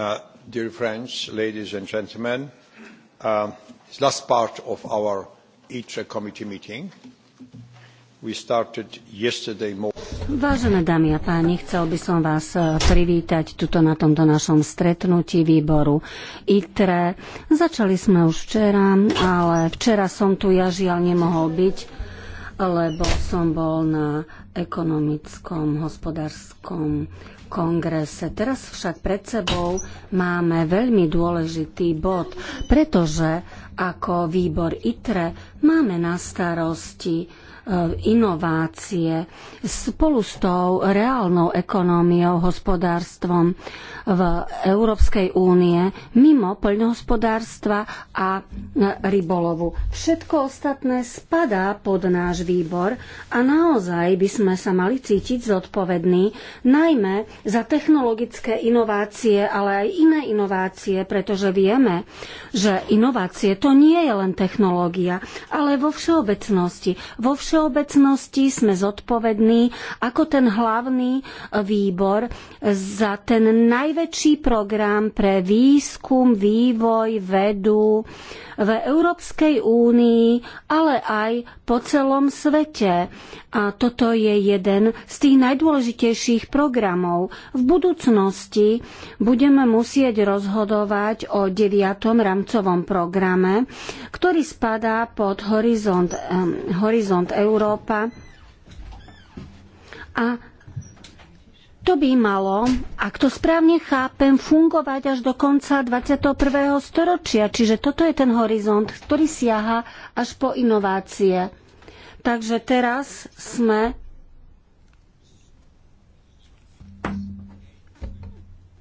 Uh, dear friends, ladies and gentlemen, uh, last part of our ITRE committee meeting. We started yesterday morning. Vážené dámy a páni, chcel by som vás uh, privítať tuto na tomto našom stretnutí výboru ITRE. Začali sme už včera, ale včera som tu ja žiaľ nemohol byť, lebo som bol na ekonomickom, hospodárskom kongres Teraz však pred sebou máme veľmi dôležitý bod, pretože ako výbor ITRE máme na starosti e, inovácie spolu s tou reálnou ekonómiou, hospodárstvom v Európskej únie, mimo poľnohospodárstva a e, rybolovu. Všetko ostatné spadá pod náš výbor a naozaj by sme sa mali cítiť zodpovední, najmä za technologické inovácie, ale aj iné inovácie, pretože vieme, že inovácie to nie je len technológia, ale vo všeobecnosti. Vo všeobecnosti sme zodpovední ako ten hlavný e, výbor za ten najväčší program pre výskum, vývoj, vedu, v Európskej únii, ale aj po celom svete. A toto je jeden z tých najdôležitejších programov. V budúcnosti budeme musieť rozhodovať o deviatom rámcovom programe, ktorý spadá pod Horizont, um, Horizont Európa a to by malo, ak to správne chápem, fungovať až do konca 21. storočia. Čiže toto je ten horizont, ktorý siaha až po inovácie. Takže teraz sme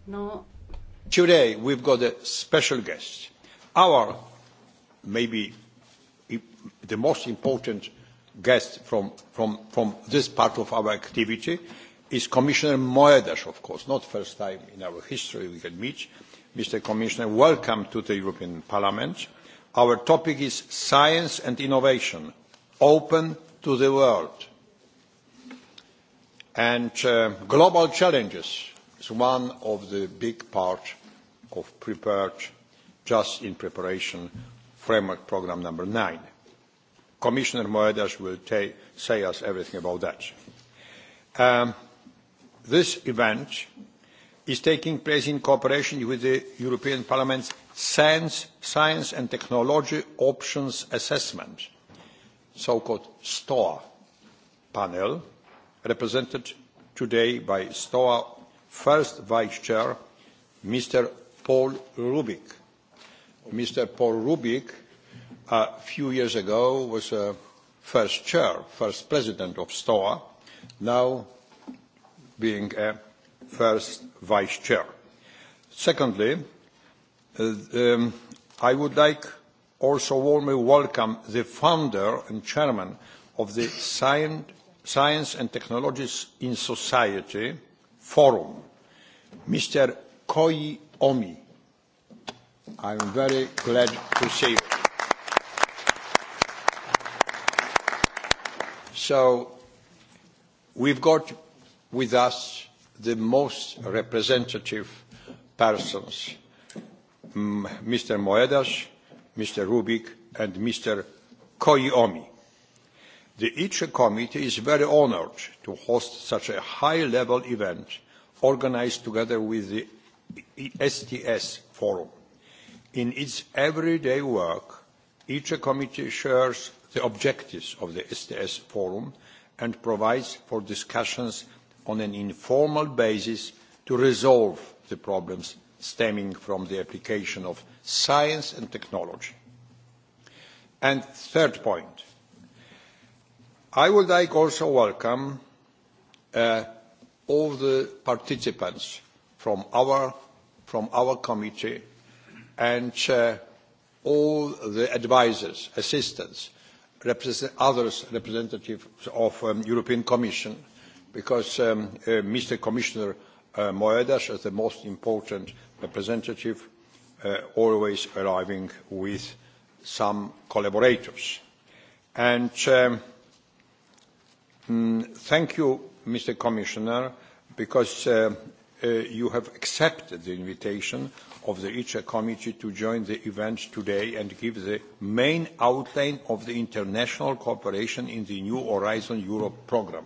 No. Today we've got a special guest, our maybe the most important guest from, from, from this part of our activity, is Commissioner Moedas, of course, not first time in our history we can meet. Mr. Commissioner, welcome to the European Parliament. Our topic is science and innovation, open to the world. And uh, global challenges is one of the big part of prepared, just in preparation, framework program number nine. Commissioner Moedas will say us everything about that. Um, This event is taking place in cooperation with the European Parliament's Science, Science and Technology Options Assessment, so-called STOA panel, represented today by STOA First Vice Chair, Mr. Paul Rubik. Mr. Paul Rubik, a few years ago, was uh, first chair, first president of STOA, now being a first vice chair. Secondly, uh, um, I would like also warmly welcome the founder and chairman of the Science and Technologies in Society Forum, Mr. Koi Omi. I am very glad to see you. So we've got with us the most representative persons, Mr. Moedas, Mr. Rubik, and Mr. Koyomi. The ICHE committee is very honored to host such a high-level event organized together with the STS e Forum. In its everyday work, ICHE committee shares the objectives of the STS e Forum and provides for discussions on an informal basis to resolve the problems stemming from the application of science and technology. And third point, I would like also welcome uh, all the participants from our, from our committee and uh, all the advisers, assistants, represent, others representatives of the um, European Commission because Mr. Um, uh, Commissioner uh, Moedas, as the most important representative, uh, always arriving with some collaborators. And um, mm, thank you, Mr. Commissioner, because you have accepted the invitation of the ICHA e committee to join the event today and give the main outline of the international cooperation in the New Horizon Europe programme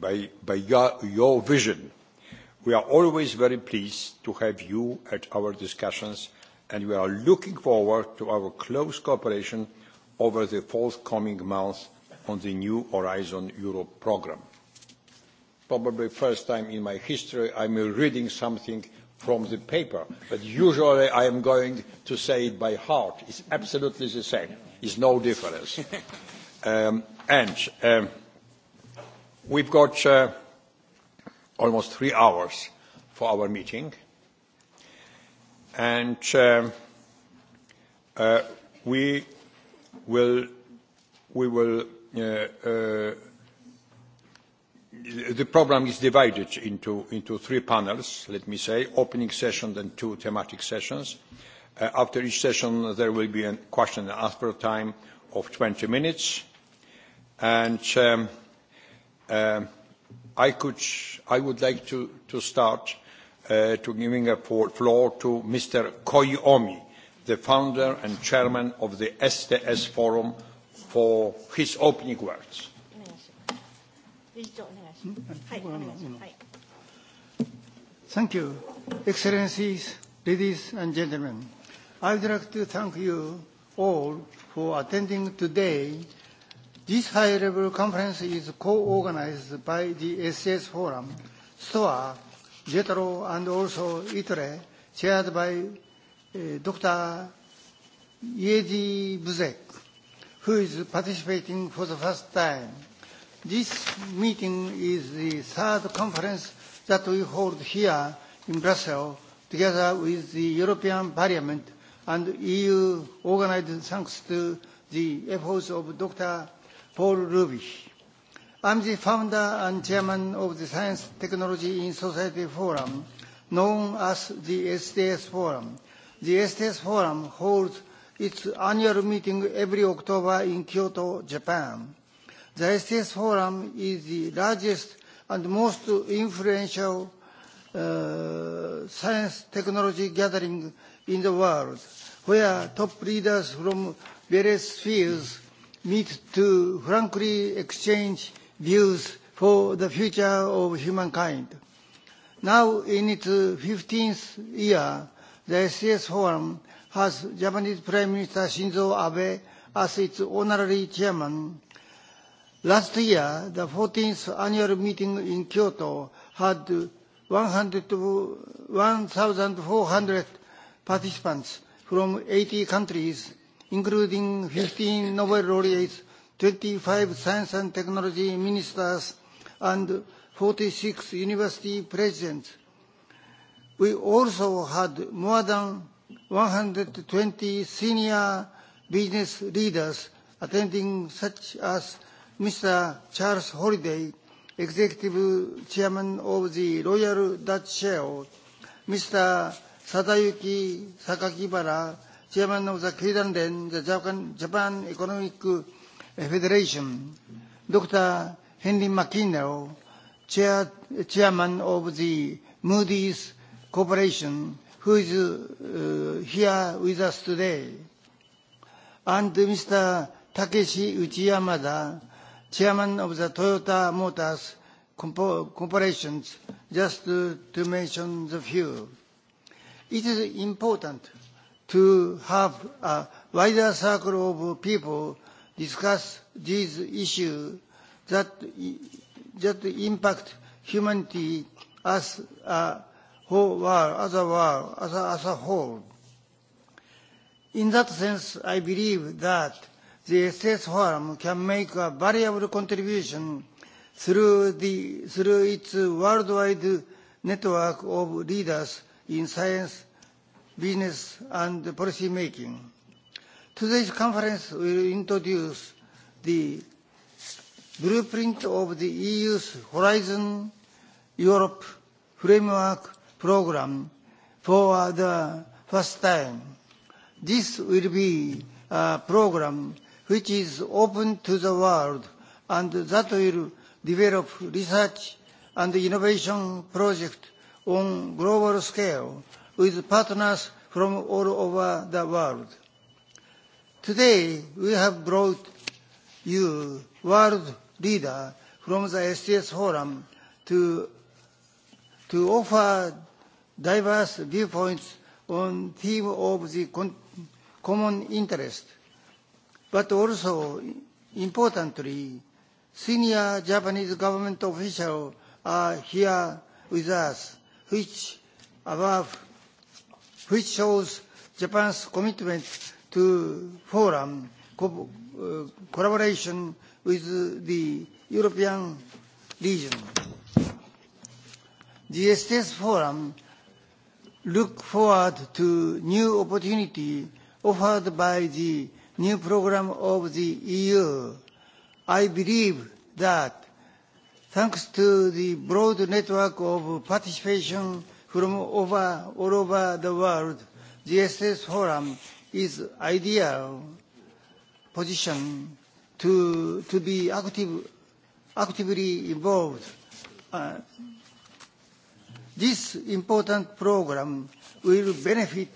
by, by your, vision. We are always very pleased to have you at our discussions, and we are looking forward to our close cooperation over the forthcoming months on the new Horizon Europe programme. Probably first time in my history I am reading something from the paper, but usually I am going to say it by heart. is absolutely the same. is no difference. Um, and um, We've got uh, almost three hours for our meeting, and uh, uh, we will we will the program is divided into into three panels. Let me say opening session and two thematic sessions. After each session, there will be a question and answer time of 20 minutes, and. Um, Um, I, could, I would like to, to start uh, to giving a floor to Mr. Koyomi, the founder and chairman of the STS Forum, for his opening words. Thank you, Excellencies, ladies and gentlemen. I would like to thank you all for attending today This high-level conference is co-organized by the SS Forum, STOA, JETRO, and also ITRE, chaired by uh, eh, Dr. Yedi Buzek, who is participating for the first time. This meeting is the third conference that we hold here in Brussels together with the European Parliament and EU organized thanks to the efforts of Dr. Paul Rubish. I'm the founder and chairman of the Science Technology in Society Forum, known as the STS Forum. The STS Forum holds its annual meeting every October in Kyoto, Japan. The STS Forum is the largest and most influential uh, science technology gathering in the world, where top leaders from various fields meet to frankly exchange views for the future of humankind. Now, in its 15th year, the SCS Forum has Japanese Prime Minister Shinzo Abe as its honorary chairman. Last year, the 14th annual meeting in Kyoto had 1,400 participants from 80 countries including 15 Nobel laureates, 25 science and technology ministers, and 46 university presidents. We also had more than 120 senior business leaders attending, such as Mr. Charles Holiday, Executive Chairman of the Royal Dutch Shell, Mr. Sadayuki Sakakibara, chairman of the Kiranden, the Japan, Japan Economic Federation, Dr. Henry McKinnell, chair, chairman of the Moody's Corporation, who is uh, here with us today, and Mr. Takeshi Uchiyamada, chairman of the Toyota Motors Corporation, just to, to mention the few. It is important to have a wider circle of people discuss these issues that, that impact humanity as a whole world, as a world, as a, as a whole. In that sense, I believe that the SS Forum can make a valuable contribution through, the, through its worldwide network of leaders in science business and policy making. Today's conference will introduce the blueprint of the EU's Horizon Europe framework program for the first time. This will be a program which is open to the world and that will develop research and innovation projects on global scale with partners from all over the world. Today, we have brought you world leader from the STS Forum to, to offer diverse viewpoints on theme of the con common interest. But also, importantly, senior Japanese government officials are here with us, which above which shows Japan's commitment to forum co uh, collaboration with the European region. The STS Forum look forward to new opportunity offered by the new program of the EU. I believe that thanks to the broad network of participation from over, all over the world, GSS Forum is ideal position to, to be active, actively involved. Uh, this important program will benefit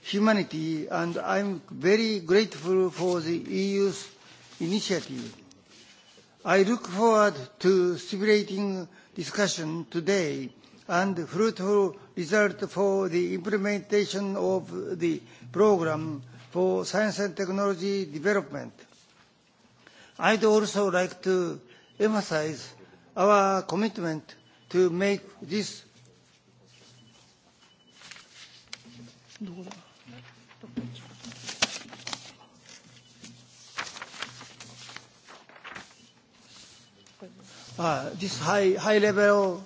humanity and I'm very grateful for the EU's initiative. I look forward to stimulating discussion today and fruitful result for the implementation of the program for science and technology development. I'd also like to emphasize our commitment to make this uh, this high level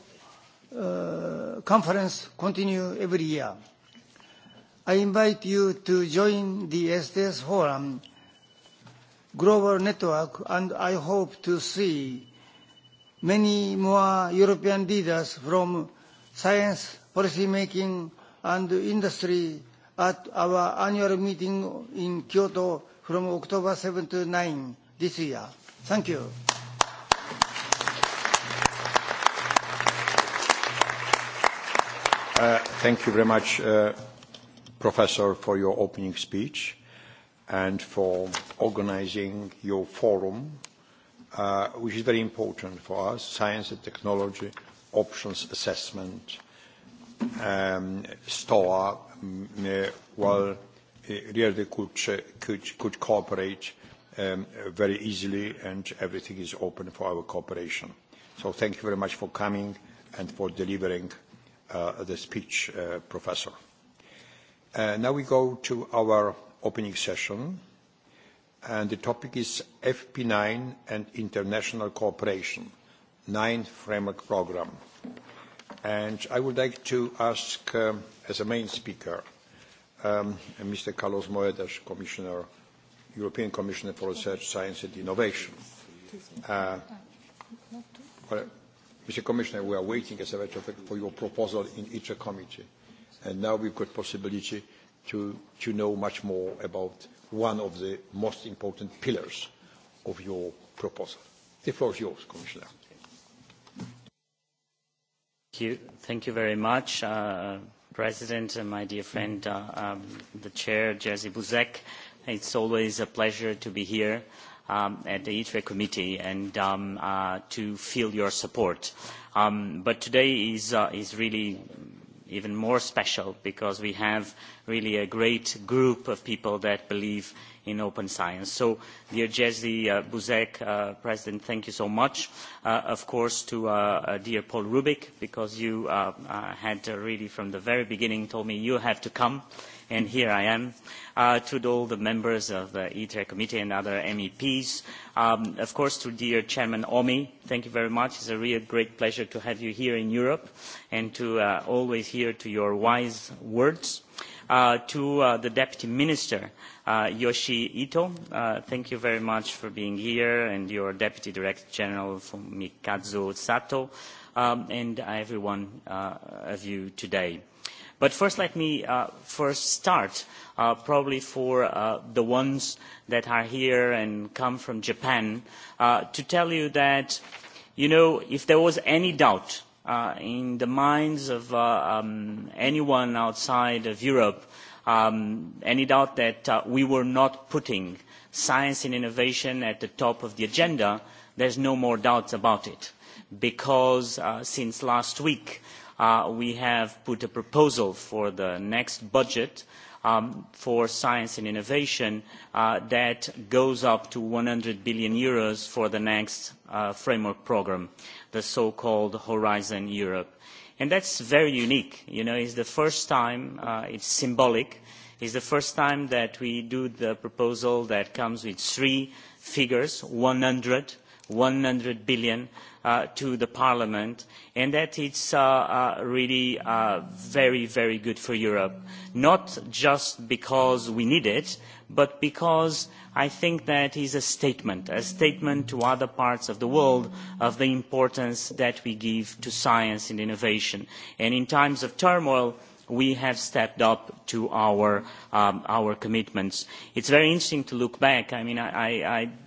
Uh, conference continue every year. I invite you to join the SDS Forum Global Network and I hope to see many more European leaders from science, policy making and industry at our annual meeting in Kyoto from October 7 to 9 this year. Thank you. Uh, thank you very much, uh, Professor, for your opening speech and for organizing your forum, uh, which is very important for us, science and technology options assessment, um, STOA, um, well, really could, could, cooperate um, very easily and everything is open for our cooperation. So thank you very much for coming and for delivering Uh, the speech uh, professor. Uh, now we go to our opening session, and the topic is FP9 and international cooperation, nine framework program. And I would like to ask, um, as a main speaker, Mr. Um, Carlos Moedas, Commissioner, European Commissioner for Research, Science and Innovation. Uh, well, Mr. Commissioner, we are waiting, as a matter of fact, for your proposal in each committee. And now we've got possibility to, to know much more about one of the most important pillars of your proposal. The floor is yours, Commissioner. Thank you, Thank you very much, uh, President and my dear friend, uh, um, the Chair, Jerzy Buzek. It's always a pleasure to be here um, at the ITRE committee and um, uh, to feel your support. Um, but today is, uh, is really even more special because we have really a great group of people that believe in open science. So, dear Jerzy uh, Buzek, President, thank you so much. of course, to dear Paul Rubik, because you had really from the very beginning told me you have to come and here I am, uh, to all the members of the ITRE e committee and other MEPs. Um, of course, to dear Chairman Omi, thank you very much. It's a real great pleasure to have you here in Europe and to uh, always hear to your wise words. Uh, to the Deputy Minister, Yoshi Ito, thank you very much for being here, and your Deputy Director General, Mikazu Sato, um, and everyone of you today but first let me uh, first start uh, probably for uh, the ones that are here and come from japan uh, to tell you that you know if there was any doubt in the minds of um, anyone outside of europe um, any doubt that we were not putting science and innovation at the top of the agenda there's no more doubt about it because since last week Uh, we have put a proposal for the next budget um, for science and innovation uh, that goes up to EUR 100 billion for the next uh, framework programme, the so-called Horizon Europe. That is very unique. It is the first time, it's symbolic, is the first time that we do the proposal that comes with three figures, 100, 100 billion, Uh, to the parliament and that it is uh, uh, really very very good for europe not just because we need it but because i think that is a statement a statement to other parts of the world of the importance that we give to science and innovation and in times of turmoil we have stepped up to our, commitments. Um, It commitments. It's very interesting to look back. I mean,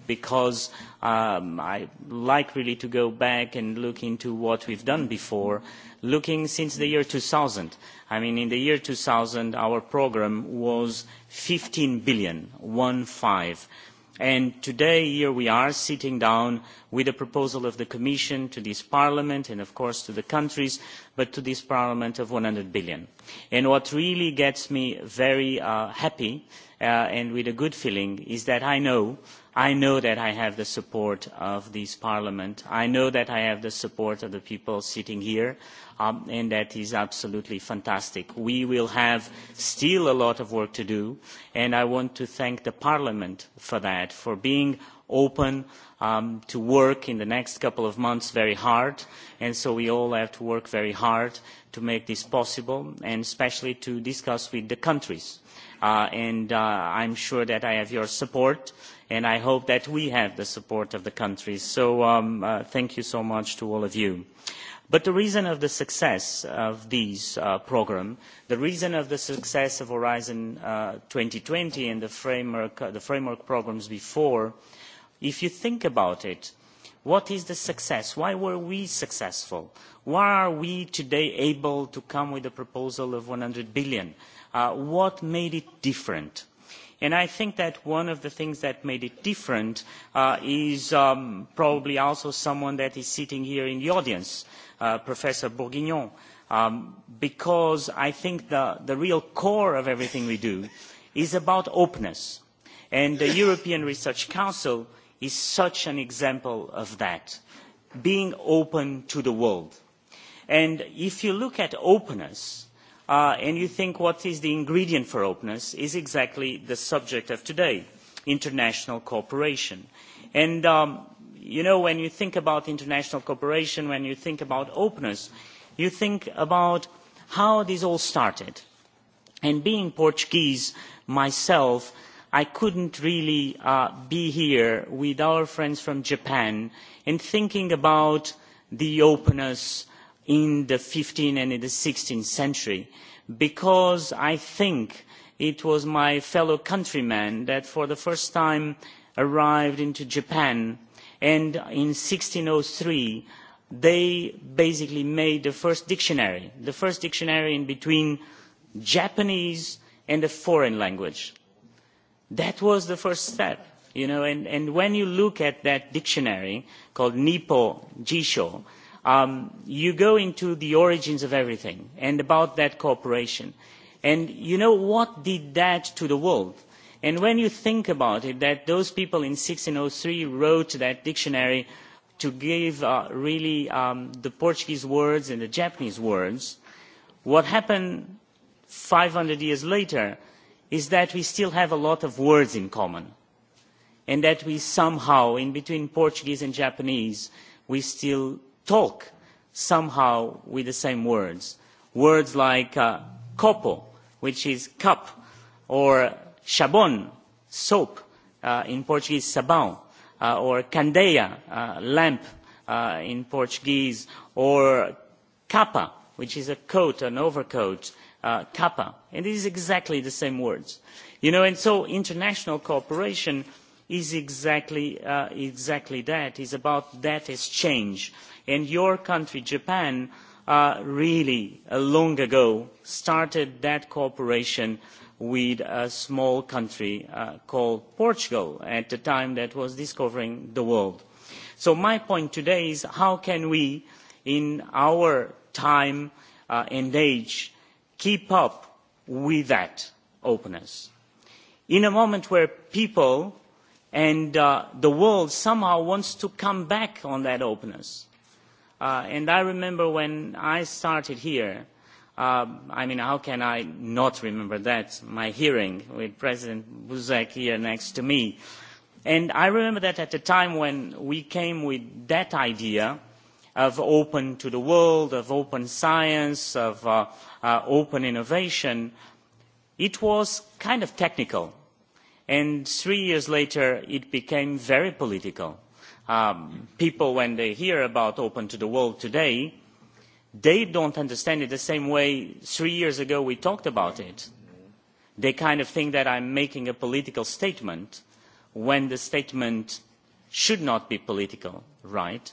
because um, I like really to go back and look into what we've done before, looking since the year 2000. I mean, in the year 2000, our program was 15 billion, one five and today here we are sitting down with a proposal of the commission to this parliament and of course to the countries but to this parliament of eur one hundred billion. And what really gets me very uh, happy uh, and with a good feeling is that i know that i know that I have the support of this Parliament. I know that I have the support of the people sitting here, um, and that is absolutely fantastic. We will have still a lot of work to do, and I want to thank the Parliament for that, for being open um, to work in the next couple of months very hard, and so we all have to work very hard to make this possible, and especially to discuss with the countries. Uh, and uh, I'm sure that I have your support and i hope that we have the support of the countries so um, uh, thank you so much to all of you. but the reason of the success of these uh, programme, the reason of the success of horizon two thousand and twenty and the uh, the framework programmes before if you think about it what is the success? why were we successful? why are we today able to come with a proposal of eur one hundred billion? what made it different? and i think that one of the things that made it different uh, is um, probably also someone that is sitting here in the audience uh, professor bourguignon um, because i think the real core of everything we do is about openness and the european research council is such an example of that being open to the world. and if you look at openness Uh, and you think what is the ingredient for openness is exactly the subject of today, international cooperation. And, um, you know, when you think about international cooperation, when you think about openness, you think about how this all started. And being Portuguese myself, i could not really uh, be here with our friends from japan and thinking about the openness in the 15th and in the 16th century because I think it was my fellow countrymen that for the first time arrived into Japan and in 1603 they basically made the first dictionary, the first dictionary in between Japanese and a foreign language. That was the first step, you know, and, and when you look at that dictionary called Nippo Jisho, Um, you go into the origins of everything and about that cooperation. And you know what did that to the world? And when you think about it, that those people in oh three wrote that dictionary to give uh, really um, the Portuguese words and the Japanese words, what happened five hundred years later is that we still have a lot of words in common and that we somehow, in between Portuguese and Japanese, we still talk somehow with the same words words like uh, kopo which is cup or shabon soap uh, in portuguese sabão uh, or candeia uh, lamp uh, in portuguese or capa which is a coat an overcoat capa and it is exactly the same words you know and so international cooperation is exactly, uh, exactly that is about that exchange and your country japan uh, really uh, long ago started that cooperation with a small country uh, called portugal at the time that was discovering the world so my point today is how can we in our time and age keep up with that openness in a moment where people and uh, the world somehow wants to come back on that openness. Uh, and I remember when I started here, um, I mean, how can I not remember that? My hearing with President Buzek here next to me. And I remember that at the time when we came with that idea of open to the world, of open science, of uh, uh, open innovation, it was kind of technical and three years later it became very political. Um, people when they hear about open to the world today they don't understand it the same way three years ago we talked about it. they kind of think that i'm making a political statement when the statement should not be political right?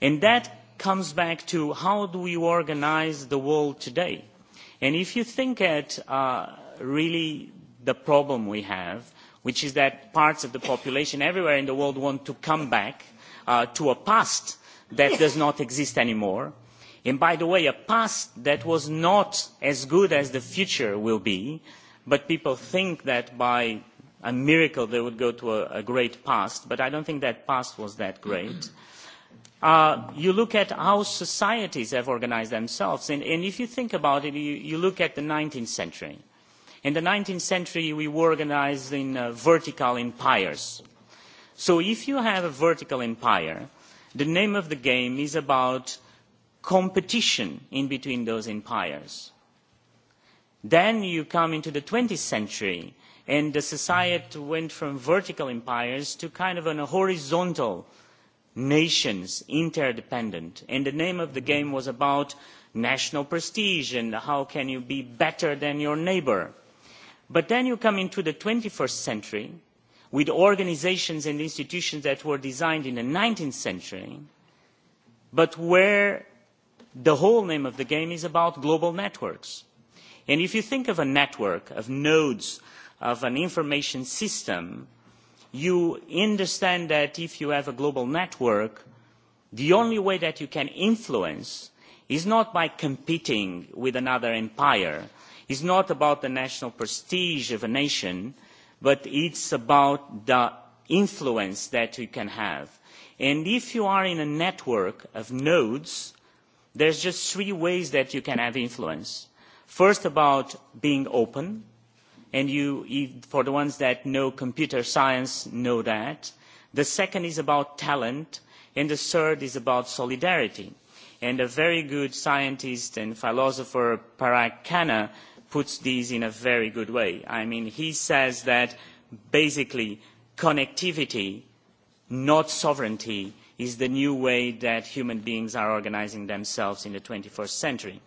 and that comes back to how do we organise the world today? and if you think at uh, really the problem we have which is that parts of the population everywhere in the world want to come back uh, to a past that does not exist anymore and by the way a past that was not as good as the future will be but people think that by a miracle they would go to a, a great past but i don't think that past was that great uh, you look at how societies have organized themselves and, and if you think about it you, you look at the 19th century in the nineteenth century we were organised in uh, vertical empires so if you have a vertical empire the name of the game is about competition in between those empires then you come into the twentieth century and the society went from vertical empires to kind of a horizontal nations interdependent and the name of the game was about national prestige and how can you be better than your neighbour but then you come into the twenty first century with organisations and institutions that were designed in the nineteenth century but where the whole name of the game is about global networks. And if you think of a network of nodes of an information system you understand that if you have a global network the only way that you can influence is not by competing with another empire is not about the national prestige of a nation but it's about the influence that you can have and if you are in a network of nodes there's just three ways that you can have influence first about being open and you for the ones that know computer science know that the second is about talent and the third is about solidarity and a very good scientist and philosopher parag khanna puts these in a very good way. I mean, he says that basically connectivity, not sovereignty, is the new way that human beings are organizing themselves in the twenty first century.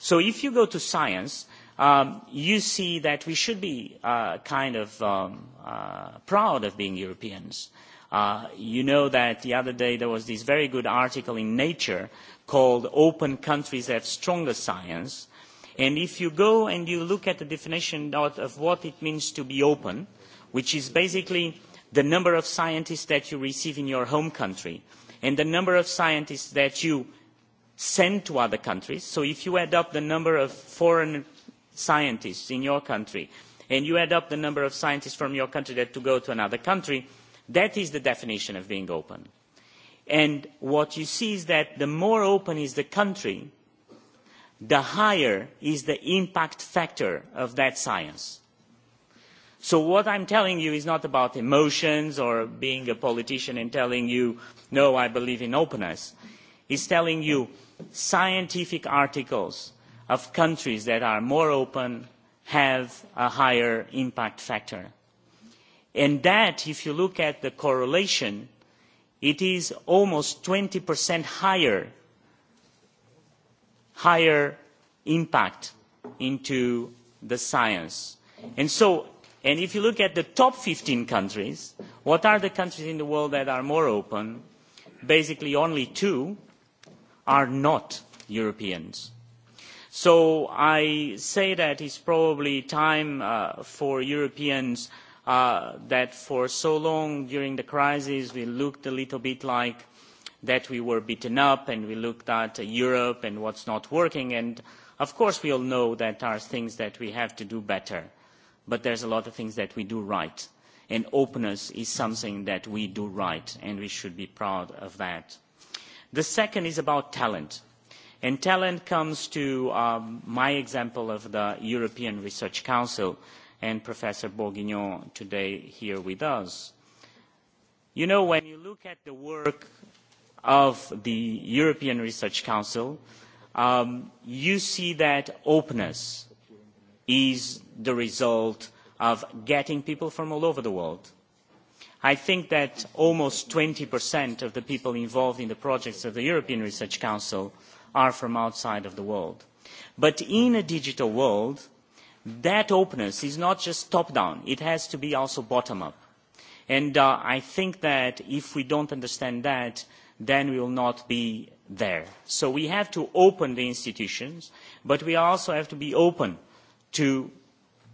So if you go to science, um, you see that we should be uh, kind of um, uh, proud of being Europeans. Uh, you know that the other day there was this very good article in Nature called Open Countries Have Stronger Science, and if you go and you look at the definition of, of what it means to be open which is basically the number of scientists that you receive in your home country and the number of scientists that you send to other countries so if you add up the number of foreign scientists in your country and you add up the number of scientists from your country that to go to another country that is the definition of being open and what you see is that the more open is the country the higher is the impact factor of that science. So what I'm telling you is not about emotions or being a politician and telling you, no, I believe in openness. It's telling you scientific articles of countries that are more open have a higher impact factor. And that, if you look at the correlation, it is almost 20% higher higher impact into the science. And so and if you look at the top 15 countries, what are the countries in the world that are more open? Basically, only two are not Europeans. So I say that it's probably time uh, for Europeans uh, that for so long during the crisis we looked a little bit like that we were beaten up and we looked at uh, Europe and what's not working. And of course, we all know that there are things that we have to do better, but there's a lot of things that we do right. And openness is something that we do right, and we should be proud of that. The second is about talent. And talent comes to um, my example of the European Research Council and Professor Bourguignon today here with us. You know, when you look at the work of the European Research Council, um, you see that openness is the result of getting people from all over the world. I think that almost 20% of the people involved in the projects of the European Research Council are from outside of the world. But in a digital world, that openness is not just top-down. It has to be also bottom-up. And uh, I think that if we don't understand that, then we will not be there. So we have to open the institutions, but we also have to be open to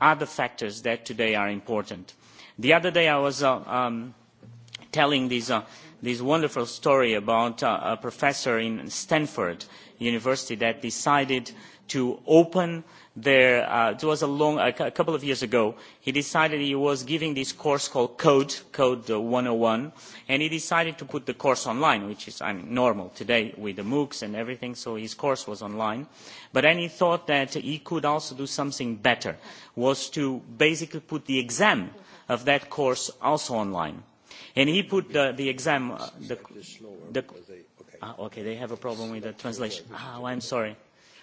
other factors that today are important. The other day I was uh, um, telling this, uh, this wonderful story about uh, a professor in Stanford University that decided to open there uh, it was a long a couple of years ago he decided he was giving this course called code code 101 and he decided to put the course online which is i mean normal today with the moocs and everything so his course was online but then he thought that he could also do something better was to basically put the exam of that course also online and he put the, the exam uh, the, the ah, okay they have a problem with the translation oh, i'm sorry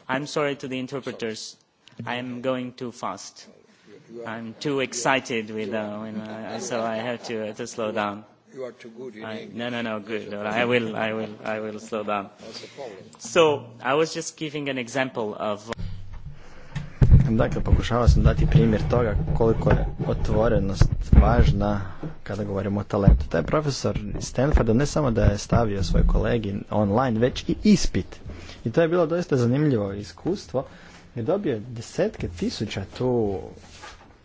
i'm sorry to the interpreters I'm going too fast. I'm too excited with uh, when I, uh, so I have to uh, to slow down. You are too good. In I, no, no, no, good. No, I will, I will, I will slow down. So I was just giving an example of. Dakle, pokušavao sam dati primjer toga koliko je otvorenost važna kada govorimo o talentu. Taj profesor Stanforda ne samo da je stavio svoj kolegi online, već i ispit. I to je bilo doista zanimljivo iskustvo je dobio desetke tisuća tu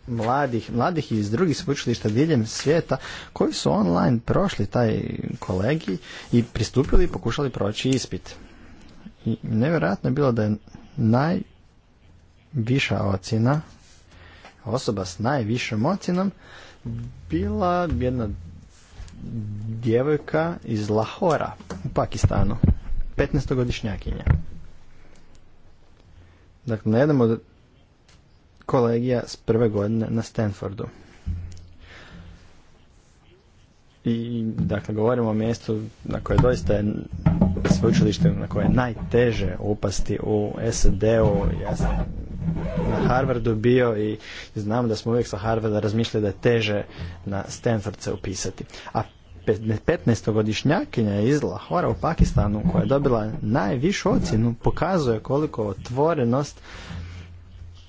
mladih, mladih iz drugih sveučilišta diljem svijeta koji su online prošli taj kolegi i pristupili i pokušali proći ispit. I nevjerojatno je bilo da je najviša ocjena, osoba s najvišom ocjenom, bila jedna djevojka iz Lahora u Pakistanu, 15-godišnjakinja. Dakle, na jednom od kolegija s prve godine na Stanfordu. I, dakle, govorimo o mjestu na koje doista je sveučilište na koje je najteže upasti u SED-u. Ja sam na Harvardu bio i znam da smo uvijek sa Harvarda razmišljali da je teže na Stanford se upisati. A 15-godišnjakinja iz Lahora u Pakistanu koja je dobila najvišu ocjenu pokazuje koliko otvorenost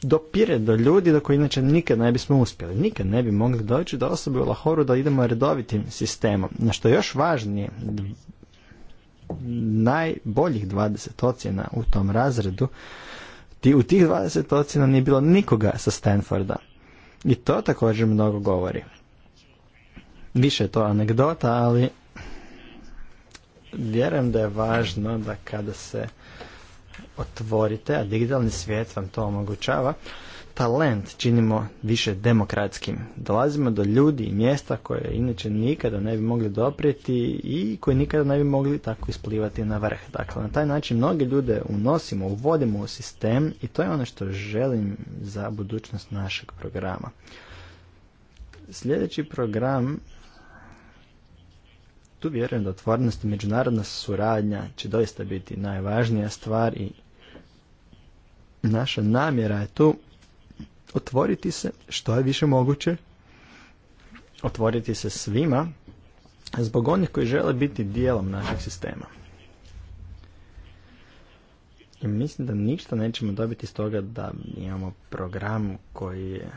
dopire do ljudi do koji inače nikad ne bismo uspjeli. Nikad ne bi mogli doći do osobe u Lahoru da idemo redovitim sistemom. Na što je još važnije, najboljih 20 ocjena u tom razredu, ti, u tih 20 ocjena nije bilo nikoga sa Stanforda. I to također mnogo govori. Više je to anegdota, ali vjerujem da je važno da kada se otvorite, a digitalni svijet vam to omogućava, talent činimo više demokratskim. Dolazimo do ljudi i mjesta koje inače nikada ne bi mogli doprijeti i koji nikada ne bi mogli tako isplivati na vrh. Dakle, na taj način mnoge ljude unosimo, uvodimo u sistem i to je ono što želim za budućnost našeg programa. Sljedeći program tu vjerujem da otvornost i međunarodna suradnja će doista biti najvažnija stvar i naša namjera je tu otvoriti se što je više moguće, otvoriti se svima zbog onih koji žele biti dijelom našeg sistema. I mislim da ništa nećemo dobiti iz toga da imamo program koji je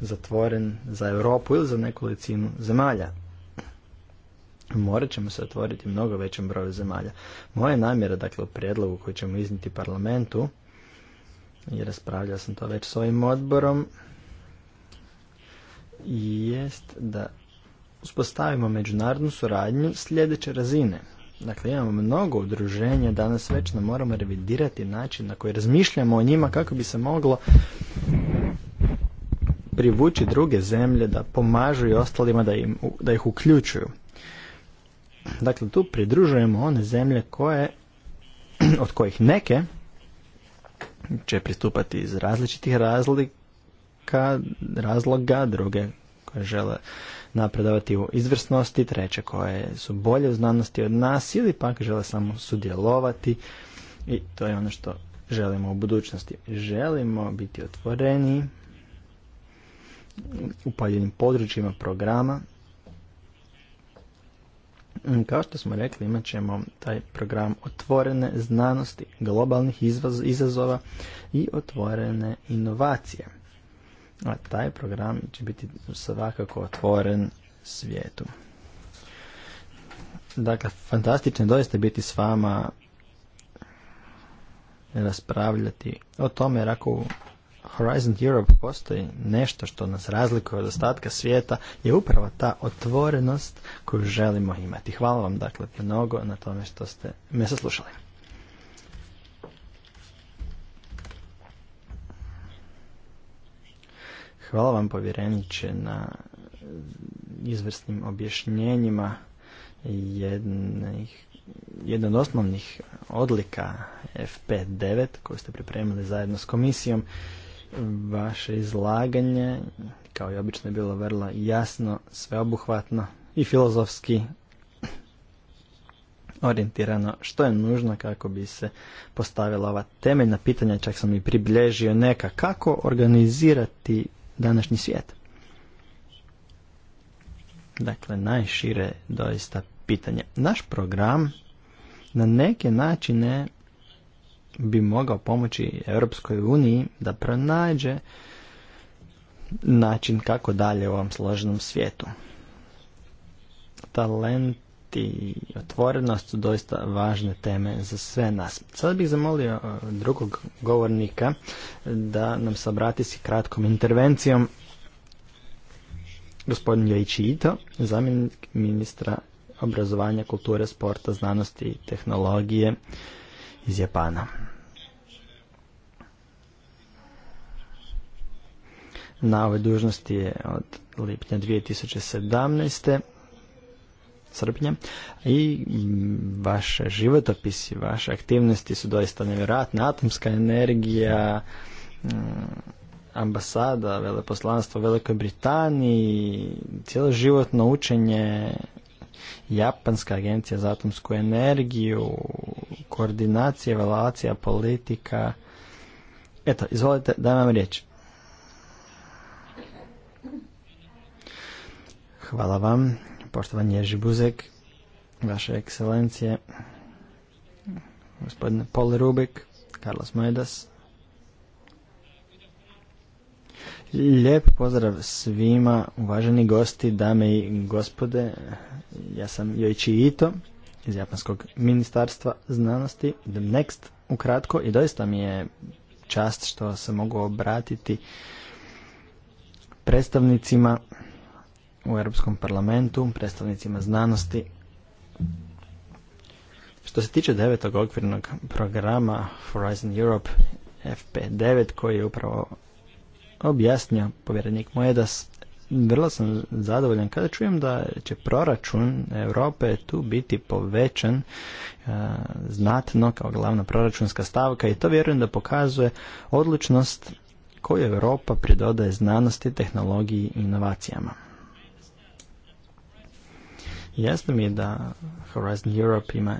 zatvoren za Europu ili za nekolicinu zemalja morat ćemo se otvoriti mnogo većem broju zemalja. Moja namjera, dakle, u prijedlogu koji ćemo izniti parlamentu, i raspravljao sam to već s ovim odborom, jest da uspostavimo međunarodnu suradnju sljedeće razine. Dakle, imamo mnogo udruženja, danas već nam moramo revidirati način na koji razmišljamo o njima kako bi se moglo privući druge zemlje da pomažu i ostalima da, da ih uključuju. Dakle, tu pridružujemo one zemlje koje, od kojih neke će pristupati iz različitih razlika, razloga, druge koje žele napredovati u izvrsnosti, treće koje su bolje u znanosti od nas ili pak žele samo sudjelovati i to je ono što želimo u budućnosti. Želimo biti otvoreni u pojedinim područjima programa kao što smo rekli, imat ćemo taj program otvorene znanosti, globalnih izazova i otvorene inovacije. A taj program će biti svakako otvoren svijetu. Dakle, fantastično je doista biti s vama raspravljati o tome, jer ako Horizon Europe postoji nešto što nas razlikuje od ostatka svijeta je upravo ta otvorenost koju želimo imati. Hvala vam dakle mnogo na tome što ste me saslušali. Hvala vam povjereniče na izvrsnim objašnjenjima jednih od osnovnih odlika FP9 koju ste pripremili zajedno s komisijom Vaše izlaganje, kao i obično, je bilo vrlo jasno, sveobuhvatno i filozofski orijentirano što je nužno kako bi se postavila ova temeljna pitanja, čak sam i približio neka, kako organizirati današnji svijet. Dakle, najšire doista pitanje. Naš program na neke načine bi mogao pomoći Europskoj uniji da pronađe način kako dalje u ovom složenom svijetu. Talent i otvorenost su doista važne teme za sve nas. Sad bih zamolio e, drugog govornika da nam se obrati s kratkom intervencijom gospodin Ljevići zamjenik ministra obrazovanja, kulture, sporta, znanosti i tehnologije iz Japana. Na ovoj dužnosti je od lipnja 2017. srpnja i vaše životopisi, vaše aktivnosti su doista nevjerojatne. Atomska energija, mm, ambasada, veleposlanstvo u Velikoj Britaniji, cijelo životno učenje Japanska agencija za atomsku energiju, koordinacija, evaluacija, politika. Eto, izvolite, dajem vam riječ. Hvala vam, poštovan Ježi Buzek, vaše ekscelencije, gospodine Paul Rubik, Carlos Moedas, Lijep pozdrav svima, uvaženi gosti, dame i gospode. Ja sam Joichi Ito iz Japanskog ministarstva znanosti, The Next, ukratko. I doista mi je čast što se mogu obratiti predstavnicima u Europskom parlamentu, predstavnicima znanosti. Što se tiče devetog okvirnog programa Horizon Europe FP9 koji je upravo objasnio povjerenik da vrlo sam zadovoljan kada čujem da će proračun Europe tu biti povećan znatno kao glavna proračunska stavka i to vjerujem da pokazuje odlučnost koju Europa pridodaje znanosti, tehnologiji i inovacijama. Jasno mi je da Horizon Europe ima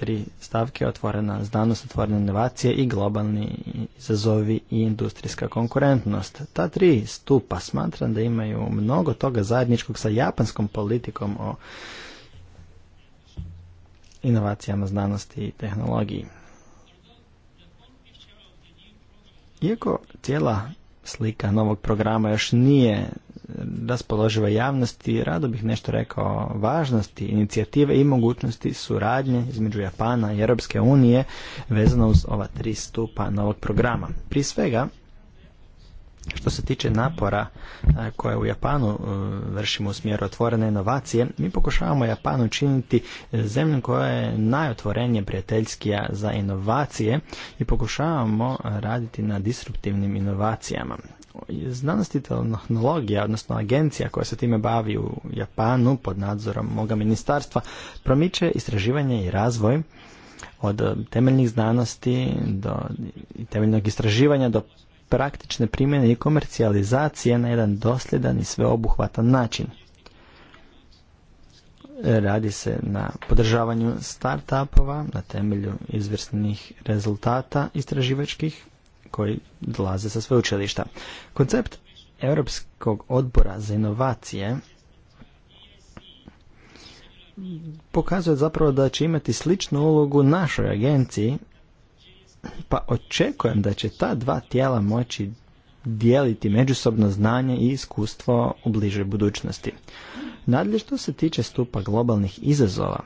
tri stavke, otvorena znanost, otvorene inovacije i globalni izazovi i industrijska konkurentnost. Ta tri stupa smatram da imaju mnogo toga zajedničkog sa japanskom politikom o inovacijama znanosti i tehnologiji. Iako cijela slika novog programa još nije raspoloživa javnosti, rado bih nešto rekao o važnosti inicijative i mogućnosti suradnje između Japana i Europske unije vezano uz ova tri stupa novog programa. Prije svega, što se tiče napora e, koje u Japanu e, vršimo u smjeru otvorene inovacije, mi pokušavamo Japan učiniti e, zemljom koja je najotvorenije prijateljskija za inovacije i pokušavamo raditi na disruptivnim inovacijama. Znanost i tehnologija, odnosno agencija koja se time bavi u Japanu pod nadzorom moga ministarstva, promiče istraživanje i razvoj od temeljnih znanosti do temeljnog istraživanja do praktične primjene i komercijalizacije na jedan dosljedan i sveobuhvatan način. Radi se na podržavanju startupova na temelju izvrsnih rezultata istraživačkih koji dolaze sa sveučilišta. Koncept Europskog odbora za inovacije pokazuje zapravo da će imati sličnu ulogu našoj agenciji pa očekujem da će ta dva tijela moći dijeliti međusobno znanje i iskustvo u bližoj budućnosti. Nadalje što se tiče stupa globalnih izazova,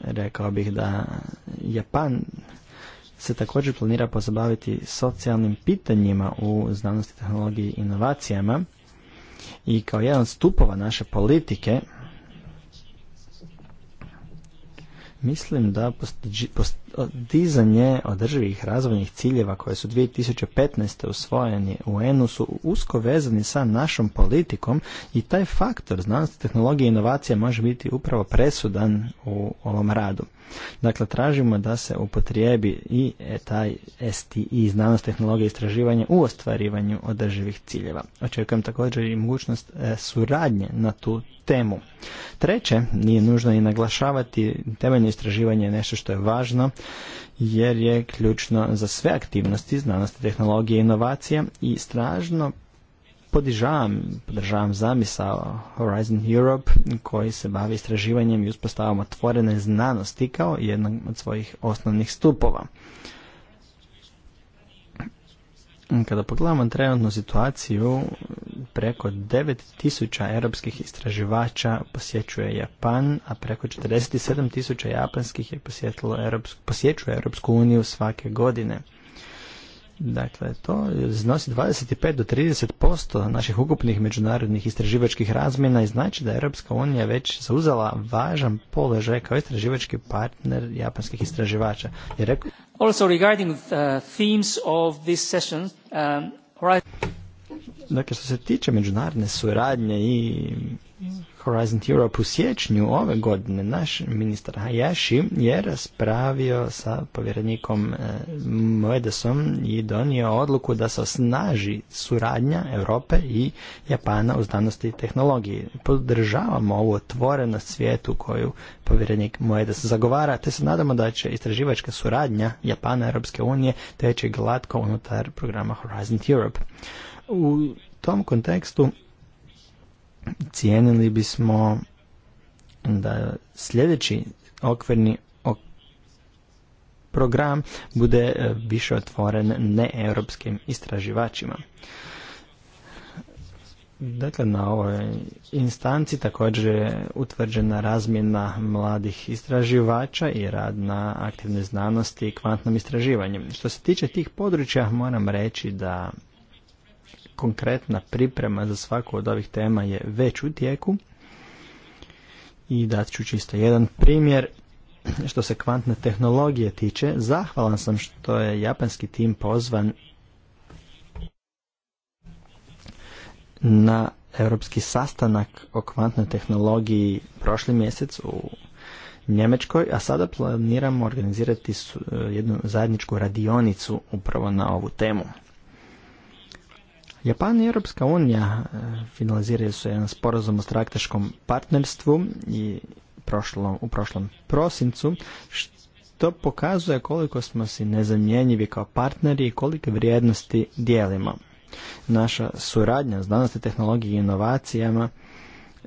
rekao bih da Japan se također planira pozabaviti socijalnim pitanjima u znanosti, tehnologiji i inovacijama i kao jedan stupova naše politike mislim da dizanje održivih razvojnih ciljeva koje su 2015. usvojeni u UN-u su usko vezani sa našom politikom i taj faktor znanosti, tehnologije i inovacija može biti upravo presudan u ovom radu. Dakle, tražimo da se upotrijebi i taj STI, znanost, tehnologija i istraživanje u ostvarivanju održivih ciljeva. Očekujem također i mogućnost e, suradnje na tu temu. Treće, nije nužno i naglašavati, temeljno istraživanje je nešto što je važno, jer je ključno za sve aktivnosti znanosti, tehnologije inovacije i stražno podržavam, podržavam zamisao Horizon Europe koji se bavi istraživanjem i uspostavom otvorene znanosti kao jednog od svojih osnovnih stupova. Kada pogledamo trenutnu situaciju, preko 9000 europskih istraživača posjećuje Japan, a preko 47.000 japanskih je posjećuje Europsku uniju svake godine. Dakle, to iznosi 25 do 30% naših ukupnih međunarodnih istraživačkih razmjena i znači da je Europska unija već zauzela važan položaj kao istraživački partner japanskih istraživača. Je rekao... Also regarding the uh, themes of this session, um, right... Dakle, što se tiče međunarodne suradnje i Horizon Europe u siječnju ove godine naš ministar Hayashi je raspravio sa povjerenikom e, Moedesom i donio odluku da se osnaži suradnja Europe i Japana u znanosti i tehnologiji. Podržavamo ovu otvorenost svijetu koju povjerenik Moedas zagovara, te se nadamo da će istraživačka suradnja Japana i Europske unije teći glatko unutar programa Horizon Europe. U tom kontekstu cijenili bismo da sljedeći okvirni program bude e, više otvoren neeuropskim istraživačima. Dakle, na ovoj instanci također je utvrđena razmjena mladih istraživača i rad na aktivne znanosti i kvantnom istraživanju. Što se tiče tih područja, moram reći da konkretna priprema za svaku od ovih tema je već u tijeku. I dat ću čisto jedan primjer što se kvantne tehnologije tiče. Zahvalan sam što je japanski tim pozvan na europski sastanak o kvantnoj tehnologiji prošli mjesec u Njemačkoj, a sada planiramo organizirati jednu zajedničku radionicu upravo na ovu temu. Japan i Europska unija e, finaliziraju su jedan sporazum o strateškom partnerstvu i u prošlom prosincu, što pokazuje koliko smo si nezamjenjivi kao partneri i kolike vrijednosti dijelimo. Naša suradnja znanosti, tehnologiji i inovacijama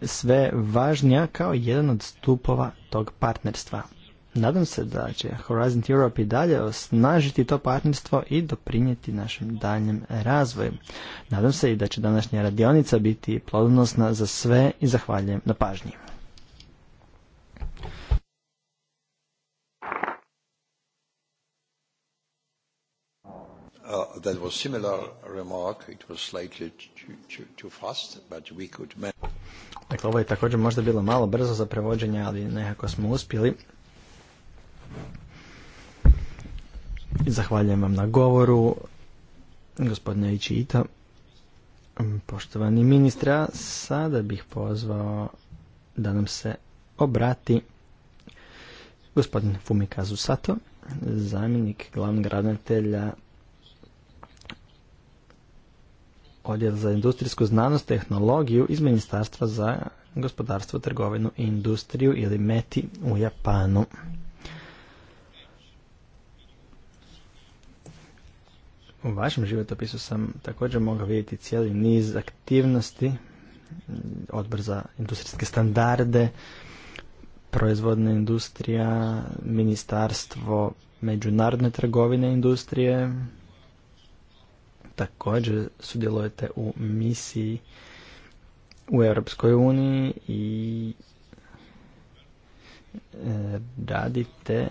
sve važnija kao jedan od stupova tog partnerstva. Nadam se da će Horizon Europe i dalje osnažiti to partnerstvo i doprinijeti našem daljem razvoju. Nadam se i da će današnja radionica biti plodonosna za sve i zahvaljujem na pažnji. Dakle, ovo je također možda bilo malo brzo za prevođenje, ali nekako smo uspjeli Zahvaljujem vam na govoru, gospodine Ičita. Poštovani ministra, sada bih pozvao da nam se obrati gospodin Fumikazu Sato, zamjenik glavnog ravnatelja Odjel za industrijsku znanost, tehnologiju iz Ministarstva za gospodarstvo, trgovinu i industriju ili METI u Japanu. U vašem životopisu sam također mogao vidjeti cijeli niz aktivnosti, mm, odbor za industrijske standarde, proizvodna industrija, ministarstvo međunarodne trgovine industrije. Također sudjelujete u misiji u Europskoj uniji i e, radite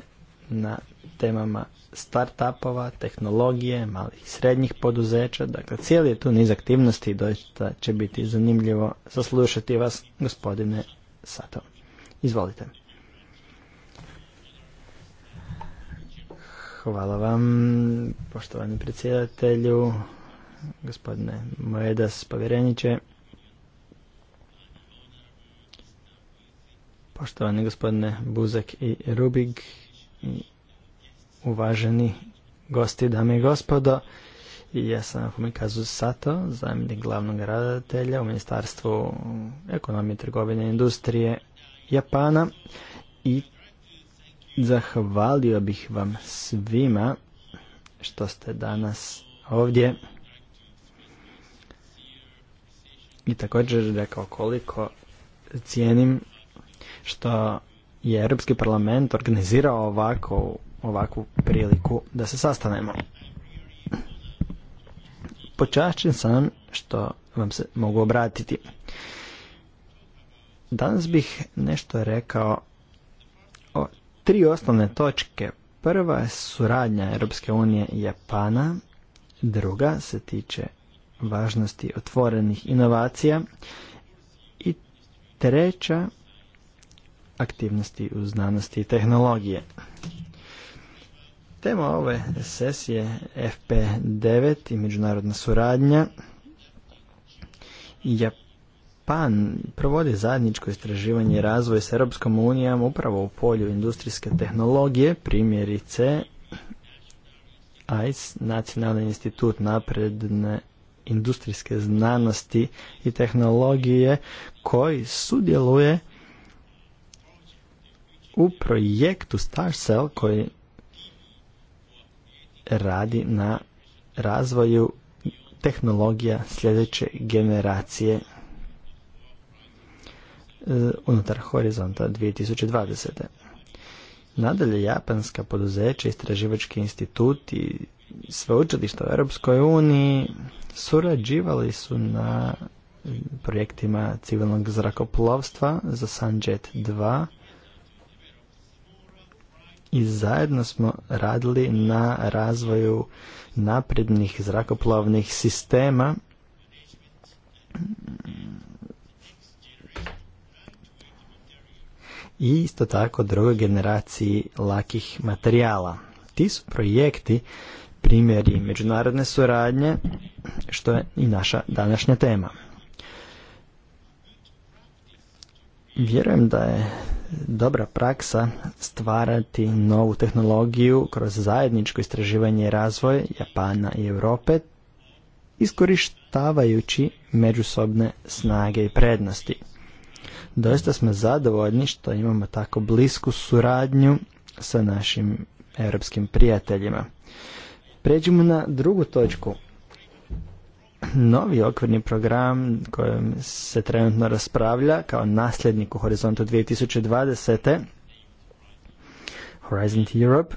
na temama startupova, tehnologije, malih i srednjih poduzeća. Dakle, cijeli je tu niz aktivnosti i doista će biti zanimljivo saslušati vas, gospodine Sato. Izvolite. Hvala vam, poštovani predsjedatelju, gospodine Moedas, povjereniče. Poštovani gospodine Buzek i Rubik, uvaženi gosti, dame i gospodo. Ja sam Fumikazu Sato, zajednik glavnog radatelja u Ministarstvu ekonomije, trgovine i industrije Japana i zahvalio bih vam svima što ste danas ovdje i također rekao koliko cijenim što je Europski parlament organizirao ovako, ovakvu priliku da se sastanemo. Počašćen sam što vam se mogu obratiti. Danas bih nešto rekao o tri osnovne točke. Prva je suradnja Europske unije i Japana, druga se tiče važnosti otvorenih inovacija i treća aktivnosti u znanosti i tehnologije. Tema ove sesije FP9 i međunarodna suradnja. Japan provodi zajedničko istraživanje i razvoj s Europskom unijom upravo u polju industrijske tehnologije, primjerice AIS, Nacionalni institut napredne industrijske znanosti i tehnologije koji sudjeluje u projektu StarCell koji radi na razvoju tehnologija sljedeće generacije e, unutar horizonta 2020. Nadalje, japanska poduzeća, istraživački institut i sveučilišta u Europskoj uniji surađivali su na projektima civilnog zrakoplovstva za Sunjet 2 i zajedno smo radili na razvoju naprednih zrakoplovnih sistema i isto tako drugoj generaciji lakih materijala. Ti su projekti primjeri međunarodne suradnje, što je i naša današnja tema. Vjerujem da je dobra praksa stvarati novu tehnologiju kroz zajedničko istraživanje i razvoj Japana i Europe iskorištavajući međusobne snage i prednosti. Doista smo zadovoljni što imamo tako blisku suradnju sa našim europskim prijateljima. Pređimo na drugu točku novi okvirni program kojem se trenutno raspravlja kao nasljednik u Horizontu 2020. Horizon Europe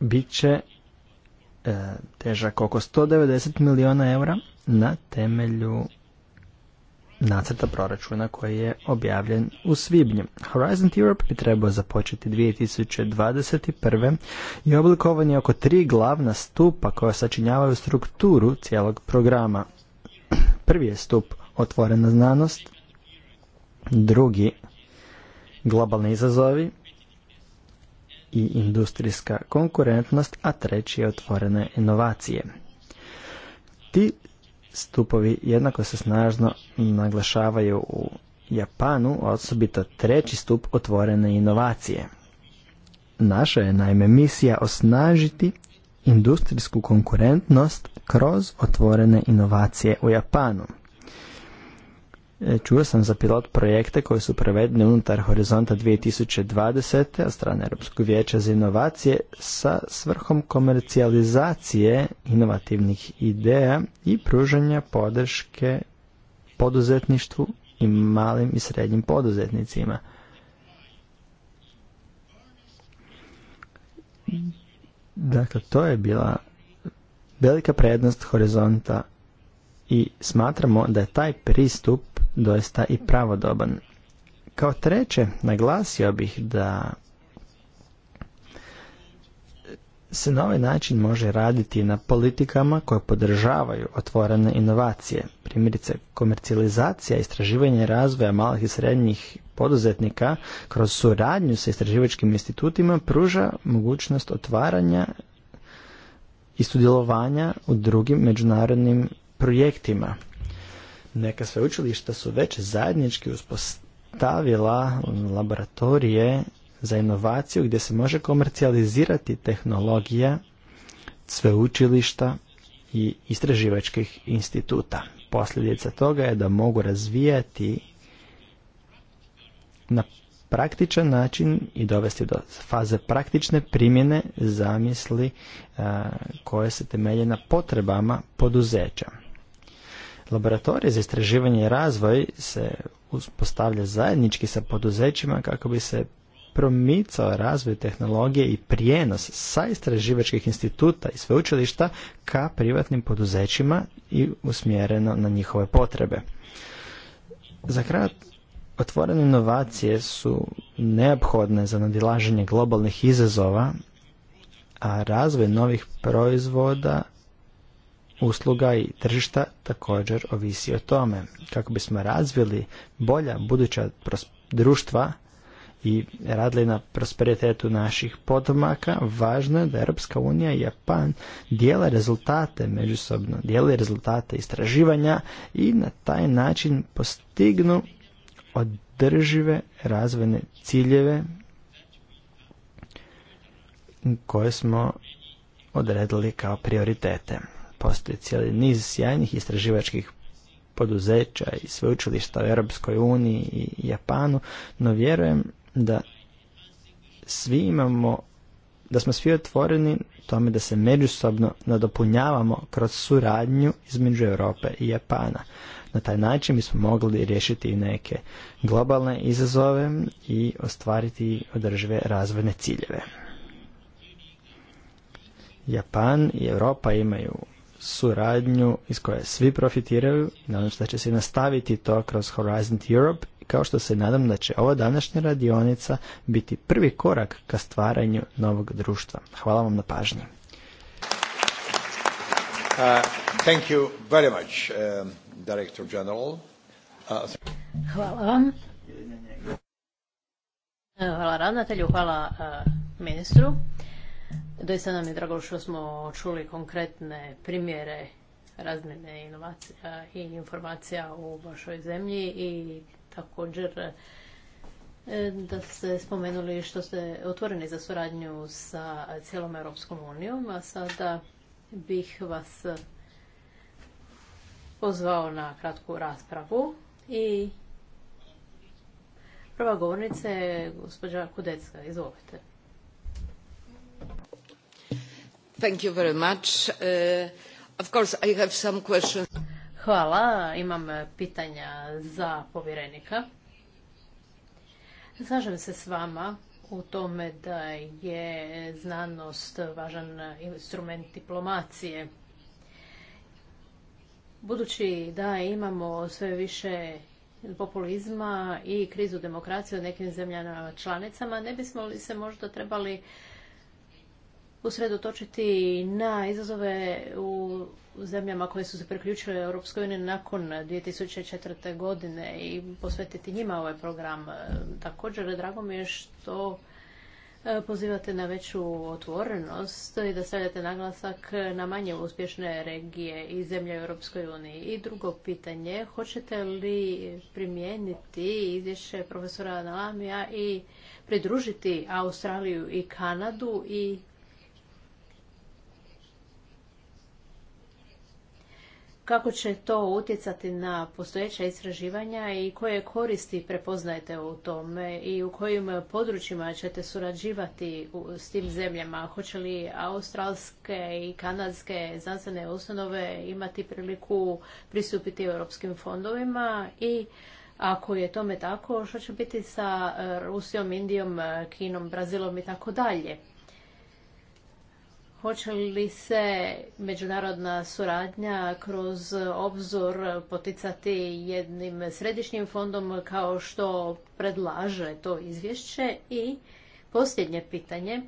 bit će e, težak oko 190 milijuna eura na temelju nacrta proračuna koji je objavljen u svibnju. Horizon Europe bi trebao započeti 2021. i oblikovan je oko tri glavna stupa koja sačinjavaju strukturu cijelog programa. Prvi je stup otvorena znanost, drugi globalni izazovi i industrijska konkurentnost, a treći je otvorene inovacije. Ti stupovi jednako se snažno naglašavaju u Japanu, osobito treći stup otvorene inovacije. Naša je naime misija osnažiti industrijsku konkurentnost kroz otvorene inovacije u Japanu. E, čuo sam za pilot projekte koji su provedeni unutar Horizonta 2020. od strane Europskog vijeća za inovacije sa svrhom komercijalizacije inovativnih ideja i pružanja podrške poduzetništvu i malim i srednjim poduzetnicima. Dakle, to je bila velika prednost Horizonta i smatramo da je taj pristup doista i pravodoban. Kao treće, naglasio bih da se na ovaj način može raditi na politikama koje podržavaju otvorene inovacije. Primjerice, komercijalizacija, istraživanje razvoja malih i srednjih poduzetnika kroz suradnju sa istraživačkim institutima pruža mogućnost otvaranja i sudjelovanja u drugim međunarodnim projektima. Neka sveučilišta su već zajednički uspostavila laboratorije za inovaciju gdje se može komercijalizirati tehnologija sveučilišta i istraživačkih instituta. Posljedica toga je da mogu razvijati na praktičan način i dovesti do faze praktične primjene zamisli koje se temelje na potrebama poduzeća. Laboratorije za istraživanje i razvoj se uspostavlja zajednički sa poduzećima kako bi se promicao razvoj tehnologije i prijenos sa istraživačkih instituta i sveučilišta ka privatnim poduzećima i usmjereno na njihove potrebe. Za kraj, otvorene inovacije su neophodne za nadilaženje globalnih izazova, a razvoj novih proizvoda usluga i tržišta također ovisi o tome. Kako bismo razvili bolja buduća društva i radili na prosperitetu naših potomaka, važno je da Europska unija i Japan dijele rezultate međusobno, dijele rezultate istraživanja i na taj način postignu održive razvojne ciljeve koje smo odredili kao prioritete. Postoji cijeli niz sjajnih istraživačkih poduzeća i sveučilišta u Europskoj uniji i Japanu, no vjerujem da svi imamo, da smo svi otvoreni tome da se međusobno nadopunjavamo kroz suradnju između Europe i Japana. Na taj način bismo mogli riješiti i neke globalne izazove i ostvariti održive razvojne ciljeve. Japan i Europa imaju suradnju iz koje svi profitiraju i nadam se da će se nastaviti to kroz Horizon Europe i kao što se nadam da će ova današnja radionica biti prvi korak ka stvaranju novog društva. Hvala vam na pažnji. Uh, um, uh, hvala vam. ravnatelju, hvala uh, ministru. Doista nam je drago što smo čuli konkretne primjere razmjene inovacija i informacija u vašoj zemlji i također e, da ste spomenuli što ste otvoreni za suradnju sa cijelom Europskom unijom, a sada bih vas pozvao na kratku raspravu i prva govornica je gospođa Kudecka. Izvolite. Hvala, imam eh, pitanja za povjerenika. Slažem se s vama u tome da je znanost važan instrument diplomacije. Budući da imamo sve više populizma i krizu demokracije u nekim zemljama članicama, ne bismo li se možda trebali usredotočiti na izazove u zemljama koje su se priključile Europskoj uniji nakon 2004. godine i posvetiti njima ovaj program. E, Također, drago mi je što e, pozivate na veću otvorenost i da stavljate naglasak na manje uspješne regije i zemlje Europskoj uniji. I drugo pitanje, hoćete li primijeniti izvješće profesora Nalamija i pridružiti Australiju i Kanadu i kako će to utjecati na postojeća istraživanja i koje koristi prepoznajete u tome i u kojim područjima ćete surađivati s tim zemljama? Hoće li australske i kanadske znanstvene ustanove imati priliku pristupiti europskim fondovima i ako je tome tako, što će biti sa Rusijom, Indijom, Kinom, Brazilom i tako dalje? Hoće li se međunarodna suradnja kroz obzor poticati jednim središnjim fondom kao što predlaže to izvješće? I posljednje pitanje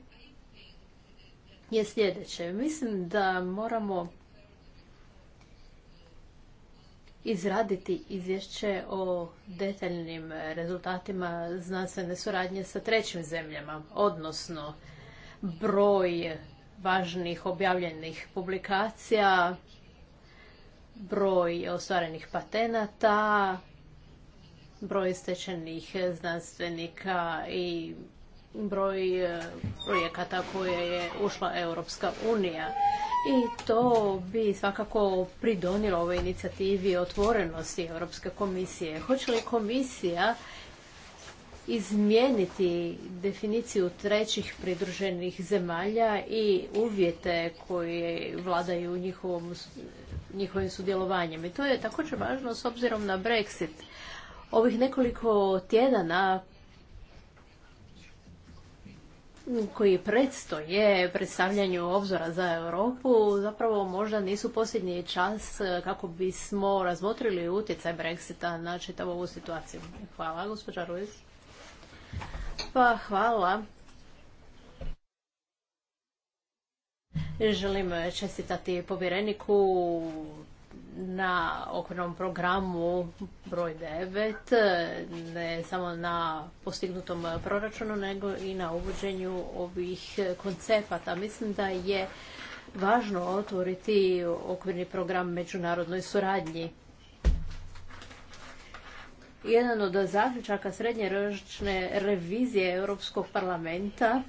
je sljedeće. Mislim da moramo izraditi izvješće o detaljnim rezultatima znanstvene suradnje sa trećim zemljama, odnosno broj važnih objavljenih publikacija, broj ostvarenih patenata, broj stečenih znanstvenika i broj e, projekata koje je ušla Europska unija. I to bi svakako pridonilo ovoj inicijativi otvorenosti Europske komisije. Hoće li komisija izmijeniti definiciju trećih pridruženih zemalja i uvjete koje vladaju njihovom, njihovim sudjelovanjem. I to je također važno s obzirom na Brexit. Ovih nekoliko tjedana koji predstoje predstavljanju obzora za Europu zapravo možda nisu posljednji čas kako bismo razmotrili utjecaj Brexita na čitavu ovu situaciju. Hvala, gospođa Ruiz. Pa hvala. Želim eh, čestitati povjereniku na okvirnom programu broj 9, eh, ne samo na postignutom proračunu, nego i na uvođenju ovih koncepata. Mislim da je važno otvoriti okvirni program međunarodnoj suradnji jedan od zaključaka srednjeročne revizije Europskog parlamenta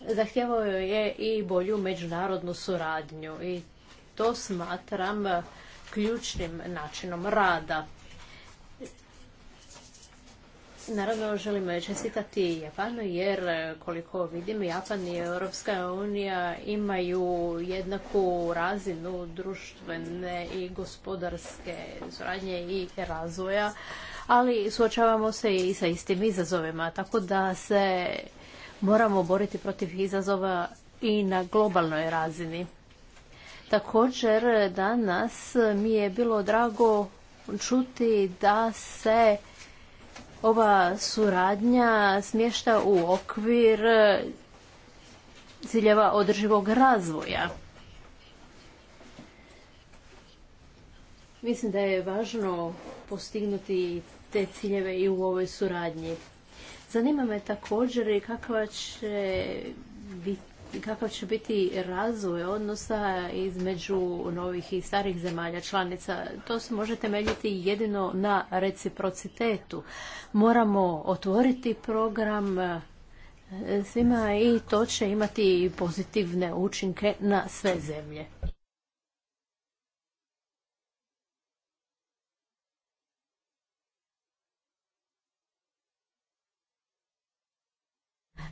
zahtjevao je i bolju međunarodnu suradnju i to smatram ključnim načinom rada. Naravno, želim e, čestitati Japanu jer e, koliko vidim Japan i Europska unija imaju jednaku razinu društvene i gospodarske suradnje i razvoja, ali suočavamo se i sa istim izazovima, tako da se moramo boriti protiv izazova i na globalnoj razini. Također danas mi je bilo drago čuti da se ova suradnja smješta u okvir e, ciljeva održivog razvoja. Mislim da je važno postignuti te ciljeve i u ovoj suradnji. Zanima me također kakva će biti kakav će biti razvoj odnosa između novih i starih zemalja članica. To se može temeljiti jedino na reciprocitetu. Moramo otvoriti program e, svima i to će imati pozitivne učinke na sve zemlje.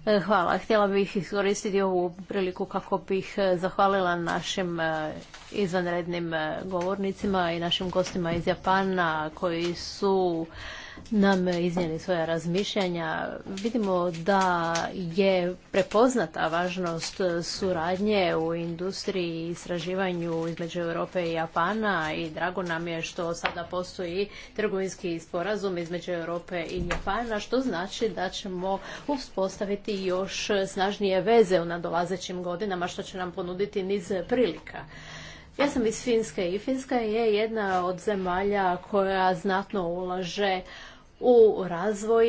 E, hvala. Htjela bih iskoristiti ovu priliku kako bih e, zahvalila našim e, izvanrednim govornicima i našim gostima iz Japana koji su nam iznijeli svoja razmišljanja. Vidimo da je prepoznata važnost suradnje u industriji i istraživanju između Europe i Japana i drago nam je što sada postoji trgovinski sporazum između Europe i Japana, što znači da ćemo uspostaviti još snažnije veze u nadolazećim godinama, što će nam ponuditi niz prilika. Ja sam iz Finske i Finska je jedna od zemalja koja znatno ulaže u razvoj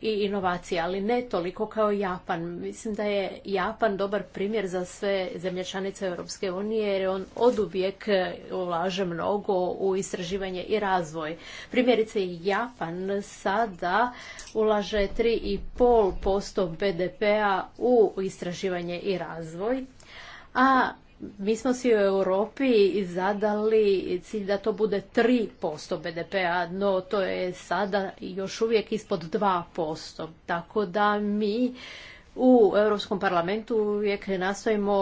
i inovacije, ali ne toliko kao Japan. Mislim da je Japan dobar primjer za sve zemlje članice Europske unije jer on oduvijek ulaže mnogo u istraživanje i razvoj. Primjerice Japan sada ulaže 3,5% BDP-a u istraživanje i razvoj, a mi smo si u Europi zadali cilj da to bude 3% BDP-a, no to je sada još uvijek ispod 2%. Tako da mi u Europskom parlamentu uvijek nastojimo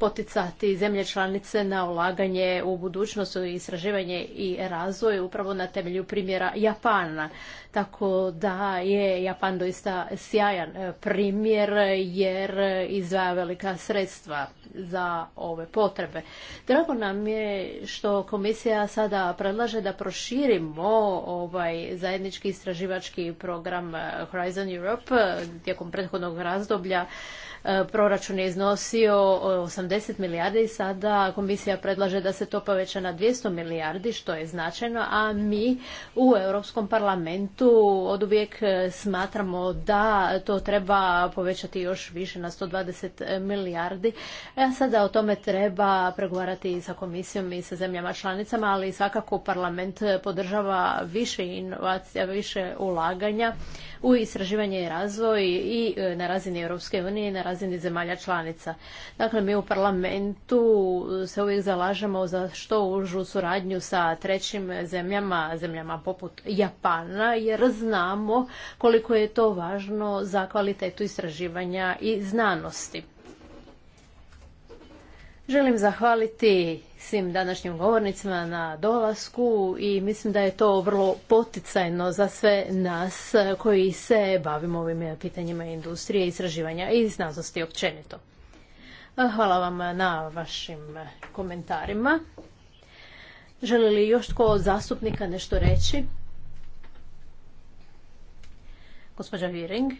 poticati zemlje članice na ulaganje u budućnost, i istraživanje i razvoj upravo na temelju primjera Japana. Tako da je Japan doista sjajan e, primjer jer izdvaja velika sredstva za ove potrebe. Drago nam je što komisija sada predlaže da proširimo ovaj zajednički istraživački program e, Horizon Europe tijekom prethodnog razdoblja E, proračun je iznosio 80 e, milijardi i sada komisija predlaže da se to poveća na 200 milijardi, što je značajno, a mi u Europskom parlamentu oduvijek e, smatramo da to treba povećati još više na 120 milijardi. A sada o tome treba pregovarati i sa komisijom i sa zemljama članicama, ali svakako parlament podržava više inovacija, više ulaganja u istraživanje i razvoj i na razini Europske unije i na razini zemalja članica. Dakle, mi u parlamentu se uvijek zalažemo za što užu suradnju sa trećim zemljama, zemljama poput Japana, jer znamo koliko je to važno za kvalitetu istraživanja i znanosti. Želim zahvaliti svim današnjim govornicima na dolasku i mislim da je to vrlo poticajno za sve nas koji se bavimo ovim pitanjima industrije, istraživanja i znanosti općenito. Hvala vam na vašim komentarima. Želi li još tko od zastupnika nešto reći? Gospođa Viring.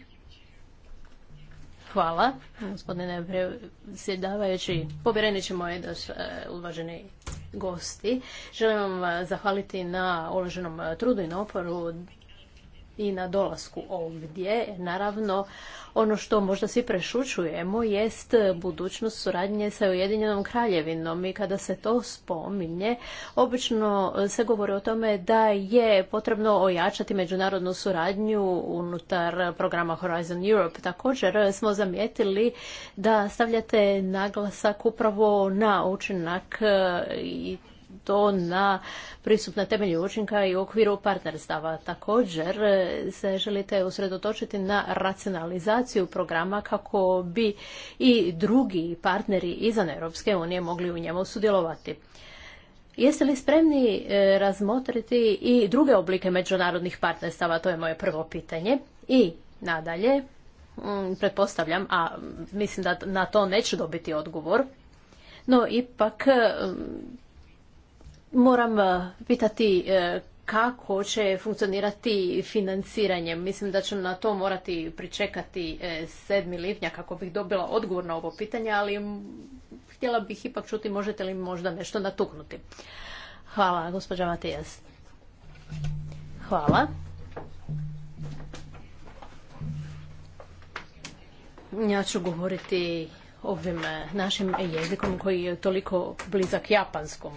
Hvala, gospodine predsjedavajući. Povjereniče moje da e, uvaženi gosti. Želim vam zahvaliti na uloženom trudu i oporu i na dolasku ovdje. Naravno, ono što možda svi prešučujemo jest budućnost suradnje sa Ujedinjenom kraljevinom i kada se to spominje, obično se govori o tome da je potrebno ojačati međunarodnu suradnju unutar programa Horizon Europe. Također smo zamijetili da stavljate naglasak upravo na učinak i to na pristup na temelju učinka i u okviru partnerstava. Također e, se želite usredotočiti na racionalizaciju programa kako bi i drugi partneri izvan Europske unije mogli u njemu sudjelovati. Jeste li spremni e, razmotriti i druge oblike međunarodnih partnerstava? To je moje prvo pitanje. I nadalje, mm, pretpostavljam, a mislim da na to neću dobiti odgovor, no ipak mm, moram e, pitati e, kako će funkcionirati financiranje. Mislim da ću na to morati pričekati 7. E, lipnja kako bih dobila odgovor na ovo pitanje, ali htjela bih ipak čuti možete li možda nešto natuknuti. Hvala, gospođa Matijas. Hvala. Ja ću govoriti ovim našim jezikom koji je toliko blizak japanskom.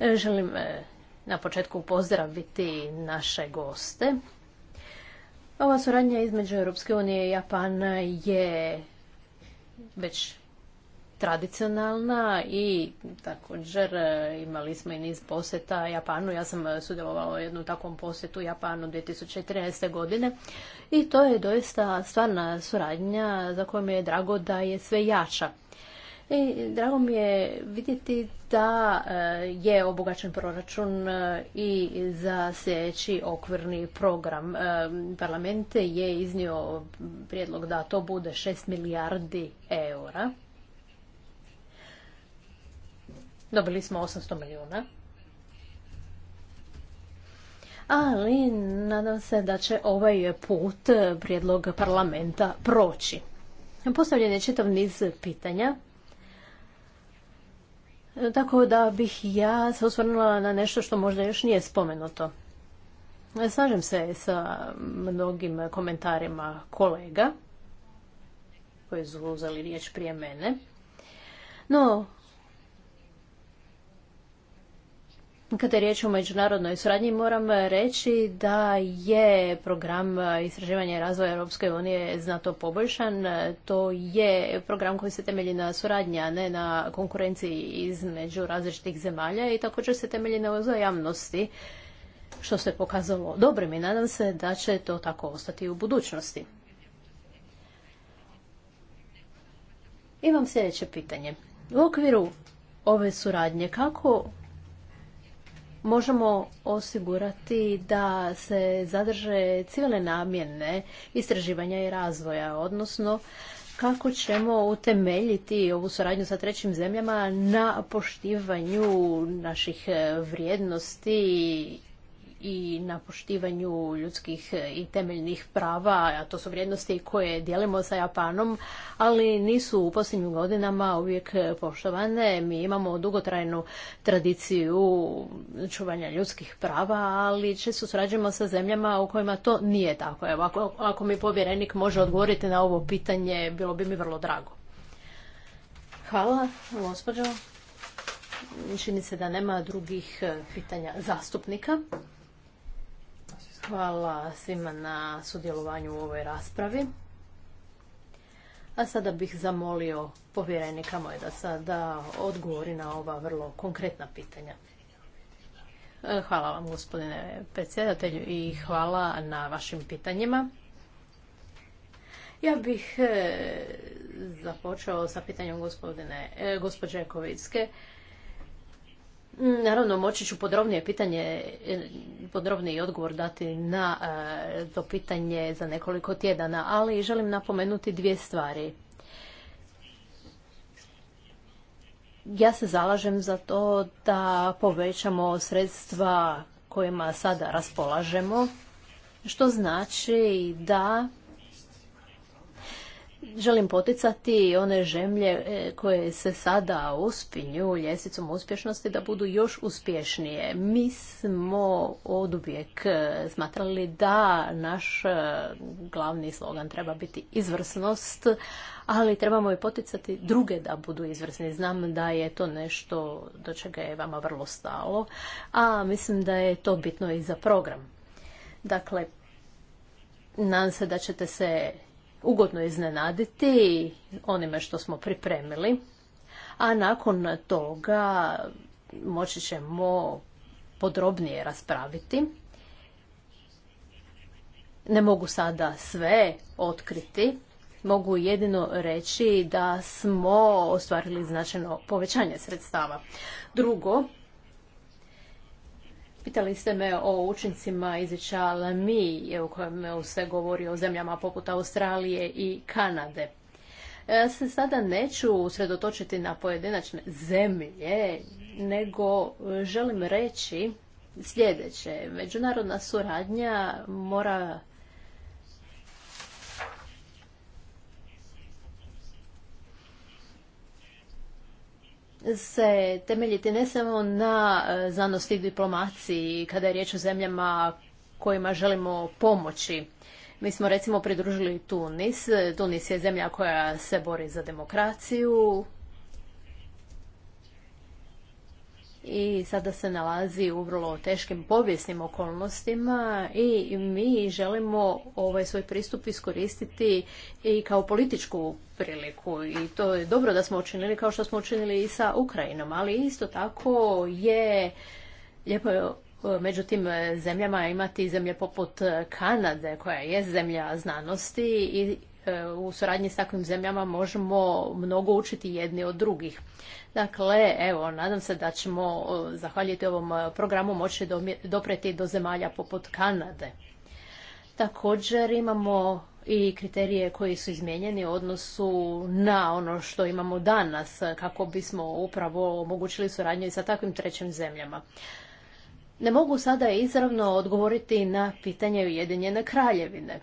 E, želim e, na početku pozdraviti naše goste. Ova suradnja između Europske unije i Japana je već tradicionalna i također e, imali smo i niz posjeta Japanu. Ja sam sudjelovala u jednom takvom posjetu Japanu 2013. godine i to je doista stvarna suradnja za koju mi je drago da je sve jača. I drago mi je vidjeti da e, je obogaćen proračun e, i za sljedeći okvirni program. E, parlament je iznio prijedlog da to bude 6 milijardi eura. Dobili smo 800 milijuna. Ali nadam se da će ovaj put prijedlog parlamenta proći. Postavljen je čitav niz pitanja E, tako da bih ja se osvrnula na nešto što možda još nije spomenuto. E, slažem se sa mnogim komentarima kolega koji su uzeli riječ prije mene. No, Kada je riječ o međunarodnoj suradnji, moram reći da je program istraživanja i razvoja Europske unije znato poboljšan. To je program koji se temelji na suradnji, a ne na konkurenciji između različitih zemalja i također se temelji na uzajamnosti, što se pokazalo dobrim i nadam se da će to tako ostati u budućnosti. Imam sljedeće pitanje. U okviru ove suradnje kako možemo osigurati da se zadrže civilne namjene istraživanja i razvoja, odnosno kako ćemo utemeljiti ovu suradnju sa trećim zemljama na poštivanju naših vrijednosti i na poštivanju ljudskih i temeljnih prava, a to su vrijednosti koje dijelimo sa Japanom, ali nisu u posljednjim godinama uvijek poštovane. Mi imamo dugotrajnu tradiciju čuvanja ljudskih prava, ali često surađujemo sa zemljama u kojima to nije tako. Evo, ako, ako mi povjerenik može odgovoriti na ovo pitanje, bilo bi mi vrlo drago. Hvala, gospođo. Čini se da nema drugih e, pitanja zastupnika. Hvala svima na sudjelovanju u ovoj raspravi. A sada bih zamolio povjerenika moje da sada odgovori na ova vrlo konkretna pitanja. E, hvala vam gospodine predsjedatelju i hvala na vašim pitanjima. Ja bih e, započeo sa pitanjem gospodine, e, gospođe Kovicke. Mm, naravno, moći ću podrobnije pitanje, e, podrobniji odgovor dati na e, to pitanje za nekoliko tjedana, ali želim napomenuti dvije stvari. Ja se zalažem za to da povećamo sredstva kojima sada raspolažemo, što znači da želim poticati one žemlje e, koje se sada uspinju ljesicom uspješnosti da budu još uspješnije. Mi smo od uvijek e, smatrali da naš e, glavni slogan treba biti izvrsnost, ali trebamo i poticati druge da budu izvrsni. Znam da je to nešto do čega je vama vrlo stalo, a mislim da je to bitno i za program. Dakle, nadam se da ćete se ugodno iznenaditi onime što smo pripremili, a nakon toga moći ćemo podrobnije raspraviti. Ne mogu sada sve otkriti, mogu jedino reći da smo ostvarili značajno povećanje sredstava. Drugo, Pitali ste me o učincima mi mi, u kojem se govori o zemljama poput Australije i Kanade. E, ja se sada neću usredotočiti na pojedinačne zemlje, nego želim reći sljedeće. Međunarodna suradnja mora se temeljiti ne samo na e, znanosti i diplomaciji kada je riječ o zemljama kojima želimo pomoći. Mi smo recimo pridružili Tunis. Tunis je zemlja koja se bori za demokraciju, i sada se nalazi u vrlo teškim povijesnim okolnostima i mi želimo ovaj svoj pristup iskoristiti i kao političku priliku i to je dobro da smo učinili kao što smo učinili i sa Ukrajinom, ali isto tako je lijepo međutim zemljama imati zemlje poput Kanade koja je zemlja znanosti i E, u suradnji s takvim zemljama možemo mnogo učiti jedni od drugih. Dakle, evo, nadam se da ćemo e, zahvaljujući ovom e, programu moći dopreti do zemalja poput Kanade. Također imamo i kriterije koji su izmijenjeni u odnosu na ono što imamo danas kako bismo upravo omogućili suradnju i sa takvim trećim zemljama. Ne mogu sada izravno odgovoriti na pitanje Ujedinjene kraljevine.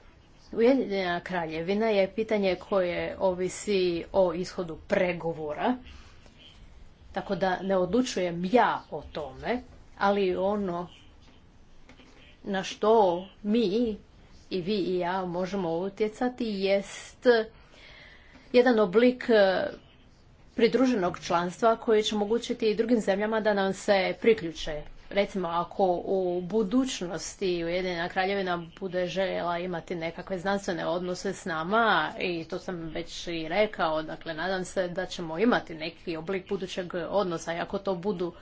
Ujedinjena kraljevina je pitanje koje ovisi o ishodu pregovora, tako da ne odlučujem ja o tome, ali ono na što mi i vi i ja možemo utjecati jest jedan oblik e, pridruženog članstva koji će omogućiti i drugim zemljama da nam se priključe recimo ako u budućnosti Ujedinjena kraljevina bude željela imati nekakve znanstvene odnose s nama i to sam već i rekao, dakle nadam se da ćemo imati neki oblik budućeg odnosa i ako to budu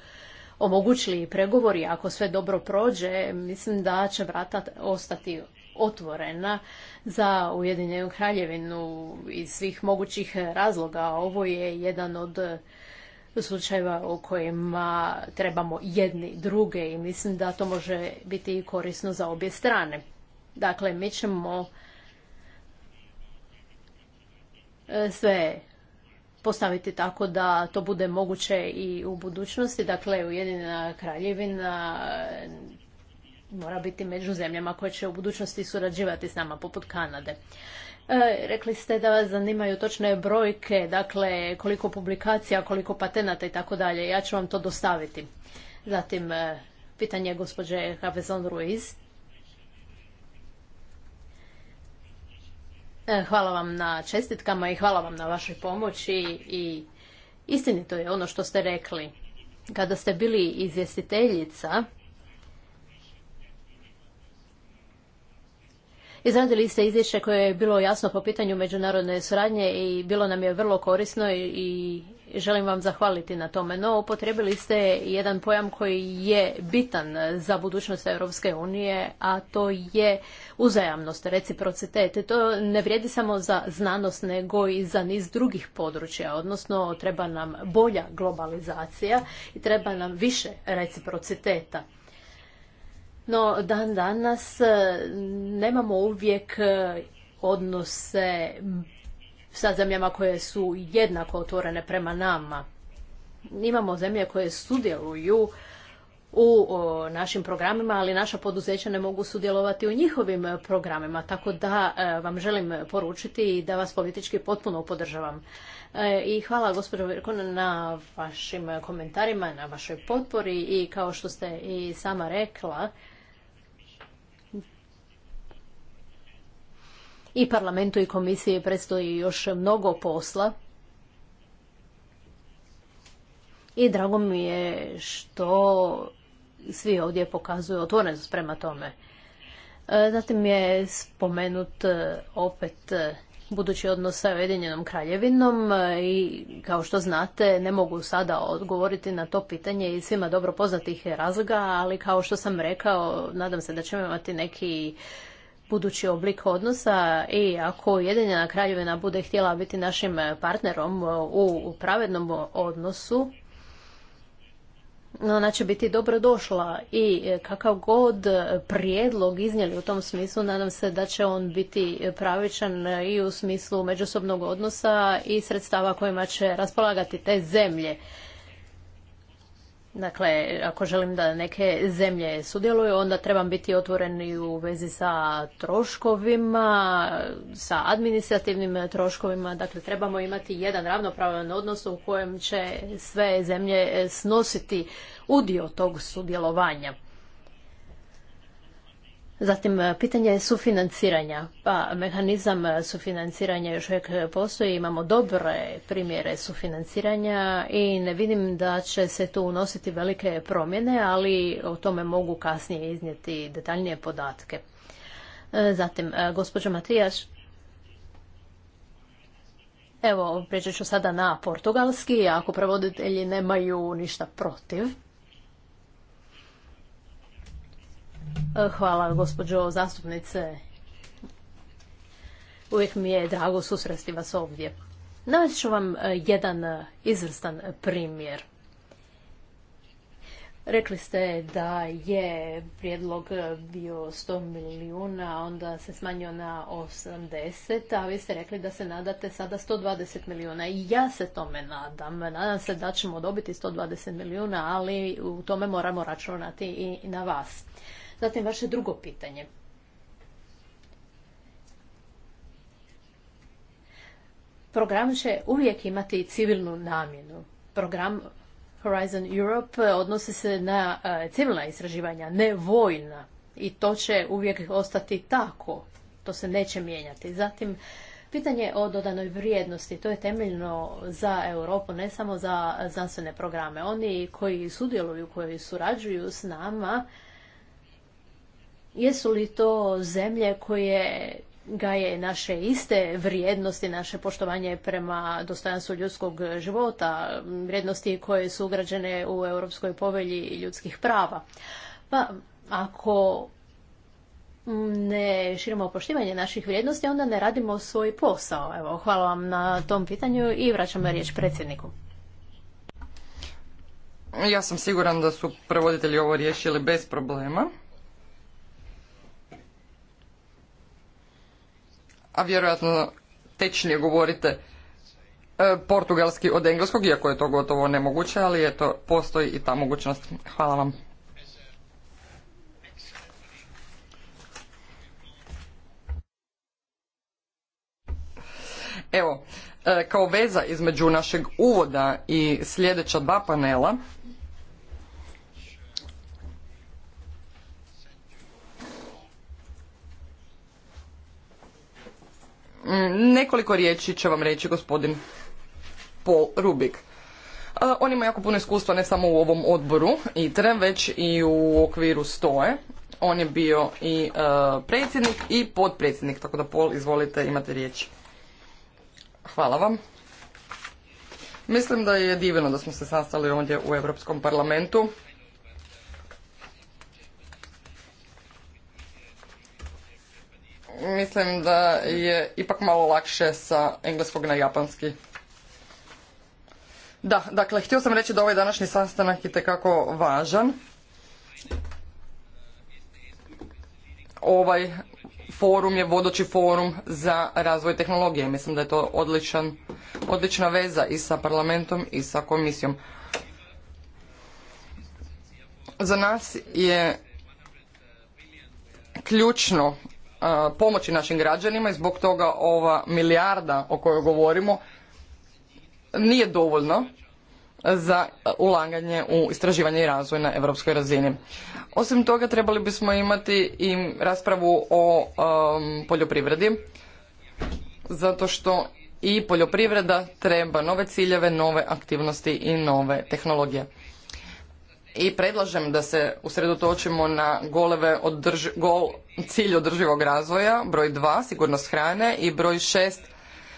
omogućili pregovori, ako sve dobro prođe, mislim da će vrata ostati otvorena za Ujedinjenu kraljevinu iz svih mogućih razloga. Ovo je jedan od slučajeva u kojima trebamo jedni druge i mislim da to može biti i korisno za obje strane. Dakle, mi ćemo e, sve postaviti tako da to bude moguće i u budućnosti. Dakle, Ujedinjena kraljevina e, mora biti među zemljama koje će u budućnosti surađivati s nama, poput Kanade. E, rekli ste da vas zanimaju točne brojke, dakle koliko publikacija, koliko patenata i tako dalje. Ja ću vam to dostaviti. Zatim, e, pitanje gospođe Havezon Ruiz. E, hvala vam na čestitkama i hvala vam na vašoj pomoći i istinito je ono što ste rekli. Kada ste bili izvjestiteljica, Izradili ste izvješće koje je bilo jasno po pitanju međunarodne suradnje i bilo nam je vrlo korisno i želim vam zahvaliti na tome. No, upotrebili ste jedan pojam koji je bitan za budućnost Europske unije, a to je uzajamnost, reciprocitet. To ne vrijedi samo za znanost, nego i za niz drugih područja, odnosno treba nam bolja globalizacija i treba nam više reciprociteta. No, dan danas e, nemamo uvijek e, odnose sa zemljama koje su jednako otvorene prema nama. Imamo zemlje koje sudjeluju u našim programima, ali naša poduzeća ne mogu sudjelovati u njihovim programima, tako da e, vam želim poručiti i da vas politički potpuno podržavam. I hvala gospođo Virkona na vašim komentarima, na vašoj potpori i kao što ste i sama rekla, i parlamentu i komisiji predstoji još mnogo posla. I drago mi je što svi ovdje pokazuju otvorenost prema tome. E, zatim je spomenut e, opet e, budući odnos sa Ujedinjenom kraljevinom i kao što znate ne mogu sada odgovoriti na to pitanje i svima dobro poznatih razloga, ali kao što sam rekao, nadam se da ćemo imati neki budući oblik odnosa i ako Ujedinjena kraljevina bude htjela biti našim partnerom u pravednom odnosu, ona će biti dobrodošla i kakav god prijedlog iznijeli u tom smislu, nadam se da će on biti pravičan i u smislu međusobnog odnosa i sredstava kojima će raspolagati te zemlje. Dakle, ako želim da neke zemlje sudjeluju, onda trebam biti otvoren i u vezi sa troškovima, sa administrativnim troškovima. Dakle, trebamo imati jedan ravnopravan odnos u kojem će sve zemlje snositi udio tog sudjelovanja. Zatim, e, pitanje sufinanciranja. Pa, mehanizam sufinanciranja još uvijek postoji. Imamo dobre primjere sufinanciranja i ne vidim da će se tu unositi velike promjene, ali o tome mogu kasnije iznijeti detaljnije podatke. E, zatim, e, gospođo Matijaš, evo, prije ću sada na portugalski, ako prevoditelji nemaju ništa protiv. E, hvala gospođo zastupnice. Uvijek mi je drago susresti vas ovdje. Navest ću vam e, jedan e, izvrstan primjer. Rekli ste da je prijedlog bio 100 milijuna, onda se smanjio na 80, a vi ste rekli da se nadate sada 120 milijuna. I ja se tome nadam. Nadam se da ćemo dobiti 120 milijuna, ali u tome moramo računati i na vas. Zatim vaše drugo pitanje. Program će uvijek imati civilnu namjenu. Program Horizon Europe odnosi se na e, civilna istraživanja, ne vojna. I to će uvijek ostati tako. To se neće mijenjati. Zatim, pitanje o dodanoj vrijednosti. To je temeljno za Europu, ne samo za znanstvene programe. Oni koji sudjeluju, koji surađuju s nama, Jesu li to zemlje koje gaje naše iste vrijednosti, naše poštovanje prema dostojanstvu ljudskog života, vrijednosti koje su ugrađene u Europskoj povelji ljudskih prava. Pa ako ne širimo poštivanje naših vrijednosti, onda ne radimo svoj posao. Evo, hvala vam na tom pitanju i vraćam riječ predsjedniku. Ja sam siguran da su prevoditelji ovo riješili bez problema. a vjerojatno tečnije govorite e, portugalski od engleskog, iako je to gotovo nemoguće, ali eto, postoji i ta mogućnost. Hvala vam. Evo, e, kao veza između našeg uvoda i sljedeća dva panela, Mm, nekoliko riječi će vam reći gospodin Paul Rubik. E, on ima jako puno iskustva ne samo u ovom odboru ITRE, već i u okviru stoje. On je bio i e, predsjednik i potpredsjednik, tako da Paul, izvolite, imate riječ. Hvala vam. Mislim da je divno da smo se sastali ovdje u Europskom parlamentu mislim da je ipak malo lakše sa engleskog na japanski. Da, dakle, htio sam reći da ovaj današnji sastanak je tekako važan. Ovaj forum je vodoći forum za razvoj tehnologije. Mislim da je to odličan, odlična veza i sa parlamentom i sa komisijom. Za nas je ključno pomoći našim građanima i zbog toga ova milijarda o kojoj govorimo nije dovoljno za ulaganje u istraživanje i razvoj na europskoj razini. Osim toga trebali bismo imati i raspravu o poljoprivredi zato što i poljoprivreda treba nove ciljeve, nove aktivnosti i nove tehnologije i predlažem da se usredotočimo na goleve gol, cilj održivog razvoja, broj 2, sigurnost hrane i broj 6,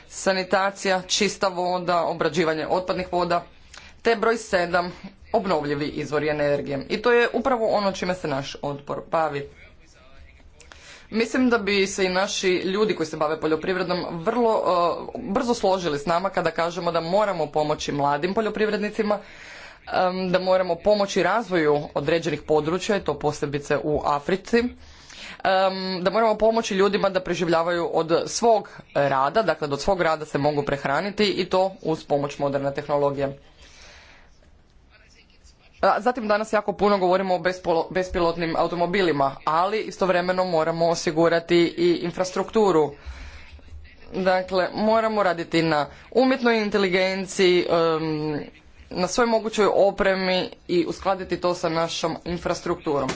sanitacija, čista voda, obrađivanje otpadnih voda, te broj 7, obnovljivi izvori energije. I to je upravo ono čime se naš odpor bavi. Mislim da bi se i naši ljudi koji se bave poljoprivredom vrlo eh, brzo složili s nama kada kažemo da moramo pomoći mladim poljoprivrednicima da moramo pomoći razvoju određenih područja i to posebice u Africi da moramo pomoći ljudima da preživljavaju od svog rada, dakle od svog rada se mogu prehraniti i to uz pomoć moderne tehnologije. Zatim danas jako puno govorimo o bespilotnim automobilima, ali istovremeno moramo osigurati i infrastrukturu. Dakle, moramo raditi na umjetnoj inteligenciji, na svoj mogućoj opremi i uskladiti to sa našom infrastrukturom.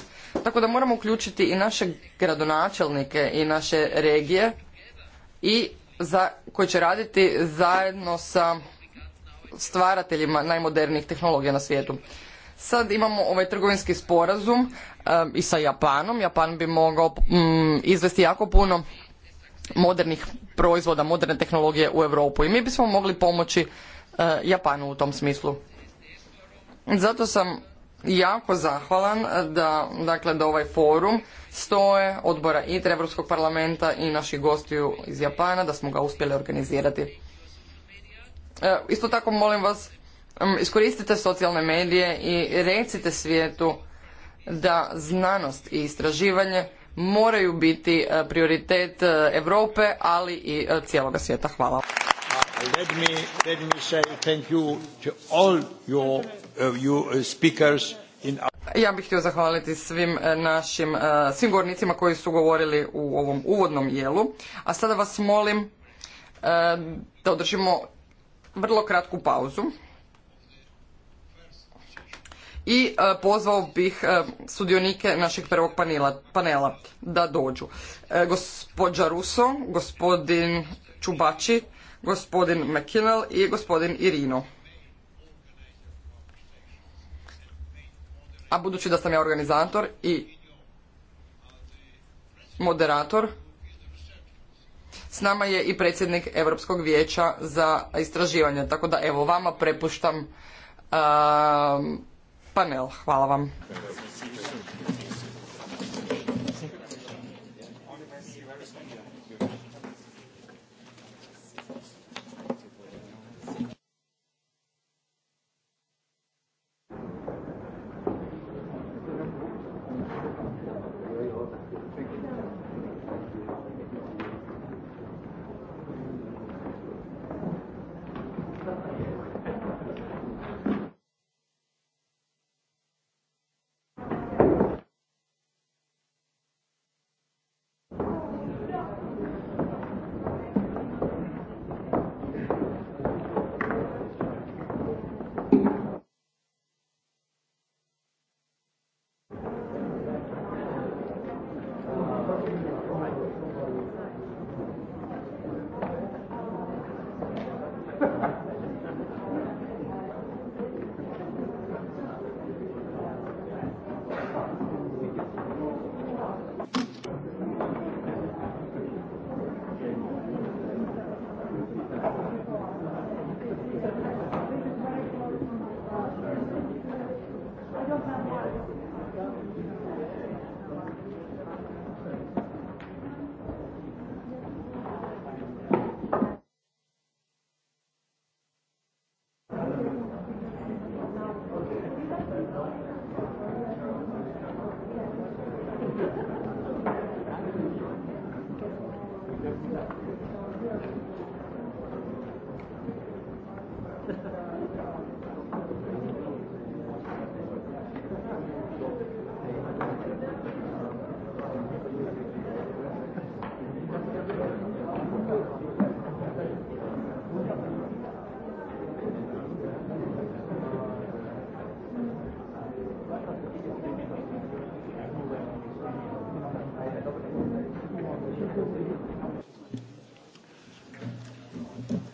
Tako da moramo uključiti i naše gradonačelnike i naše regije i za, koji će raditi zajedno sa stvarateljima najmodernijih tehnologija na svijetu. Sad imamo ovaj trgovinski sporazum eh, i sa Japanom. Japan bi mogao mm, izvesti jako puno modernih proizvoda, moderne tehnologije u Europu i mi bismo mogli pomoći E, Japanu u tom smislu. Zato sam jako zahvalan e, da, dakle, da ovaj forum stoje odbora i Europskog parlamenta i naših gostiju iz Japana, da smo ga uspjeli organizirati. E, isto tako molim vas, iskoristite socijalne medije i recite svijetu da znanost i istraživanje moraju biti prioritet Europe, ali i cijeloga svijeta. Hvala. Let me, thank you to all your, uh, uh, speakers in... Ja bih htio zahvaliti svim uh, našim, svim govornicima koji su govorili u ovom uvodnom dijelu. A sada vas molim da održimo vrlo kratku pauzu. I pozvao bih sudionike našeg prvog panela, panela da dođu. Gospođa Ruso, gospodin Čubači, gospodin McKinnell i gospodin Irino. A budući da sam ja organizator i moderator, s nama je i predsjednik Europskog vijeća za istraživanje. Tako da evo vama prepuštam panel. Hvala vam.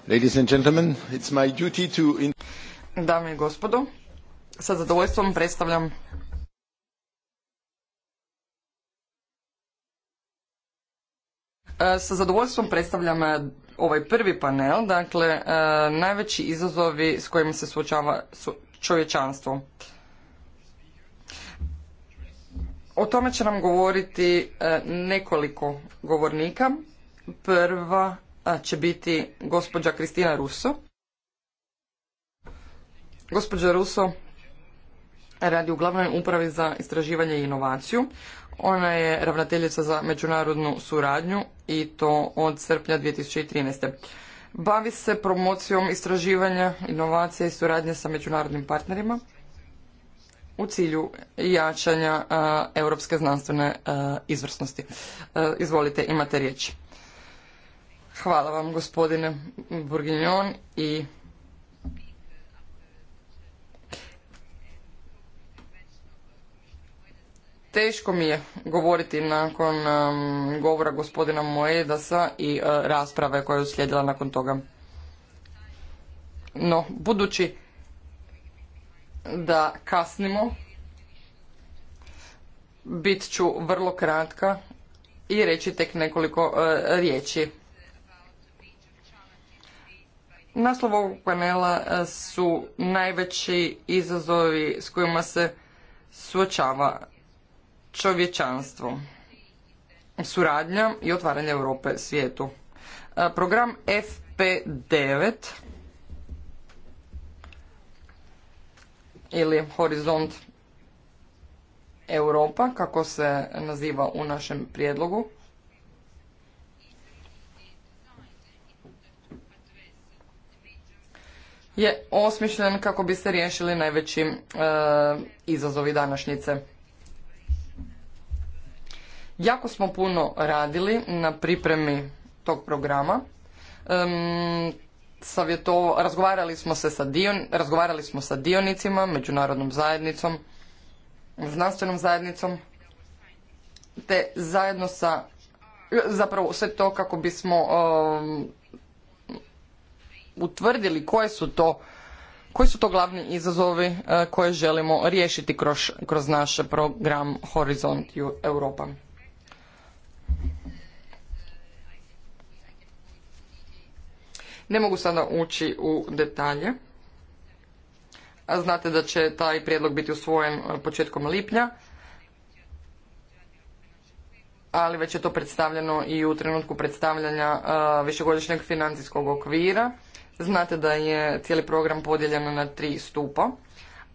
Ladies and gentlemen, it's my duty to... Dame i gospodo, sa zadovoljstvom predstavljam eh, Sa zadovoljstvom predstavljam eh, ovaj prvi panel, dakle eh, najveći izazovi s kojima se suočava čovječanstvo. O tome će nam govoriti nekoliko govornika. Prva će biti gospođa Kristina Russo. Gospođa Russo radi u glavnoj upravi za istraživanje i inovaciju. Ona je ravnateljica za međunarodnu suradnju i to od srpnja 2013. Bavi se promocijom istraživanja, inovacija i suradnje sa međunarodnim partnerima u cilju jačanja europske znanstvene izvrsnosti. izvolite, imate riječ. Hvala vam gospodine Burginjon i Teško mi je govoriti nakon um, govora gospodina Moedasa i uh, rasprave koja je uslijedila nakon toga. No, budući da kasnimo, bit ću vrlo kratka i reći tek nekoliko uh, riječi Naslov ovog panela e, su najveći izazovi s kojima se suočava čovječanstvo. Suradnja i otvaranje Europe svijetu. E, program FP9 ili Horizont Europa, kako se naziva u našem prijedlogu, je osmišljen kako bi se riješili najveći e, izazovi današnjice. Jako smo puno radili na pripremi tog programa. razgovarali, smo se sa razgovarali smo sa dionicima, međunarodnom zajednicom, znanstvenom zajednicom, te zajedno sa zapravo sve to kako bismo utvrdili koje su to koji su to glavni izazovi e, koje želimo riješiti kroz, naš program Horizont Europa. Ne mogu sada ući u detalje. Znate da će taj prijedlog biti usvojen e, početkom lipnja, ali već je to predstavljeno i u trenutku predstavljanja e, višegodišnjeg financijskog okvira Znate da je cijeli program podijeljen na tri stupa,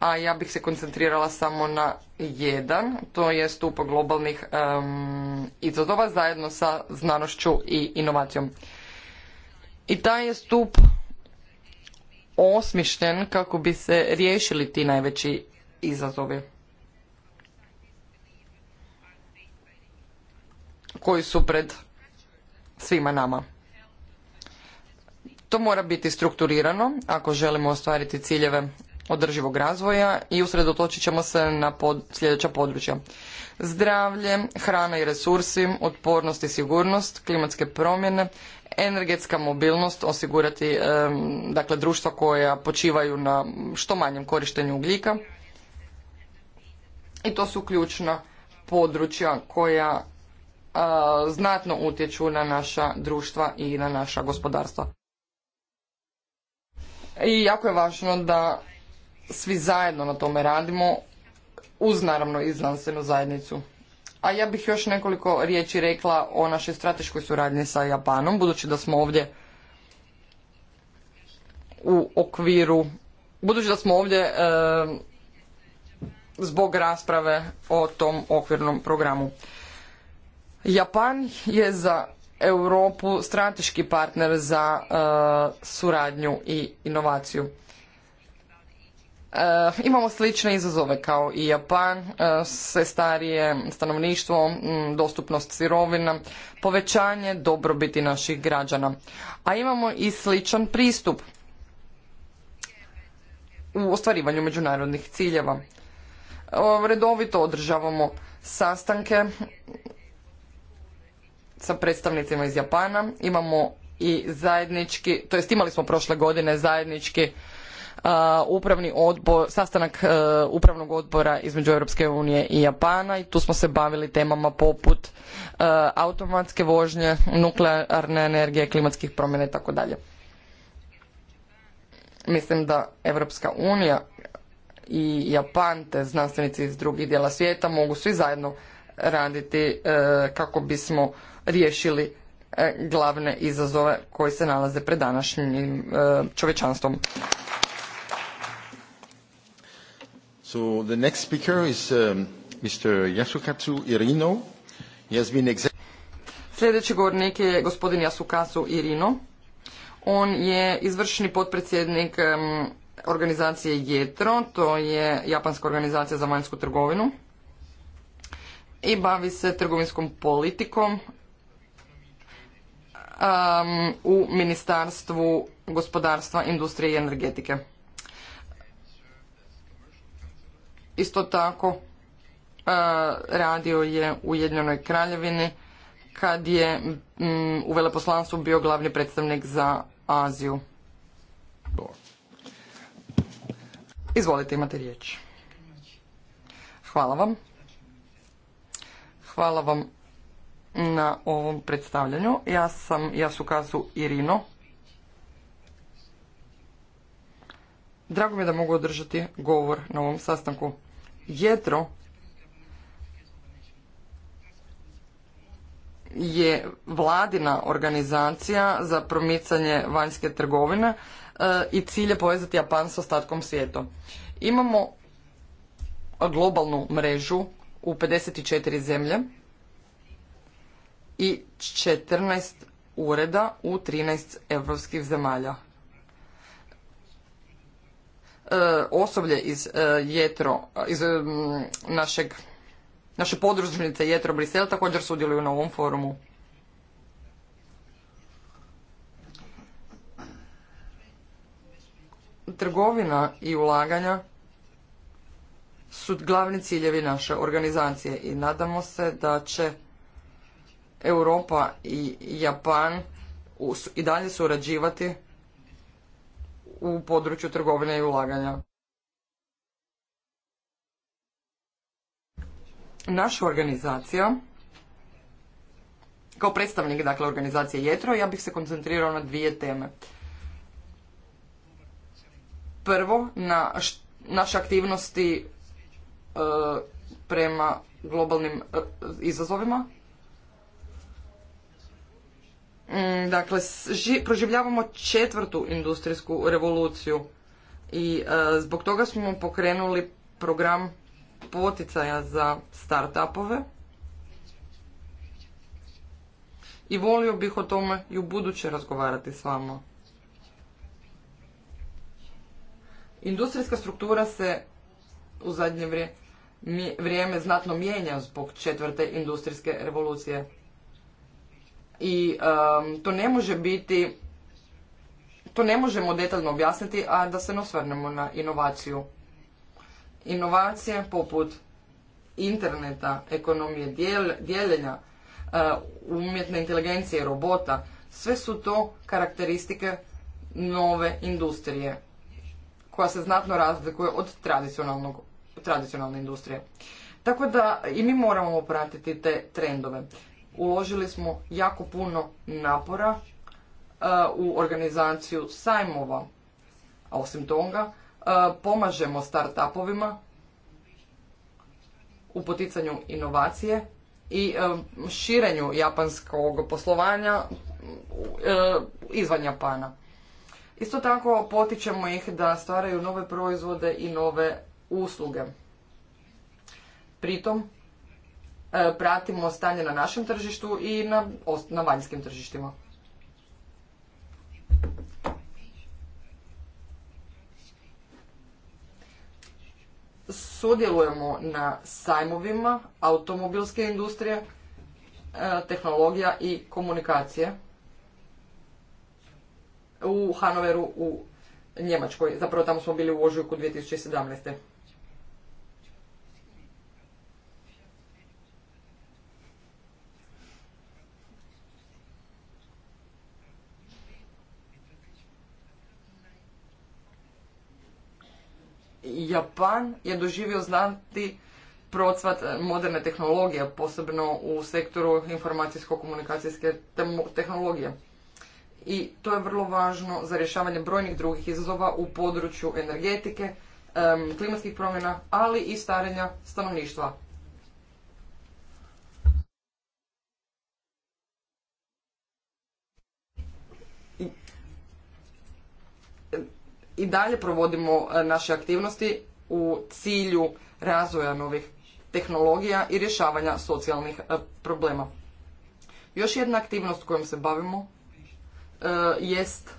a ja bih se koncentrirala samo na jedan, to je stup globalnih um, izazova zajedno sa znanošću i inovacijom. I taj je stup osmišljen kako bi se riješili ti najveći izazovi. koji su pred svima nama. To mora biti strukturirano ako želimo ostvariti ciljeve održivog razvoja i usredotočit ćemo se na pod, sljedeća područja. Zdravlje, hrana i resursi, otpornost i sigurnost, klimatske promjene, energetska mobilnost, osigurati dakle društva koja počivaju na što manjem korištenju ugljika. I to su ključna područja koja znatno utječu na naša društva i na naša gospodarstva i jako je važno da svi zajedno na tome radimo uz naravno i znanstvenu zajednicu. A ja bih još nekoliko riječi rekla o našoj strateškoj suradnji sa Japanom, budući da smo ovdje u okviru, budući da smo ovdje e, zbog rasprave o tom okvirnom programu. Japan je za Europu strateški partner za e, suradnju i inovaciju. E, imamo slične izazove kao i Japan, se sve starije stanovništvo, dostupnost sirovina, povećanje dobrobiti naših građana. A imamo i sličan pristup u ostvarivanju međunarodnih ciljeva. E, redovito održavamo sastanke sa predstavnicima iz Japana. Imamo i zajednički, to jest imali smo prošle godine zajednički uh, upravni odbor, sastanak uh, upravnog odbora između Europske unije i Japana i tu smo se bavili temama poput uh, automatske vožnje, nuklearne energije, klimatskih promjena i tako dalje. Mislim da Europska unija i Japan te znanstvenici iz drugih dijela svijeta mogu svi zajedno raditi kako bismo riješili e, glavne izazove koji se nalaze pred današnjim e, čovečanstvom. So the next speaker is Mr. Um, Irino. Sljedeći govornik je gospodin Yasukatsu Irino. On je izvršni potpredsjednik organizacije JETRO, to je Japanska organizacija za vanjsku trgovinu i bavi se trgovinskom politikom Um, u Ministarstvu gospodarstva, industrije i energetike. Isto tako uh, radio je u Jedinjenoj kraljevini kad je mm, u veleposlanstvu bio glavni predstavnik za Aziju. Izvolite, imate riječ. Hvala vam. Hvala vam na ovom predstavljanju. Ja sam Jasukazu Irino. Drago mi je da mogu održati govor na ovom sastanku. JETRO je vladina organizacija za promicanje vanjske trgovine e, i cilj je povezati Japan s ostatkom svijeta. Imamo globalnu mrežu u 54 zemlje i 14 ureda u 13 europskih zemalja. E, osoblje iz e, jetro, iz e, našeg, naše podružnice Jetro Brisel također sudjeluju na ovom forumu. Trgovina i ulaganja su glavni ciljevi naše organizacije i nadamo se da će Europa i Japan i dalje surađivati u području trgovine i ulaganja. Naša organizacija, kao predstavnik dakle, organizacije JETRO, ja bih se koncentrirao na dvije teme. Prvo, na naše aktivnosti e, prema globalnim e, izazovima Mm, dakle, proživljavamo četvrtu industrijsku revoluciju i e, zbog toga smo pokrenuli program poticaja za start-upove i volio bih o tome i u buduće razgovarati s vama. Industrijska struktura se u zadnje vrijeme znatno mijenja zbog četvrte industrijske revolucije i um, to ne može biti to ne možemo detaljno objasniti, a da se ne osvrnemo na inovaciju. Inovacije poput interneta, ekonomije dijel, dijeljenja, uh, umjetne inteligencije, robota, sve su to karakteristike nove industrije koja se znatno razlikuje od tradicionalnog, tradicionalne industrije. Tako da i mi moramo pratiti te trendove uložili smo jako puno napora e, u organizaciju sajmova. A osim toga, e, pomažemo start-upovima u poticanju inovacije i e, širenju japanskog poslovanja izvan Japana. Isto tako potičemo ih da stvaraju nove proizvode i nove usluge. Pritom E, pratimo stanje na našem tržištu i na, vanjskim tržištima. Sudjelujemo na sajmovima automobilske industrije, e, tehnologija i komunikacije u Hanoveru u Njemačkoj. Zapravo tamo smo bili u ožujku 2017. Japan je doživio znati procvat eh, moderne tehnologije, posebno u sektoru informacijsko-komunikacijske tehnologije. I to je vrlo važno za rješavanje brojnih drugih izazova u području energetike, klimatskih promjena, ali i starenja stanovništva. i dalje provodimo e, naše aktivnosti u cilju razvoja novih tehnologija i rješavanja socijalnih e, problema. Još jedna aktivnost kojom se bavimo e, jest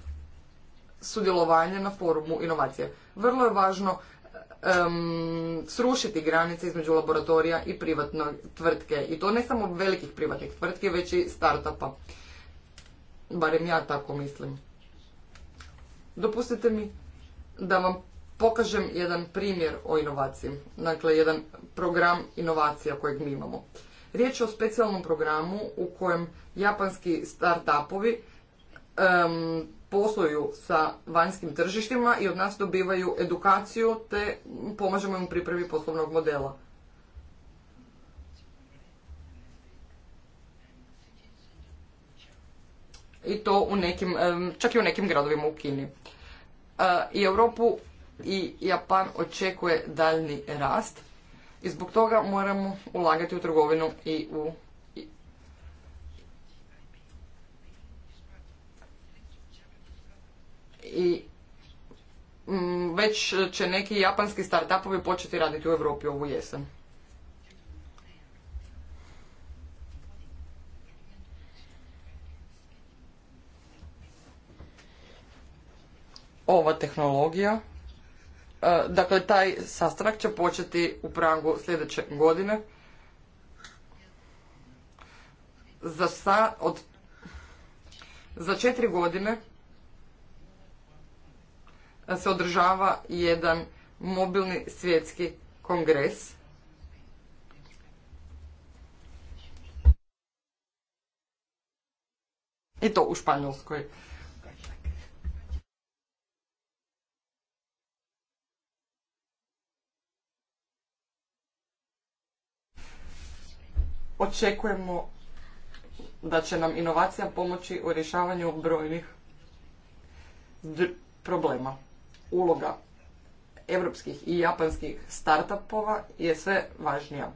sudjelovanje na forumu inovacije. Vrlo je važno srušiti granice između laboratorija i privatne tvrtke. I to ne samo velikih privatnih tvrtki, već i start-upa. Barem ja tako mislim. Dopustite mi da vam pokažem jedan primjer o inovaciji. Dakle, jedan program inovacija kojeg mi imamo. Riječ je o specijalnom programu u kojem japanski start-upovi posluju sa vanjskim tržištima i od nas dobivaju edukaciju te pomažemo im u pripremi poslovnog modela. I to u nekim, čak i u nekim gradovima u Kini. E, i Europu i Japan očekuje daljni rast i zbog toga moramo ulagati u trgovinu i u i mm, već će neki japanski startupovi početi raditi u Europi ovu jesen. ova tehnologija, e, dakle taj sastanak će početi u Prangu sljedeće godine. Za, od, za četiri godine se održava jedan mobilni svjetski kongres. I to u Španjolskoj. očekujemo da će nam inovacija pomoći u rješavanju brojnih problema. Uloga evropskih i japanskih startupova je sve važnija.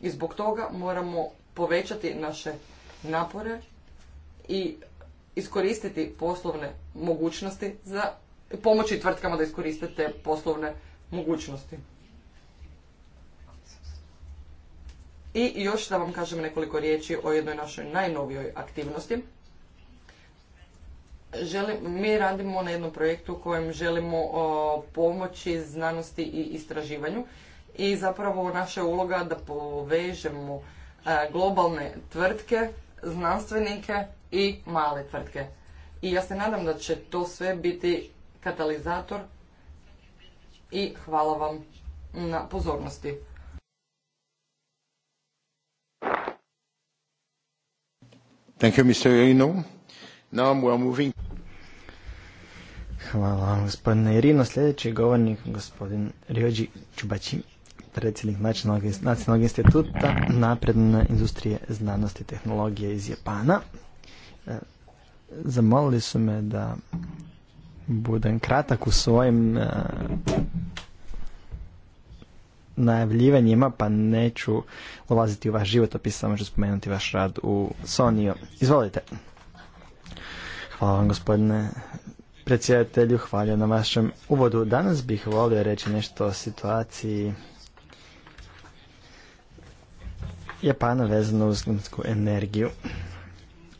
I zbog toga moramo povećati naše napore i iskoristiti poslovne mogućnosti za pomoći tvrtkama da iskoriste te poslovne mogućnosti. I još da vam kažem nekoliko riječi o jednoj našoj najnovijoj aktivnosti. mi radimo na jednom projektu u kojem želimo pomoći znanosti i istraživanju i zapravo naša je uloga da povežemo e, globalne tvrtke, znanstvenike i male tvrtke. I ja se nadam da će to sve biti katalizator i hvala vam na pozornosti. Hvala vam, gospodine Irino. Sljedeći govornik, gospodin Riođi Čubači, predsjednik Nacionalnog, Nacionalnog instituta napredne industrije znanosti i tehnologije iz Japana. E, zamolili su me da budem kratak u svojim e, najavljivanjima, pa neću ulaziti u vaš životopis, samo ću spomenuti vaš rad u Sonio. Izvolite. Hvala vam gospodine predsjedatelju, hvala na vašem uvodu. Danas bih volio reći nešto o situaciji Japana vezano uz energiju.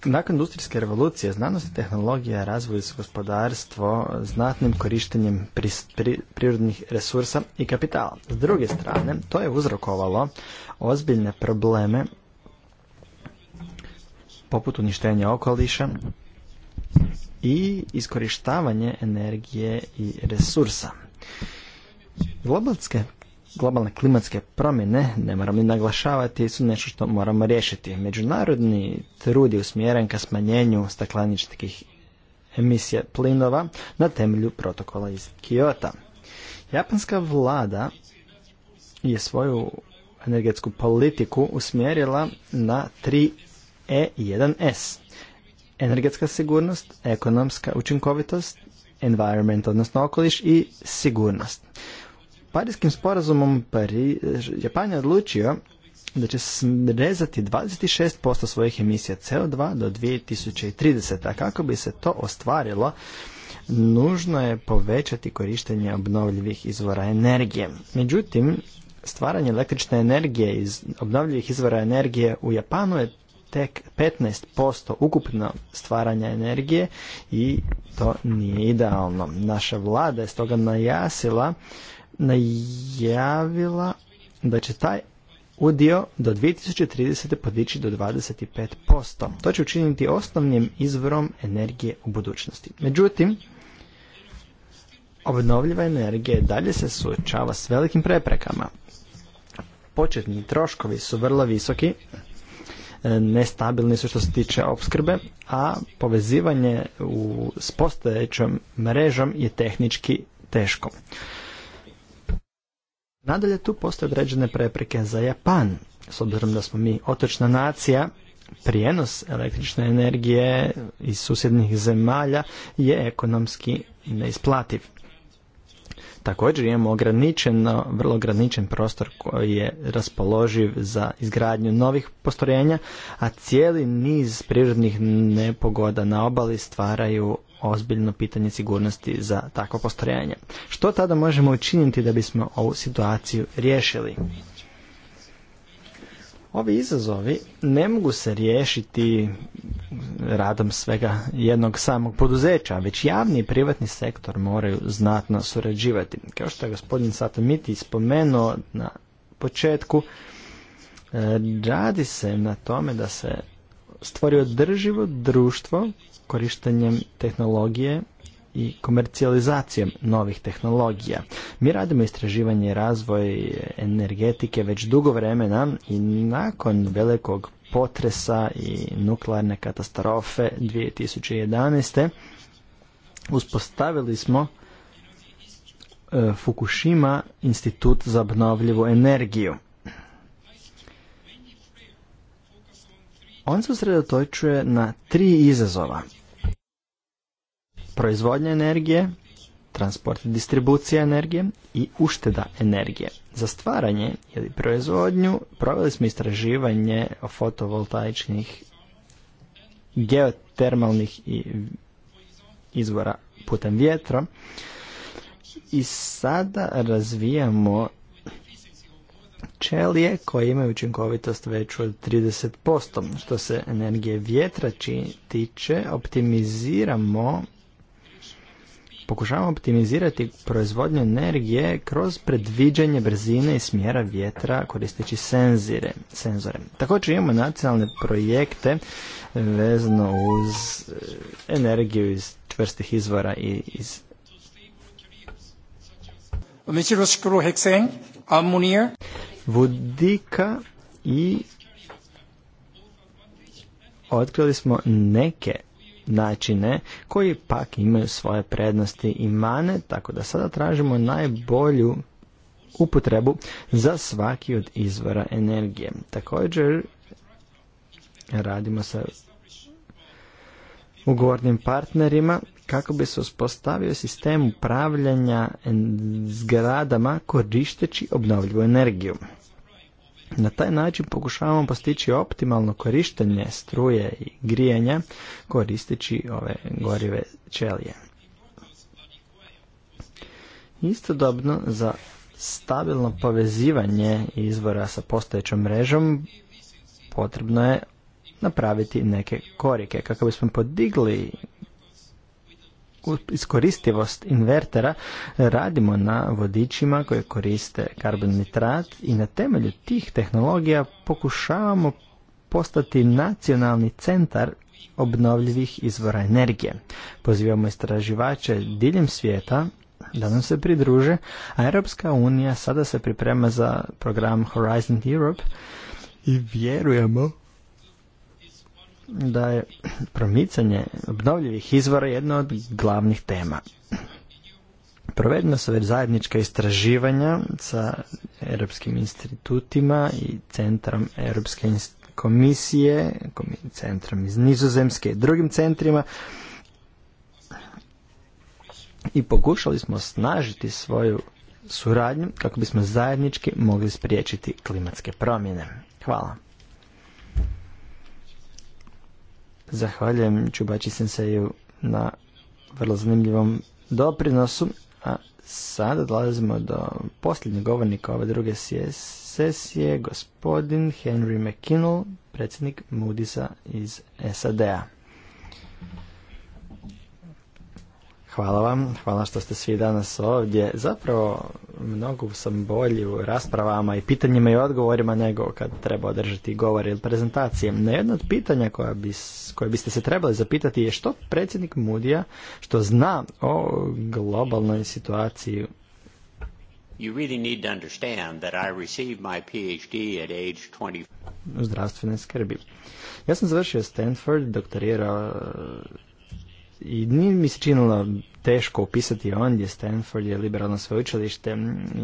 Nakon industrijske revolucije, znanost i tehnologija razvoj se gospodarstvo znatnim korištenjem prirodnih resursa i kapitala. S druge strane, to je uzrokovalo ozbiljne probleme poput uništenja okoliša i iskorištavanje energije i resursa. Globalske globalne klimatske promjene, ne moram ni naglašavati, su nešto što moramo riješiti. Međunarodni trud je usmjeren ka smanjenju stakleničkih emisija plinova na temelju protokola iz kiota. Japanska vlada je svoju energetsku politiku usmjerila na 3E1S. Energetska sigurnost, ekonomska učinkovitost, environment, odnosno okoliš i sigurnost. Parijskim sporazumom Pari, Japan je odlučio da će rezati 26% svojih emisija CO2 do 2030. A kako bi se to ostvarilo, nužno je povećati korištenje obnovljivih izvora energije. Međutim, stvaranje električne energije iz obnovljivih izvora energije u Japanu je tek 15% ukupno stvaranja energije i to nije idealno. Naša vlada je stoga najasila najavila da će taj udio do 2030. podići do 25%. To će učiniti osnovnim izvorom energije u budućnosti. Međutim, obnovljiva energija dalje se suočava s velikim preprekama. Početni troškovi su vrlo visoki, e, nestabilni su što se tiče opskrbe, a povezivanje u, s postojećom mrežom je tehnički teško. Nadalje tu postoje određene prepreke za Japan. S obzirom da smo mi otočna nacija, prijenos električne energije iz susjednih zemalja je ekonomski neisplativ. Također imamo ograničeno, vrlo ograničen prostor koji je raspoloživ za izgradnju novih postrojenja, a cijeli niz prirodnih nepogoda na obali stvaraju ozbiljno pitanje sigurnosti za takvo postojanje. Što tada možemo učiniti da bismo ovu situaciju riješili? Ovi izazovi ne mogu se riješiti radom svega jednog samog poduzeća, već javni i privatni sektor moraju znatno surađivati. Kao što je gospodin miti spomenuo na početku, e, radi se na tome da se stvori održivo društvo korištenjem tehnologije i komercijalizacijom novih tehnologija. Mi radimo istraživanje i razvoj energetike već dugo vremena i nakon velikog potresa i nuklearne katastrofe 2011. uspostavili smo e, Fukushima institut za obnovljivu energiju. On se usredotočuje na tri izazova. Proizvodnja energije, transport i distribucija energije i ušteda energije. Za stvaranje ili proizvodnju proveli smo istraživanje fotovoltaičnih geotermalnih izvora putem vjetra i sada razvijamo Čelije, koje imaju učinkovitost veću od 30%. Što se energije vjetra tiče, optimiziramo pokušavamo optimizirati proizvodnju energije kroz predviđanje brzine i smjera vjetra koristeći senzire, senzore. Također imamo nacionalne projekte vezano uz e, energiju iz čvrstih izvora i iz Almunir. Vodika i otkrili smo neke načine koji pak imaju svoje prednosti i mane, tako da sada tražimo najbolju upotrebu za svaki od izvora energije. Također radimo sa ugovornim partnerima kako bi se uspostavio sistem upravljanja zgradama korišteći obnovljivu energiju. Na taj način pokušavamo postići optimalno korištenje struje i grijanja koristeći ove gorive čelije. Istodobno za stabilno povezivanje izvora sa postojećom mrežom potrebno je napraviti neke korike kako bismo podigli iskoristivost invertera radimo na vodičima koje koriste karbon nitrat i na temelju tih tehnologija pokušavamo postati nacionalni centar obnovljivih izvora energije. Pozivamo istraživače diljem svijeta da nam se pridruže, a Europska unija sada se priprema za program Horizon Europe i vjerujemo da je promicanje obnovljivih izvora jedna od glavnih tema. Provedeno su već zajednička istraživanja sa europskim institutima i centrom Europske komisije, centrom iz Nizozemske i drugim centrima i pokušali smo snažiti svoju suradnju kako bismo zajednički mogli spriječiti klimatske promjene. Hvala. Zahvaljujem Čubači Senseju na vrlo zanimljivom doprinosu. A sada dolazimo do posljednjeg govornika ove druge sesije, gospodin Henry McKinnell, predsjednik Moody'sa iz SAD-a. Hvala vam, hvala što ste svi danas ovdje. Zapravo, mnogo sam bolji u raspravama i pitanjima i odgovorima nego kad treba održati govor ili prezentacije. Na jedno od pitanja koja koje biste se trebali zapitati je što predsjednik Mudija, što zna o globalnoj situaciji You really need to understand that I received my PhD at age 20. Zdravstvene skrbi. Ja sam završio Stanford, doktorirao i nije mi se činilo teško upisati ondje, Stanford je liberalno sveučilište.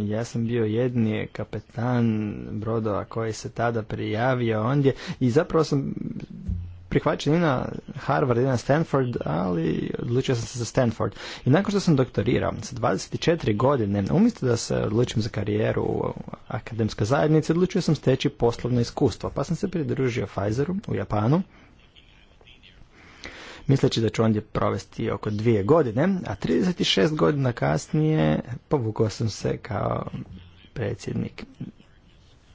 Ja sam bio jedni kapetan brodova koji se tada prijavio ondje i zapravo sam prihvaćen i na Harvard i na Stanford, ali odlučio sam se za Stanford. I nakon što sam doktorirao, sa 24 godine, umjesto da se odlučim za karijeru u akademskoj zajednici, odlučio sam steći poslovno iskustvo, pa sam se pridružio Pfizeru u Japanu misleći da će ondje provesti oko dvije godine, a 36 godina kasnije povukao sam se kao predsjednik.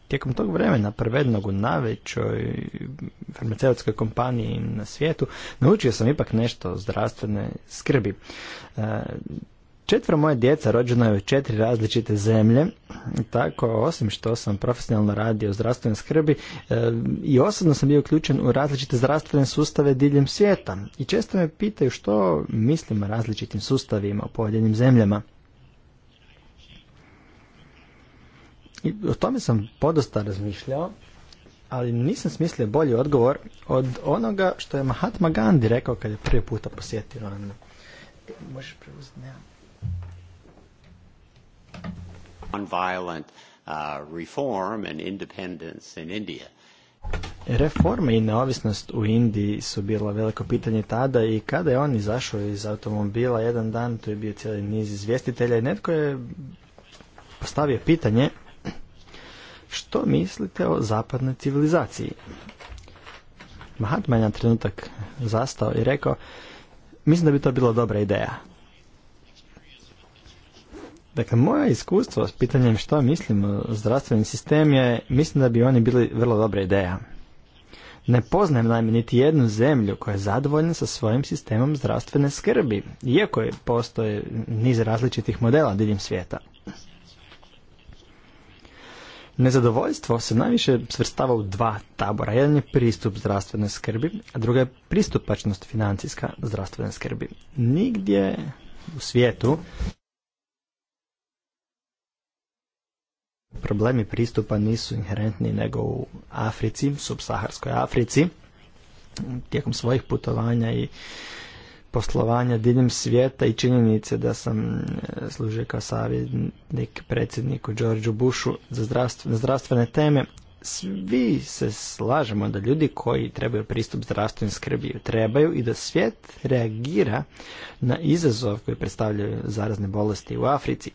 Tijekom tog vremena, prvednog u najvećoj farmaceutskoj kompaniji na svijetu, naučio sam ipak nešto o zdravstvene skrbi. E, Četvro moje djeca rođeno je u četiri različite zemlje, tako osim što sam profesionalno radio u zdravstvenoj skrbi e, i osobno sam bio uključen u različite zdravstvene sustave diljem svijeta i često me pitaju što mislim o različitim sustavima u pojedinim zemljama. I o tome sam podosta razmišljao, ali nisam smislio bolji odgovor od onoga što je Mahatma Gandhi rekao kad je prvi puta posjetio e, Možeš preuzeti, Uh, Reforme i neovisnost u Indiji su bila veliko pitanje tada i kada je on izašao iz automobila jedan dan, to je bio cijeli niz izvjestitelja i netko je postavio pitanje što mislite o zapadnoj civilizaciji? Mahatma je na trenutak zastao i rekao mislim da bi to bila dobra ideja. Dakle, moje iskustvo s pitanjem što mislim o zdravstvenim sistem je, mislim da bi oni bili vrlo dobra ideja. Ne poznajem najme niti jednu zemlju koja je zadovoljna sa svojim sistemom zdravstvene skrbi, iako je postoje niz različitih modela diljem svijeta. Nezadovoljstvo se najviše svrstava u dva tabora. Jedan je pristup zdravstvene skrbi, a druga je pristupačnost financijska zdravstvene skrbi. Nigdje u svijetu problemi pristupa nisu inherentni nego u Africi, subsaharskoj Africi, tijekom svojih putovanja i poslovanja diljem svijeta i činjenice da sam e, služio kao savjetnik predsjedniku Georgeu Bushu za zdravstvene, zdravstvene teme, svi se slažemo da ljudi koji trebaju pristup zdravstvenoj skrbi trebaju i da svijet reagira na izazov koji predstavljaju zarazne bolesti u Africi.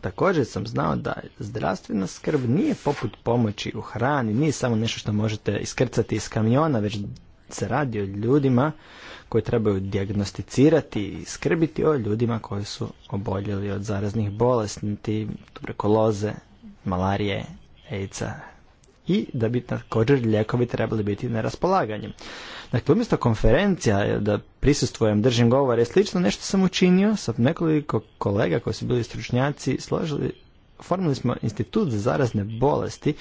Također sam znao da zdravstvena skrb nije poput pomoći u hrani, nije samo nešto što možete iskrcati iz kamiona, već se radi o ljudima koji trebaju dijagnosticirati i skrbiti o ljudima koji su oboljeli od zaraznih bolesti, tuberkuloze, malarije, aids I da bi također lijekovi trebali biti na raspolaganju. Dakle, umjesto konferencija da prisustvujem, držim govore i slično, nešto sam učinio sa nekoliko kolega koji su bili stručnjaci, složili, formili smo institut za zarazne bolesti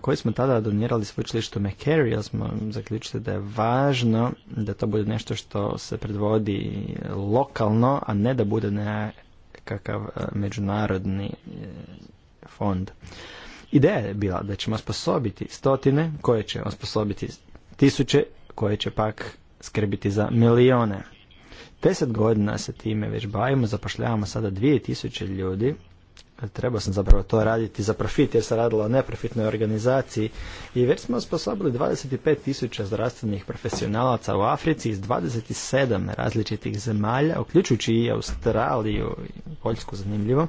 koji smo tada donirali sveučilištu McCary, jer smo zaključili da je važno da to bude nešto što se predvodi lokalno, a ne da bude nekakav međunarodni e, fond. Ideja je bila da ćemo osposobiti stotine, koje će osposobiti tisuće koje će pak skrbiti za milione. Deset godina se time već bavimo, zapošljavamo sada tisuće ljudi. Trebao sam zapravo to raditi za profit jer se radilo o neprofitnoj organizaciji i već smo osposobili tisuća zdravstvenih profesionalaca u Africi iz 27 različitih zemalja, uključujući i Australiju i Poljsku zanimljivo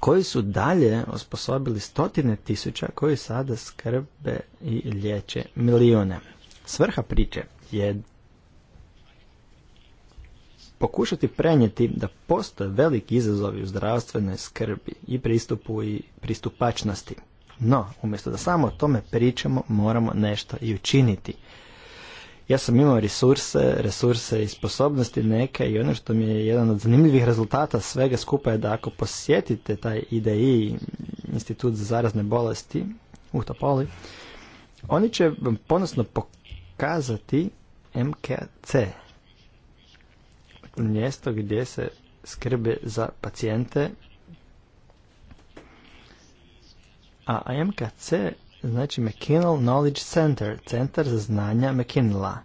koji su dalje osposobili stotine tisuća koji sada skrbe i liječe milijune. Svrha priče je pokušati prenijeti da postoje veliki izazovi u zdravstvenoj skrbi i pristupu i pristupačnosti. No, umjesto da samo o tome pričamo, moramo nešto i učiniti. Ja sam imao resurse, resurse i sposobnosti neke i ono što mi je jedan od zanimljivih rezultata svega skupa je da ako posjetite taj IDI, Institut za zarazne bolesti, u Topoli, oni će vam ponosno pokazati MKC, dakle, mjesto gdje se skrbi za pacijente, a MKC znači McKinnell Knowledge Center, centar za znanja McKinnella.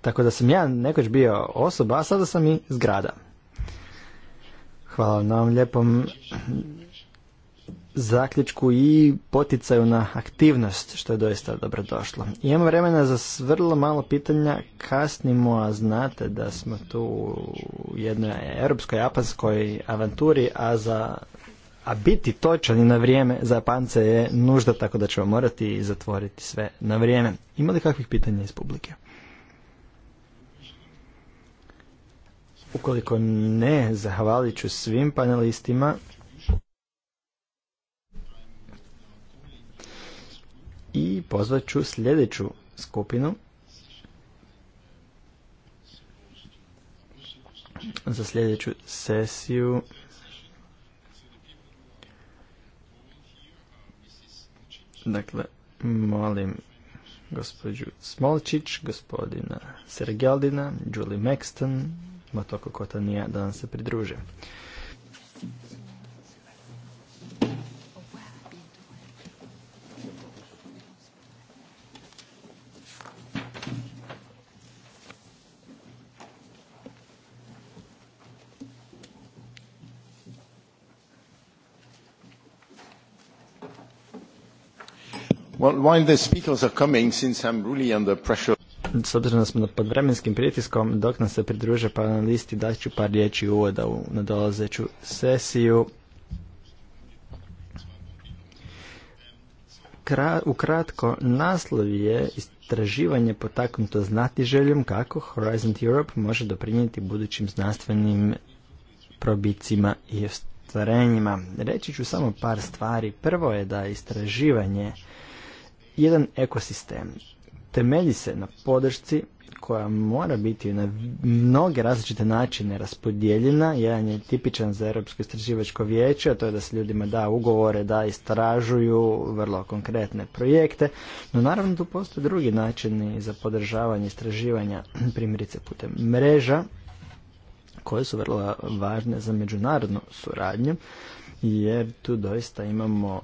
Tako da sam ja nekoć bio osoba, a sada sam i zgrada. Hvala vam na lijepom zaključku i poticaju na aktivnost, što je doista dobro došlo. imamo vremena za vrlo malo pitanja, kasnimo, a znate da smo tu u jednoj europskoj, japanskoj avanturi, a za a biti točan i na vrijeme za pance je nužda, tako da ćemo morati zatvoriti sve na vrijeme. Ima li kakvih pitanja iz publike? Ukoliko ne, zahvalit ću svim panelistima. I pozvat ću sljedeću skupinu. Za sljedeću sesiju Dakle, molim gospođu Smolčić, gospodina Sergeldina, Julie Maxton, Matoko Kotanija da nam se pridruže. while the speakers are coming, since I'm really under pressure... S obzirom da smo pod vremenskim pritiskom, dok nam se pridruže panelisti, dat ću par riječi uvoda u nadolazeću sesiju. U ukratko, naslov je istraživanje potaknuto željom kako Horizon Europe može doprinijeti budućim znanstvenim probicima i ostvarenjima. Reći ću samo par stvari. Prvo je da istraživanje jedan ekosistem temelji se na podršci koja mora biti na mnoge različite načine raspodijeljena. Jedan je tipičan za Europsko istraživačko vijeće, a to je da se ljudima da ugovore, da istražuju vrlo konkretne projekte. No naravno tu postoje drugi načini za podržavanje istraživanja, primjerice putem mreža, koje su vrlo važne za međunarodnu suradnju, jer tu doista imamo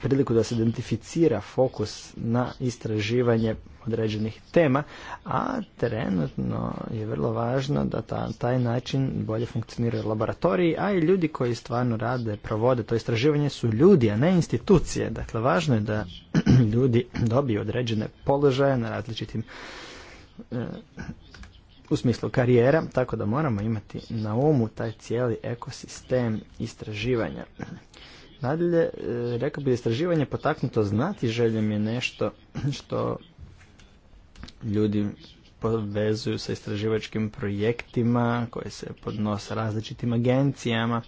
priliku da se identificira fokus na istraživanje određenih tema, a trenutno je vrlo važno da ta, taj način bolje funkcioniraju laboratoriji, a i ljudi koji stvarno rade, provode to istraživanje su ljudi, a ne institucije. Dakle, važno je da ljudi dobiju određene položaje na različitim e, u smislu karijera, tako da moramo imati na umu taj cijeli ekosistem istraživanja. Nadalje, e, rekao bi istraživanje potaknuto znati željom je nešto što ljudi povezuju sa istraživačkim projektima koje se podnose različitim agencijama,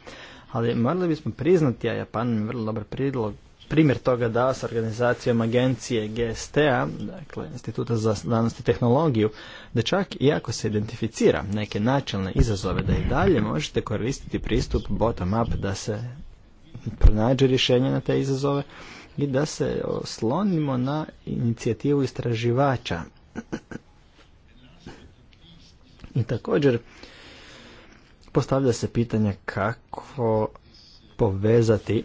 ali morali bismo priznati, a Japan je vrlo dobar primjer toga dao sa organizacijom agencije GST-a, dakle Instituta za znanost i tehnologiju, da čak i ako se identificira neke načelne izazove da i dalje možete koristiti pristup bottom-up da se pronađe rješenje na te izazove i da se oslonimo na inicijativu istraživača. I također postavlja se pitanje kako povezati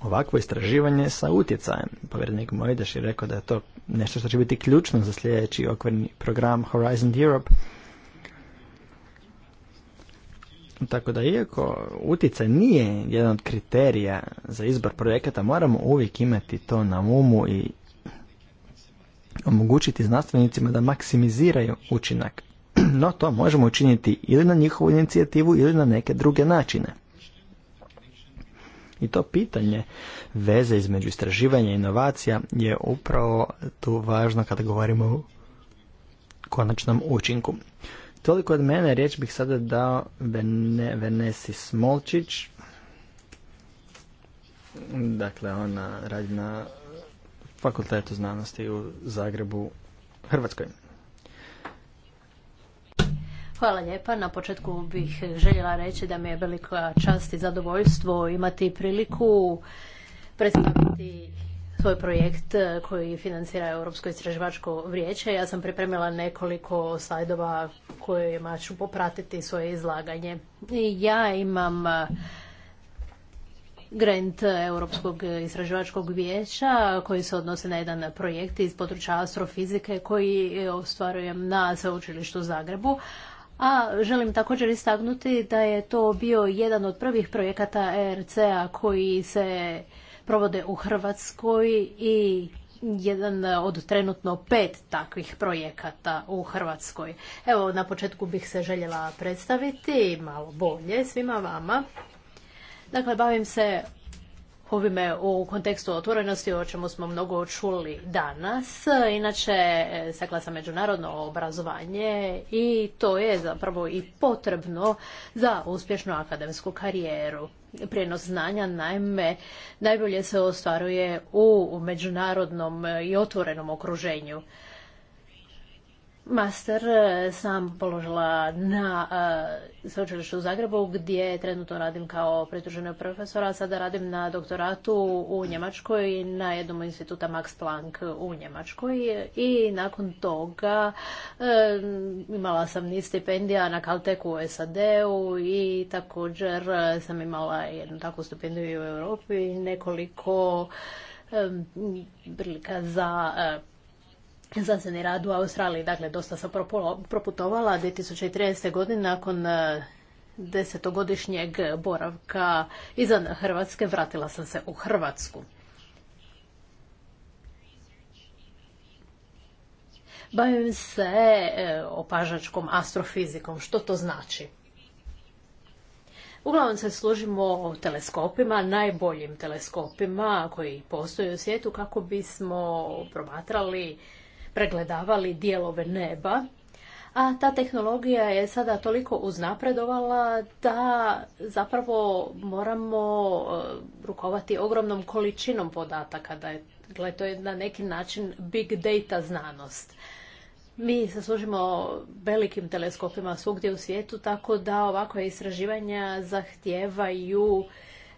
ovakvo istraživanje sa utjecajem. Povjerenik Mojdeš je rekao da je to nešto što će biti ključno za sljedeći okvirni program Horizon Europe tako da iako utjecaj nije jedan od kriterija za izbor projekata, moramo uvijek imati to na umu i omogućiti znanstvenicima da maksimiziraju učinak. No to možemo učiniti ili na njihovu inicijativu ili na neke druge načine. I to pitanje veze između istraživanja i inovacija je upravo tu važno kada govorimo o konačnom učinku. Toliko od mene, riječ bih sada dao Vene, Venesi Smolčić. Dakle, ona radi na fakultetu znanosti u Zagrebu, Hrvatskoj. Hvala lijepa. Na početku bih željela reći da mi je velika čast i zadovoljstvo imati priliku predstaviti svoj projekt e, koji financira Europsko istraživačko vijeće. Ja sam pripremila nekoliko slajdova kojima ću popratiti svoje izlaganje. Ja imam e, grant Europskog istraživačkog vijeća koji se odnosi na jedan projekt iz područja astrofizike koji e, ostvarujem na Sveučilištu u Zagrebu. A želim također istaknuti da je to bio jedan od prvih projekata ERC-a koji se provode u Hrvatskoj i jedan od trenutno pet takvih projekata u Hrvatskoj. Evo, na početku bih se željela predstaviti malo bolje svima vama. Dakle, bavim se ovime u kontekstu otvorenosti, o čemu smo mnogo čuli danas. Inače, sekla sam međunarodno obrazovanje i to je zapravo i potrebno za uspješnu akademsku karijeru. Prijenos znanja, naime, najbolje se ostvaruje u međunarodnom i otvorenom okruženju master e, sam položila na e, sveučilištu u Zagrebu gdje trenutno radim kao pretužena profesora, a sada radim na doktoratu u Njemačkoj na jednom instituta Max Planck u Njemačkoj i nakon toga e, imala sam niz stipendija na Kalteku u SAD-u i također sam imala jednu takvu stipendiju u Europi I nekoliko prilika za znanstveni rad u Australiji. Dakle, dosta sam proputovala 2013. godine nakon e, desetogodišnjeg boravka izvan Hrvatske vratila sam se u Hrvatsku. Bavim se e, opažačkom astrofizikom. Što to znači? Uglavnom se služimo teleskopima, najboljim teleskopima koji postoje u svijetu kako bismo promatrali pregledavali dijelove neba, a ta tehnologija je sada toliko uznapredovala da zapravo moramo e, rukovati ogromnom količinom podataka, da je dakle, to je na neki način big data znanost. Mi se služimo velikim teleskopima svugdje u svijetu, tako da ovakve istraživanja zahtijevaju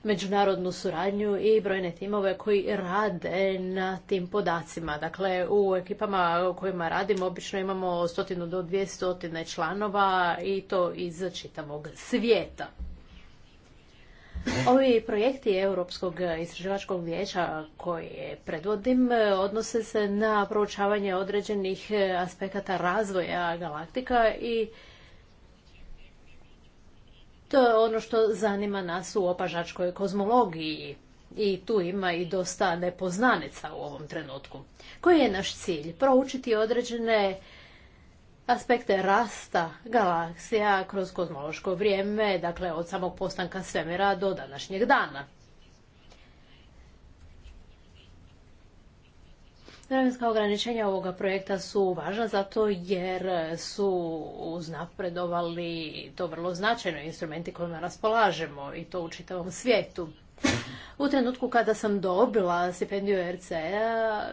međunarodnu suradnju i brojne timove koji rade na tim podacima. Dakle, u ekipama u kojima radimo obično imamo stotinu do dvije stotine članova i to iz čitavog svijeta. Ovi projekti Europskog istraživačkog vijeća koje predvodim odnose se na proučavanje određenih aspekata razvoja galaktika i to je ono što zanima nas u opažačkoj kozmologiji i tu ima i dosta nepoznanica u ovom trenutku. Koji je naš cilj? Proučiti određene aspekte rasta galaksija kroz kozmološko vrijeme, dakle od samog postanka svemira do današnjeg dana. Vremenska ograničenja ovoga projekta su važna zato jer su uznapredovali to vrlo značajno instrumenti kojima raspolažemo i to u čitavom svijetu. U trenutku kada sam dobila stipendiju RCE-a,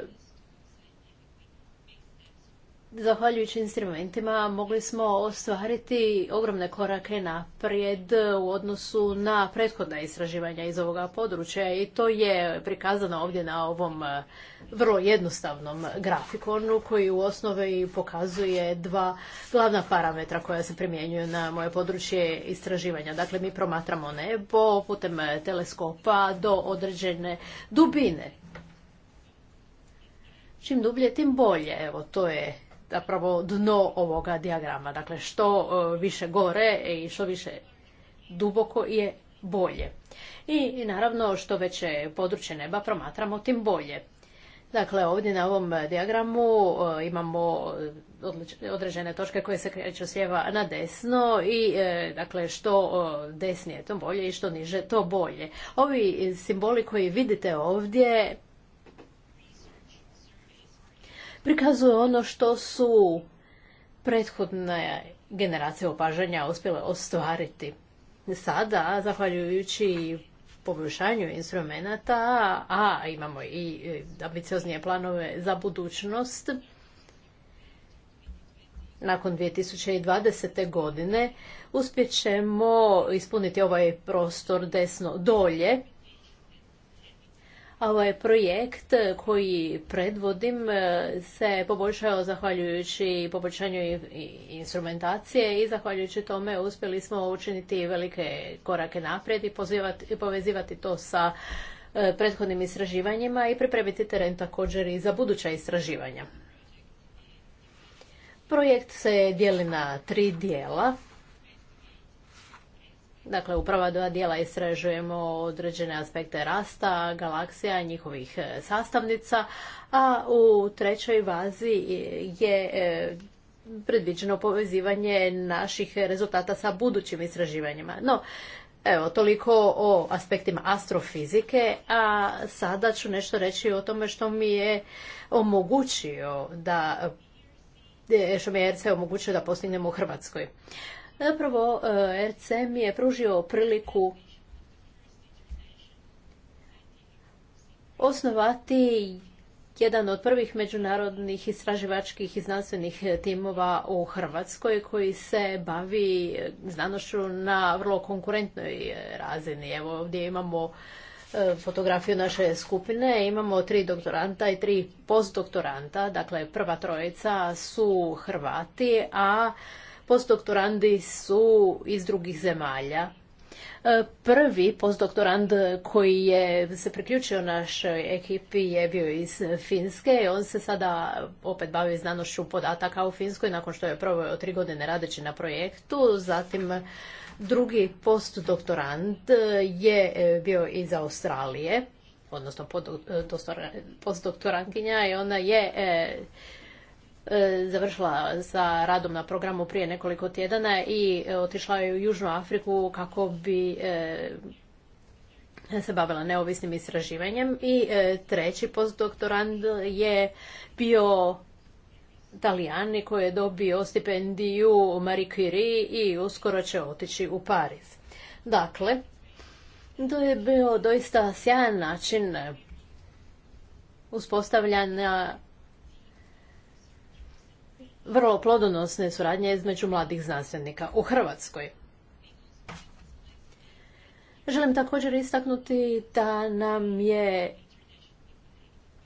zahvaljujući instrumentima mogli smo ostvariti ogromne korake naprijed u odnosu na prethodna istraživanja iz ovoga područja i to je prikazano ovdje na ovom e, vrlo jednostavnom grafikonu koji u osnovi pokazuje dva glavna parametra koja se primjenjuju na moje područje istraživanja. Dakle, mi promatramo nebo putem teleskopa do određene dubine. Čim dublje, tim bolje. Evo, to je zapravo dno ovoga diagrama. Dakle, što e, više gore i što više duboko je bolje. I, i naravno, što veće područje neba promatramo, tim bolje. Dakle, ovdje na ovom diagramu e, imamo e, određene točke koje se kreću s na desno i dakle što desnije to bolje i što niže to bolje. Ovi simboli koji vidite ovdje prikazuje ono što su prethodne generacije opažanja uspjele ostvariti. Sada, zahvaljujući poboljšanju instrumenta, a imamo i e, ambicioznije planove za budućnost, nakon 2020. godine uspjet ćemo ispuniti ovaj prostor desno dolje Ovaj projekt koji predvodim e, se poboljšao zahvaljujući poboljšanju instrumentacije i zahvaljujući tome uspjeli smo učiniti velike korake naprijed i povezivati to sa e, prethodnim istraživanjima i pripremiti teren također i za buduća istraživanja. Projekt se dijeli na tri dijela. Dakle, u prva dva dijela istražujemo određene aspekte rasta galaksija, njihovih e, sastavnica, a u trećoj vazi je e, predviđeno povezivanje naših rezultata sa budućim istraživanjima. No, evo, toliko o aspektima astrofizike, a sada ću nešto reći o tome što mi je omogućio da e, što mi je RC omogućio da postignemo u Hrvatskoj. Zapravo, e, RC mi je pružio priliku osnovati jedan od prvih međunarodnih istraživačkih i znanstvenih timova u Hrvatskoj koji se bavi znanošću na vrlo konkurentnoj razini. Evo ovdje imamo e, fotografiju naše skupine. Imamo tri doktoranta i tri postdoktoranta. Dakle, prva trojica su Hrvati, a postdoktorandi su iz drugih zemalja. E, prvi postdoktorand koji je se priključio našoj ekipi je bio iz Finske. On se sada opet bavi znanošću podataka u Finskoj nakon što je proveo tri godine radeći na projektu. Zatim drugi postdoktorand je e, bio iz Australije odnosno e, postdoktorantkinja i ona je E, završila sa radom na programu prije nekoliko tjedana i e, otišla je u Južnu Afriku kako bi e, se bavila neovisnim istraživanjem i treći postdoktorand je bio Talijani koji je dobio stipendiju Marie Curie i uskoro će otići u Pariz. Dakle, to je bio doista sjajan način uspostavljanja vrlo plodonosne suradnje između mladih znanstvenika u Hrvatskoj. Želim također istaknuti da nam je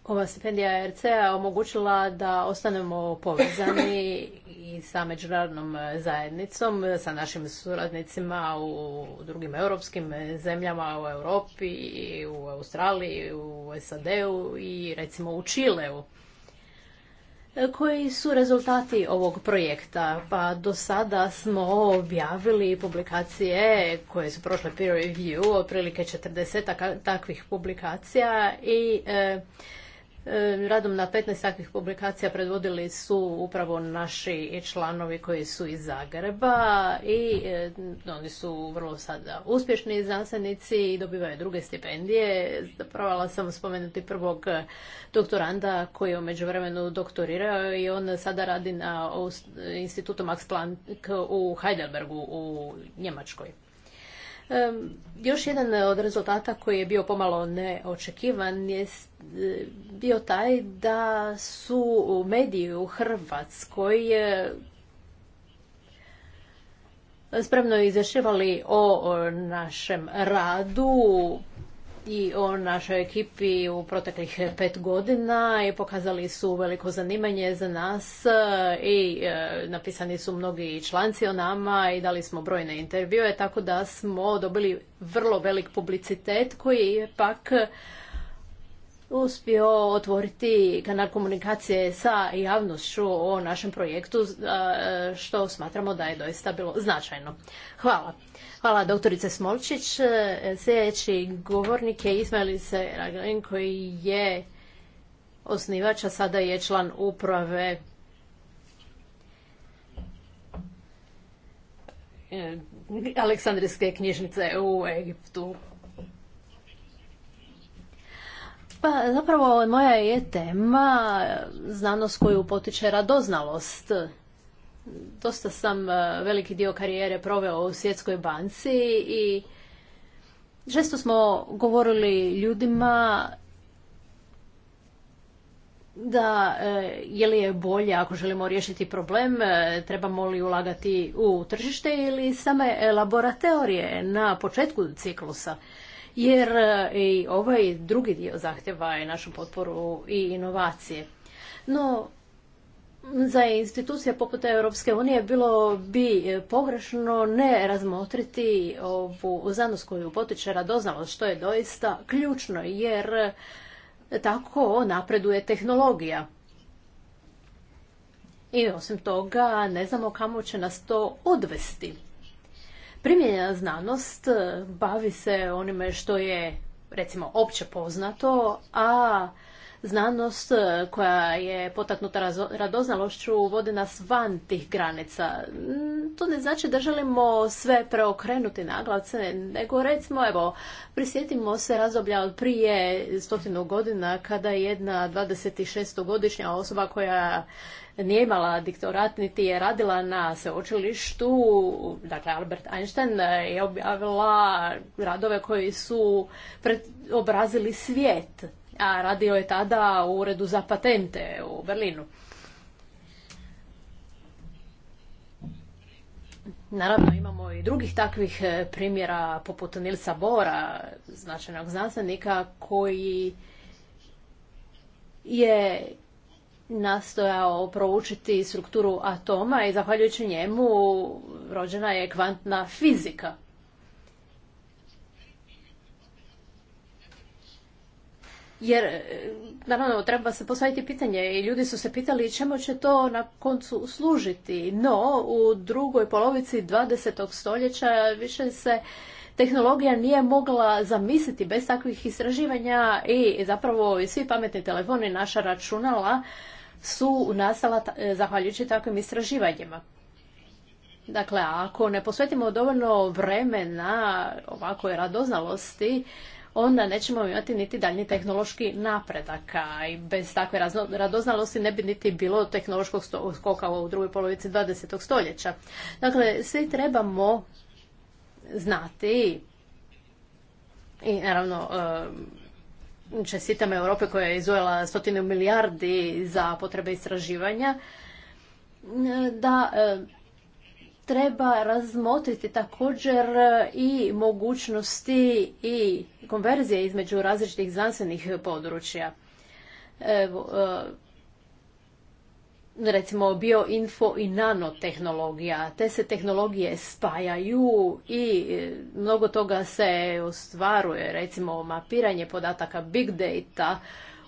ova stipendija RCA omogućila da ostanemo povezani i sa međunarodnom zajednicom, sa našim suradnicima u drugim europskim zemljama, u Europi, u Australiji, u SAD-u i recimo u Čileu. Koji su rezultati ovog projekta? Pa do sada smo objavili publikacije koje su prošle peer review, otprilike 40 takvih publikacija i e, E, radom na 15 takvih publikacija predvodili su upravo naši članovi koji su iz Zagreba i e, oni su vrlo sada uspješni znanstvenici i dobivaju druge stipendije. Zapravala sam spomenuti prvog e, doktoranda koji je umeđu vremenu doktorirao i on sada radi na institutu Max Planck u Heidelbergu u Njemačkoj. Još jedan od rezultata koji je bio pomalo neočekivan je e, bio taj da su mediji u Hrvatskoj e, spremno izvješćivali o našem radu i o našoj ekipi u proteklih pet godina i pokazali su veliko zanimanje za nas e, i e, napisani su mnogi članci o nama i dali smo brojne intervjue, tako da smo dobili vrlo velik publicitet koji je pak uspio otvoriti kanal komunikacije sa javnošću o našem projektu, što smatramo da je doista bilo značajno. Hvala. Hvala doktorice Smolčić. E, sljedeći govornik je Ismail Raglin koji je osnivač, a sada je član uprave e, Aleksandrijske knjižnice u Egiptu. Pa zapravo moja je tema eh, znanost koju potiče radoznalost. Dosta sam eh, veliki dio karijere proveo u Svjetskoj banci i često smo govorili ljudima da eh, je li je bolje ako želimo riješiti problem, trebamo li ulagati u tržište ili same laboratorije na početku ciklusa jer e, i ovaj drugi dio zahtjeva je našu potporu i inovacije. No, za institucije poput Europske unije bilo bi e, pogrešno ne razmotriti ovu uzanost koju potiče radoznalost, što je doista ključno, jer tako napreduje tehnologija. I osim toga, ne znamo kamo će nas to odvesti. Primjenjena znanost eh, bavi se onime što je recimo opće poznato, a znanost e, koja je potaknuta radoznalošću vodi nas van tih granica. Mm, to ne znači da želimo sve preokrenuti naglavce, nego recimo, evo, prisjetimo se razdoblja od prije stotinu godina kada je jedna 26-godišnja osoba koja nije imala diktorat niti je radila na sveučilištu, dakle Albert Einstein e, je objavila radove koji su obrazili svijet a radio je tada u uredu za patente u Berlinu. Naravno, imamo i drugih takvih e, primjera, poput Nilsa Bora, značajnog znanstvenika, koji je nastojao proučiti strukturu atoma i zahvaljujući njemu rođena je kvantna fizika. Jer, e, naravno, treba se postaviti pitanje i ljudi su se pitali čemu će to na koncu služiti. No, u drugoj polovici 20. stoljeća više se tehnologija nije mogla zamisliti bez takvih istraživanja i zapravo i svi pametni telefoni, naša računala su nastala e, zahvaljujući takvim istraživanjima. Dakle, ako ne posvetimo dovoljno vremena ovakoj radoznalosti, onda nećemo imati niti daljni tehnološki napredak. I bez takve radoznalosti ne bi niti bilo tehnološkog skoka u drugoj polovici 20. stoljeća. Dakle, svi trebamo znati i naravno e, čestitam Europe koja je izvojila stotinu milijardi za potrebe istraživanja e, da e, treba razmotriti također e, i mogućnosti i konverzije između različitih znanstvenih područja. E, recimo bioinfo i nanotehnologija. Te se tehnologije spajaju i e, mnogo toga se ostvaruje, recimo mapiranje podataka big data,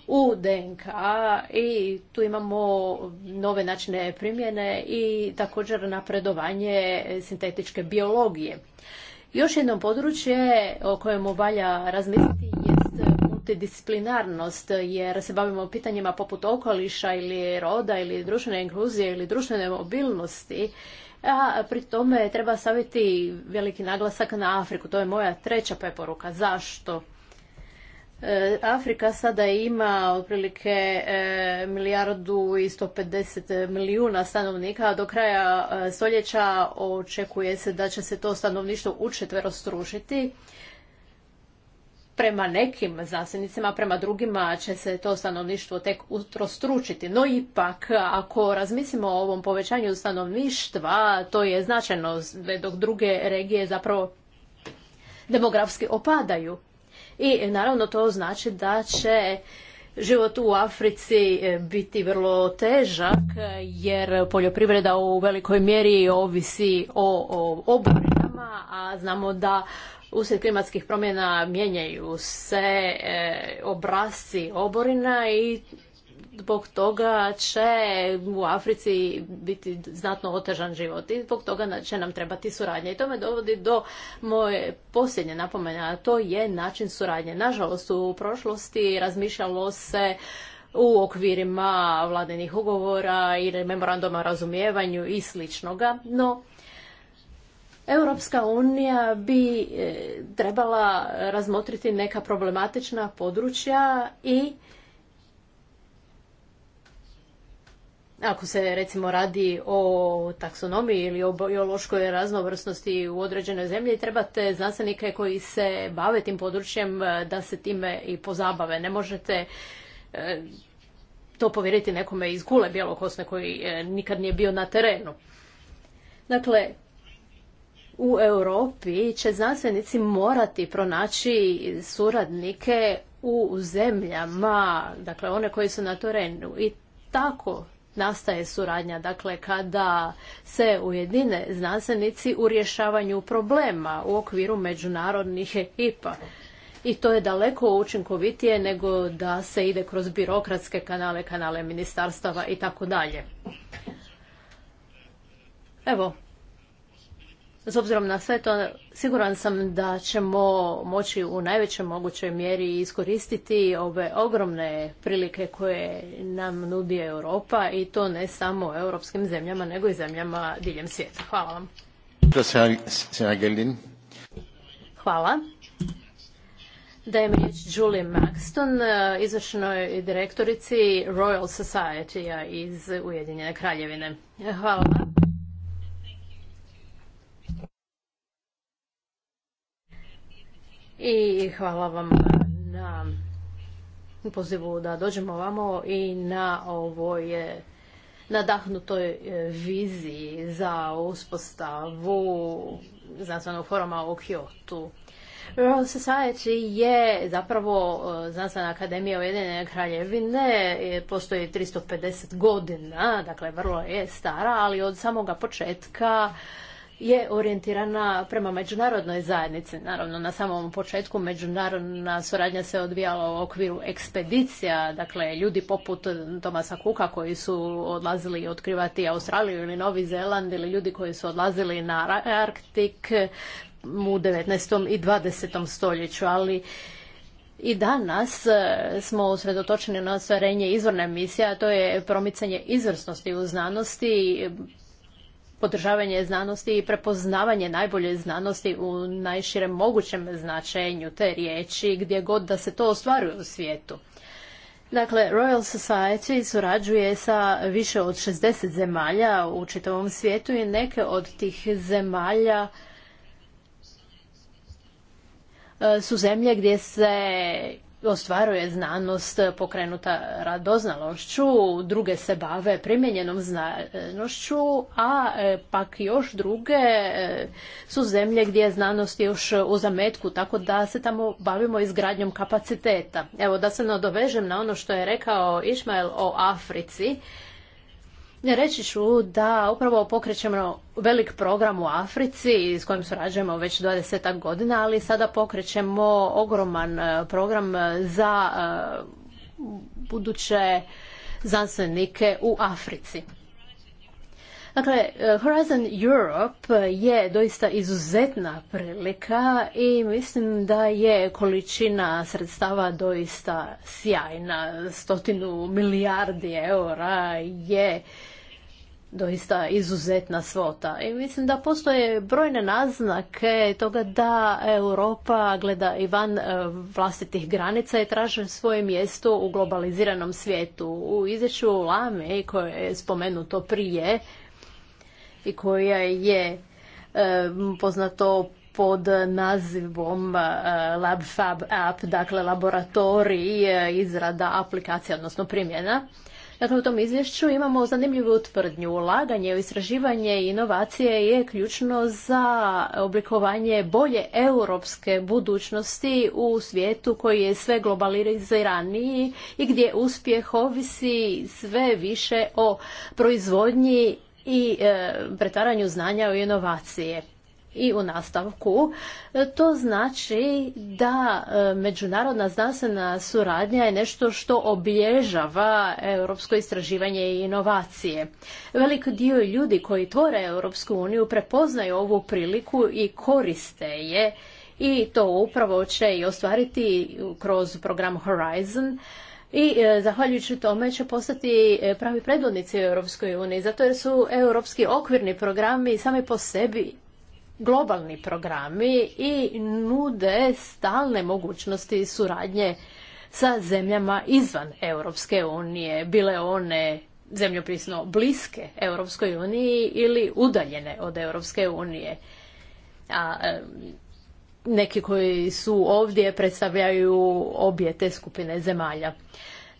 u DNK i tu imamo nove načine primjene i također napredovanje sintetičke biologije. Još jedno područje o kojemu valja razmisliti jest multidisciplinarnost, jer se bavimo pitanjima poput okoliša ili roda ili društvene inkluzije ili društvene mobilnosti, a pri tome treba staviti veliki naglasak na Afriku. To je moja treća preporuka. Zašto? E, Afrika sada ima otprilike e, milijardu i 150 milijuna stanovnika, a do kraja e, stoljeća očekuje se da će se to stanovništvo učetverostručiti Prema nekim znanstvenicima, prema drugima će se to stanovništvo tek utrostručiti. No ipak, ako razmislimo o ovom povećanju stanovništva, to je značajno, dok druge regije zapravo demografski opadaju. I e, naravno to znači da će život u Africi e, biti vrlo težak e, jer poljoprivreda u velikoj mjeri ovisi o, oborinama, a znamo da uslijed klimatskih promjena mijenjaju se obrasci oborina i zbog toga će u Africi biti znatno otežan život i zbog toga će nam trebati suradnja. I to me dovodi do moje posljednje napomene, a to je način suradnje. Nažalost, u prošlosti razmišljalo se u okvirima vladenih ugovora ili memoranduma razumijevanju i sličnoga, no Europska unija bi e, trebala razmotriti neka problematična područja i ako se recimo radi o taksonomiji ili o biološkoj raznovrsnosti u određenoj zemlji, trebate znanstvenike koji se bave tim područjem e, da se time i pozabave. Ne možete e, to povjeriti nekome iz gule bjelokosne koji e, nikad nije bio na terenu. Dakle, u Europi će znanstvenici morati pronaći suradnike u zemljama, dakle one koji su na terenu i tako nastaje suradnja, dakle kada se ujedine znanstvenici u rješavanju problema u okviru međunarodnih ekipa. I to je daleko učinkovitije nego da se ide kroz birokratske kanale, kanale ministarstava i tako dalje. Evo, s obzirom na sve to, siguran sam da ćemo moći u najvećoj mogućoj mjeri iskoristiti ove ogromne prilike koje nam nudi Europa i to ne samo europskim zemljama, nego i zemljama diljem svijeta. Hvala vam. Hvala. Dajem riječ Julie Maxton, izvršnoj direktorici Royal society iz Ujedinjene kraljevine. Hvala i hvala vam na pozivu da dođemo ovamo i na ovoj e, nadahnutoj e, viziji za uspostavu znanstvenog foruma u Kyoto. Royal Society je zapravo e, znanstvena akademija Ujedinjene kraljevine, postoji 350 godina, dakle vrlo je stara, ali od samoga početka je orijentirana prema međunarodnoj zajednici. Naravno, na samom početku međunarodna suradnja se odvijala u okviru ekspedicija, dakle ljudi poput Tomasa Kuka koji su odlazili otkrivati Australiju ili Novi Zeland ili ljudi koji su odlazili na Arktik u 19. i 20. stoljeću, ali i danas e, smo usredotočeni na ostvarenje izvorne misije, a to je promicanje izvrsnosti u znanosti, podržavanje znanosti i prepoznavanje najbolje znanosti u najširem mogućem značenju te riječi gdje god da se to ostvaruje u svijetu. Dakle, Royal Society surađuje sa više od 60 zemalja u čitavom svijetu i neke od tih zemalja e, su zemlje gdje se ostvaruje znanost pokrenuta radoznalošću, druge se bave primjenjenom znanošću, a e, pak još druge e, su zemlje gdje je znanost još u zametku, tako da se tamo bavimo izgradnjom kapaciteta. Evo da se nadovežem na ono što je rekao Išmael o Africi, Reći ću da upravo pokrećemo velik program u Africi s kojim surađujemo već 20 godina, ali sada pokrećemo ogroman e, program za e, buduće znanstvenike u Africi. Dakle, e, Horizon Europe e, je doista izuzetna prilika i mislim da je količina sredstava doista sjajna. Stotinu milijardi eura je doista izuzetna svota. I mislim da postoje brojne naznake toga da Europa gleda i van e, vlastitih granica i traže svoje mjesto u globaliziranom svijetu. U izvješću Lame koje je spomenuto prije, i koja je poznato pod nazivom e, fab App, dakle laboratorij e, izrada aplikacija, odnosno primjena. Dakle, u tom izvješću imamo zanimljivu tvrdnju. Ulaganje u istraživanje i inovacije je ključno za oblikovanje bolje europske budućnosti u svijetu koji je sve globaliziraniji i gdje uspjeh ovisi sve više o proizvodnji i e, pretvaranju znanja u inovacije. I u nastavku e, to znači da e, međunarodna znanstvena suradnja je nešto što obježava europsko istraživanje i inovacije. Velik dio ljudi koji tvore Europsku uniju prepoznaju ovu priliku i koriste je i to upravo će i ostvariti kroz program Horizon i e, zahvaljujući tome će postati e, pravi predvodnici Europskoj uniji, zato jer su europski okvirni programi sami po sebi globalni programi i nude stalne mogućnosti suradnje sa zemljama izvan Europske unije, bile one zemljopisno bliske Europskoj uniji ili udaljene od Europske unije. A e, neki koji su ovdje predstavljaju obje te skupine zemalja.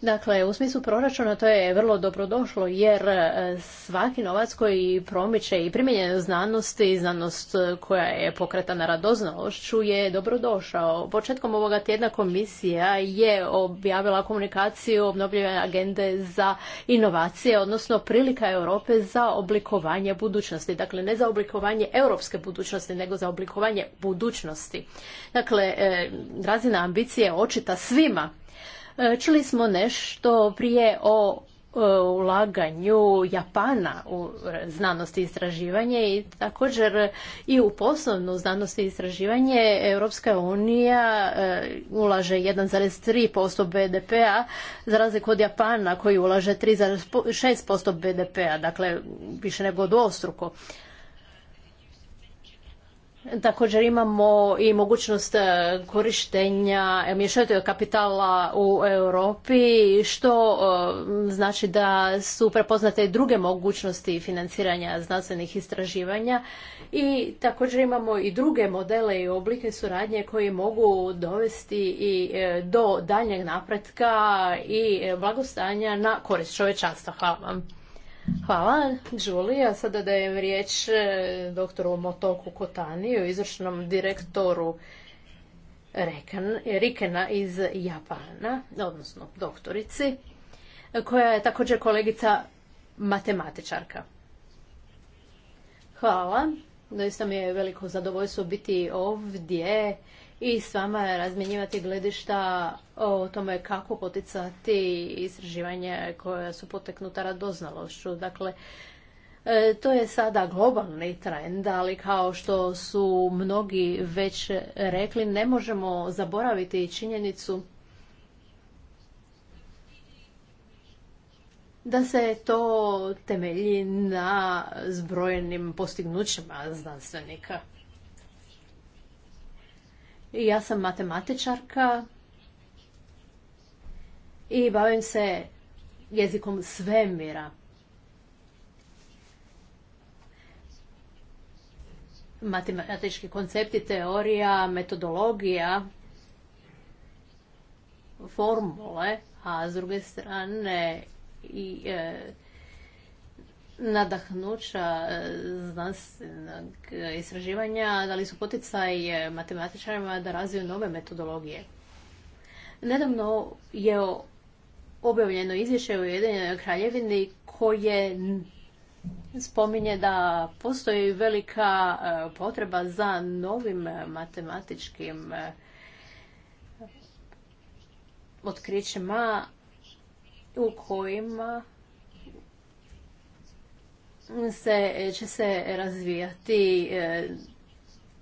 Dakle, u smislu proračuna to je vrlo dobrodošlo jer e, svaki novac koji promiče i primjenjenu znanost i znanost e, koja je pokretana radoznalošću je dobrodošao. Početkom ovoga tjedna komisija je objavila komunikaciju obnovljive agende za inovacije, odnosno prilika Europe za oblikovanje budućnosti. Dakle, ne za oblikovanje europske budućnosti, nego za oblikovanje budućnosti. Dakle, e, razina ambicije očita svima E, čuli smo nešto prije o e, ulaganju Japana u znanost i istraživanje i također i u poslovnu znanost i istraživanje Europska unija e, ulaže 1,3% BDP-a za razliku od Japana koji ulaže 3,6% BDP-a, dakle više nego dvostruko. Također imamo i mogućnost e, korištenja e, mješovitog kapitala u Europi, što e, znači da su prepoznate i druge mogućnosti financiranja znanstvenih istraživanja i također imamo i druge modele i oblike suradnje koji mogu dovesti i do daljnjeg napretka i blagostanja na korist čovečanstva. Hvala vam. Hvala, Julija. Sada dajem riječ e, doktoru Motoku Kotaniju, izvršnom direktoru Rekan, Rikena iz Japana, odnosno doktorici, koja je također kolegica matematičarka. Hvala. Doista mi je veliko zadovoljstvo biti ovdje i s vama razmjenjivati gledišta o tome kako poticati istraživanje koja su poteknuta radoznalošću. Dakle, e, to je sada globalni trend, ali kao što su mnogi već rekli, ne možemo zaboraviti činjenicu da se to temelji na zbrojenim postignućima znanstvenika. Ja sam matematičarka i bavim se jezikom svemira. Matematički koncepti, teorija, metodologija, formule, a s druge strane i e, nadahnuća e, znanstvenog istraživanja li su poticaj e, matematičarima da razviju nove metodologije. Nedavno je objavljeno izvješće u Ujedinjenoj kraljevini koje spominje da postoji velika e, potreba za novim matematičkim otkrićima u kojima se, će se razvijati e,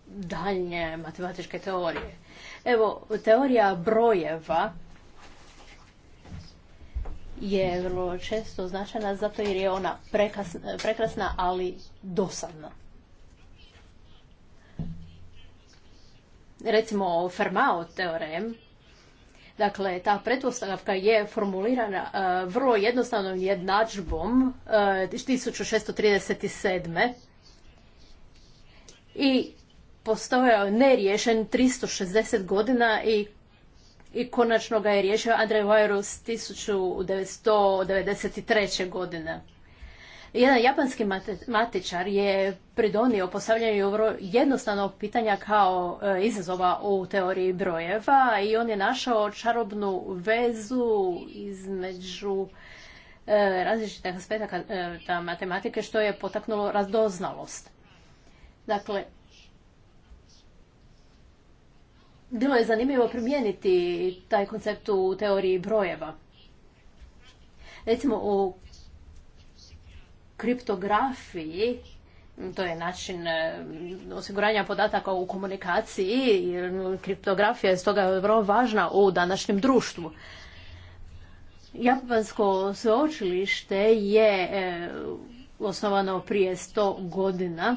daljnje matematičke teorije. Evo, teorija brojeva je vrlo često značajna zato jer je ona prekrasna, ali dosadna. Recimo, Fermat teorem Dakle, ta pretpostavka je formulirana e, vrlo jednostavnom jednadžbom 1637. E, I postojao neriješen 360 godina i i konačno ga je riješio Andrej Vajrus 1993. godine. Jedan japanski matematičar je pridonio postavljanju jednostavnog pitanja kao e, izazova u teoriji brojeva i on je našao čarobnu vezu između e, različitih aspekata e, matematike što je potaknulo razdoznalost. Dakle, bilo je zanimljivo primijeniti taj koncept u teoriji brojeva. Recimo u kriptografiji, to je način e, osiguranja podataka u komunikaciji, jer kriptografija je stoga vrlo važna u današnjem društvu. Japansko sveučilište je e, osnovano prije 100 godina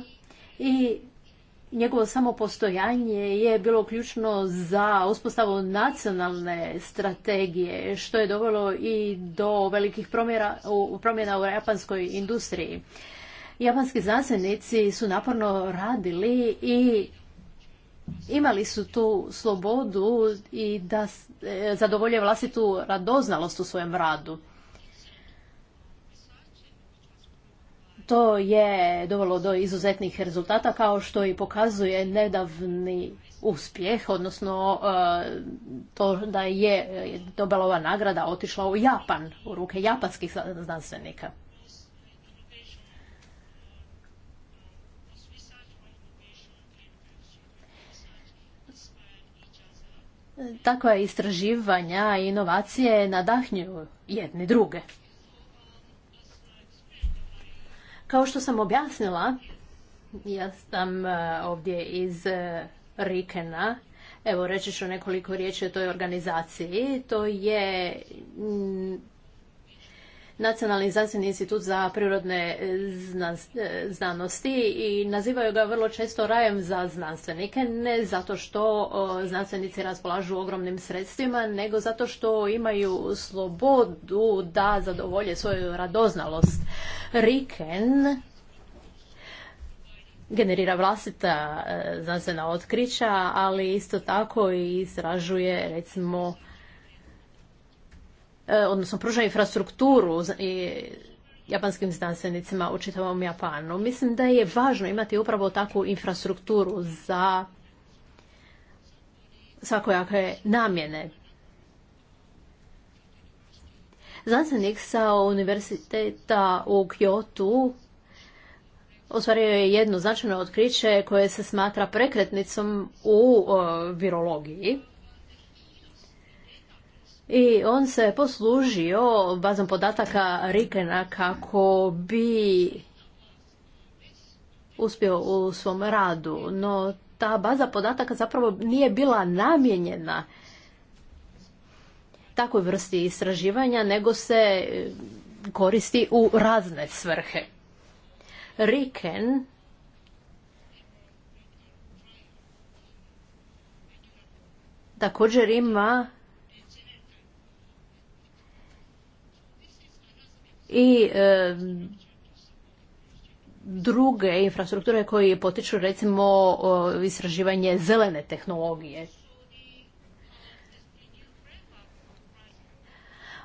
i njegovo samopostojanje je bilo ključno za uspostavu nacionalne strategije, što je dovelo i do velikih promjena u japanskoj industriji. Japanski znanstvenici su naporno radili i imali su tu slobodu i da e, zadovolje vlastitu radoznalost u svojem radu. To je dovelo do izuzetnih rezultata kao što i pokazuje nedavni uspjeh, odnosno e, to da je ova nagrada otišla u Japan, u ruke japanskih znanstvenika. Takva istraživanja i inovacije nadahnjuju jedni druge. Kao što sam objasnila, ja sam e, ovdje iz e, Rikena. Evo, reći ću nekoliko riječi o toj organizaciji. To je Nacionalni znanstveni institut za prirodne e, e, znanosti i nazivaju ga vrlo često rajem za znanstvenike, ne zato što znanstvenici raspolažu ogromnim sredstvima, nego zato što imaju slobodu da zadovolje svoju radoznalost. Riken generira vlastita e, znanstvena otkrića, ali isto tako i istražuje recimo E, odnosno pruža infrastrukturu i japanskim znanstvenicima u čitavom Japanu. Mislim da je važno imati upravo takvu infrastrukturu za svakojake namjene. Znanstvenik sa univerziteta u Kyoto ostvario je jedno značajno otkriće koje se smatra prekretnicom u e, virologiji i on se poslužio bazom podataka Rikena kako bi uspio u svom radu, no ta baza podataka zapravo nije bila namijenjena takvoj vrsti istraživanja, nego se koristi u razne svrhe. Riken također ima i e, druge infrastrukture koje potiču recimo istraživanje zelene tehnologije.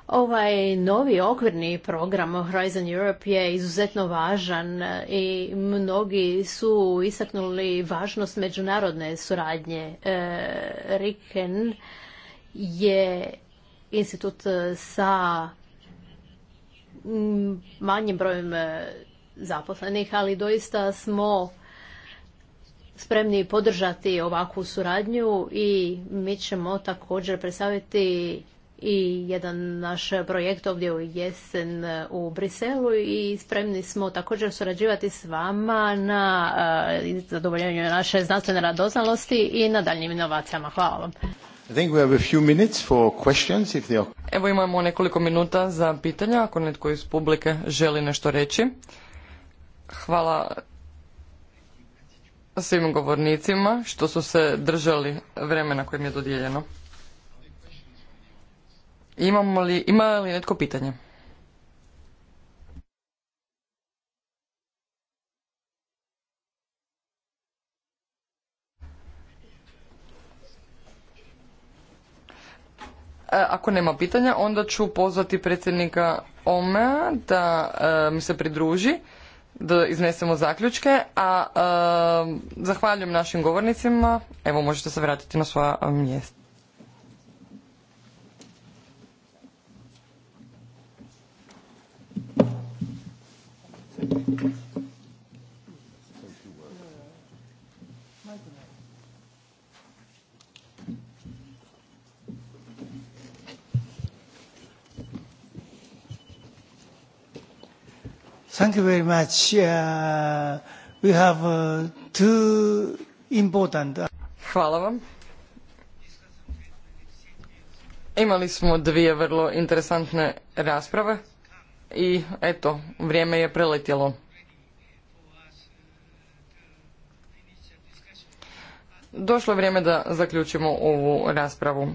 Ovaj novi okvirni program Horizon Europe je izuzetno važan i mnogi su istaknuli važnost međunarodne suradnje. E, Riken je institut sa Mm, manjim brojem e, zaposlenih, ali doista smo spremni podržati ovakvu suradnju i mi ćemo također predstaviti i jedan naš projekt ovdje u jesen e, u Briselu i spremni smo također surađivati s vama na e, zadovoljenju naše znanstvene radoznalosti i na daljnjim inovacijama. Hvala vam. I Evo imamo nekoliko minuta za pitanja ako netko iz publike želi nešto reći. Hvala svim govornicima što su se držali vremena kojim je dodijeljeno. Imamo li, ima li netko pitanje? E, ako nema pitanja, onda ću pozvati predsjednika OMEA da e, mi se pridruži, da iznesemo zaključke, a e, zahvaljujem našim govornicima. Evo, možete se vratiti na svoja mjesta. Thank you very much. Uh, we have uh, two important... Uh, Hvala vam. Imali smo dvije vrlo interesantne rasprave i eto, vrijeme je preletjelo. Došlo je vrijeme da zaključimo ovu raspravu.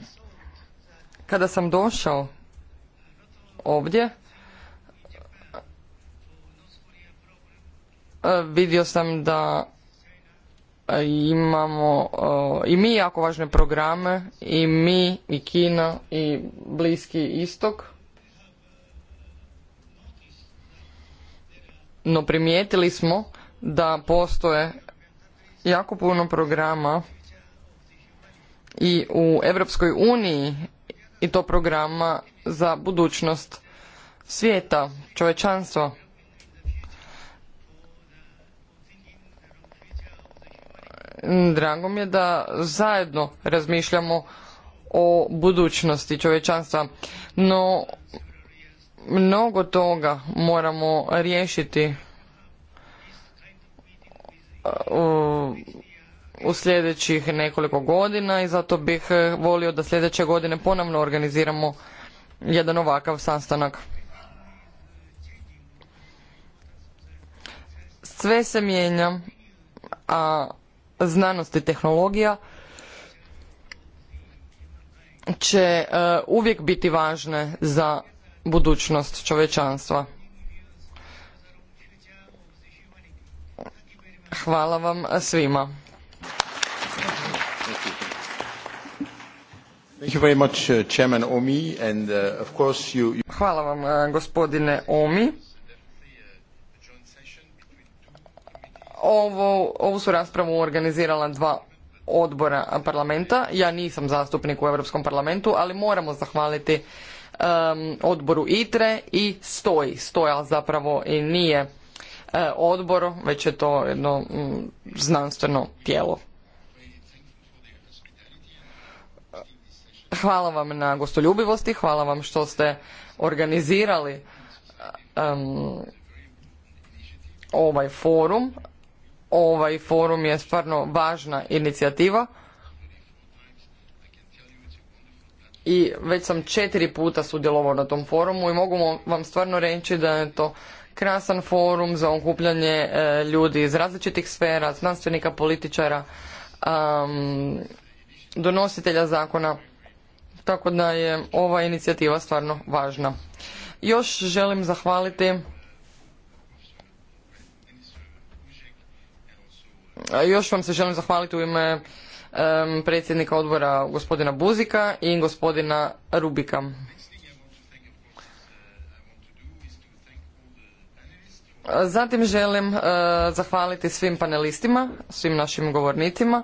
Kada sam došao ovdje, E, vidio sam da imamo e, i mi jako važne programe i mi i Kina i Bliski istok. No primijetili smo da postoje jako puno programa i u Europskoj uniji i to programa za budućnost svijeta, čovečanstva. Drago mi je da zajedno razmišljamo o budućnosti čovečanstva. no mnogo toga moramo riješiti uh, u sljedećih nekoliko godina i zato bih volio da sljedeće godine ponovno organiziramo jedan ovakav sastanak. Sve se mijenja, a znanost i tehnologija će e, uvijek biti važne za budućnost čovečanstva. Hvala vam svima. Hvala vam uh, gospodine Omi. ovo, ovu su raspravu organizirala dva odbora parlamenta. Ja nisam zastupnik u Europskom parlamentu, ali moramo zahvaliti odboru ITRE i stoji. Stoja zapravo i nije e, odbor, već je to jedno znanstveno tijelo. Hvala vam na gostoljubivosti, hvala vam što ste organizirali ovaj forum ovaj forum je stvarno važna inicijativa i već sam četiri puta sudjelovao na tom forumu i mogu vam stvarno reći da je to krasan forum za okupljanje e, ljudi iz različitih sfera, znanstvenika, političara, donositelja zakona, tako da je ova inicijativa stvarno važna. Još želim zahvaliti Još vam se želim zahvaliti u ime predsjednika odbora gospodina Buzika i gospodina Rubika. Zatim želim eh, zahvaliti svim panelistima, svim našim govornicima.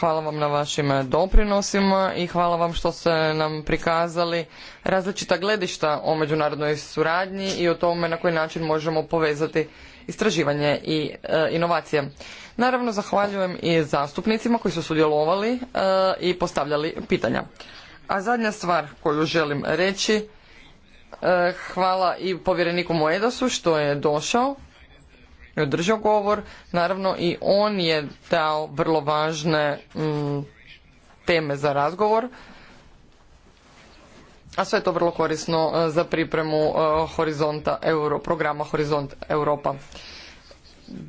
Hvala vam na vašim doprinosima i hvala vam što ste nam prikazali različita gledišta o međunarodnoj suradnji i o tome na koji način možemo povezati istraživanje i e, inovacije. Naravno, zahvaljujem i zastupnicima koji su sudjelovali e, i postavljali pitanja. A zadnja stvar koju želim reći, e, hvala i povjereniku Moedasu što je došao i održao govor. Naravno, i on je dao vrlo važne teme za razgovor a sve je to vrlo korisno e, za pripremu e, horizonta euro, programa Horizont Europa.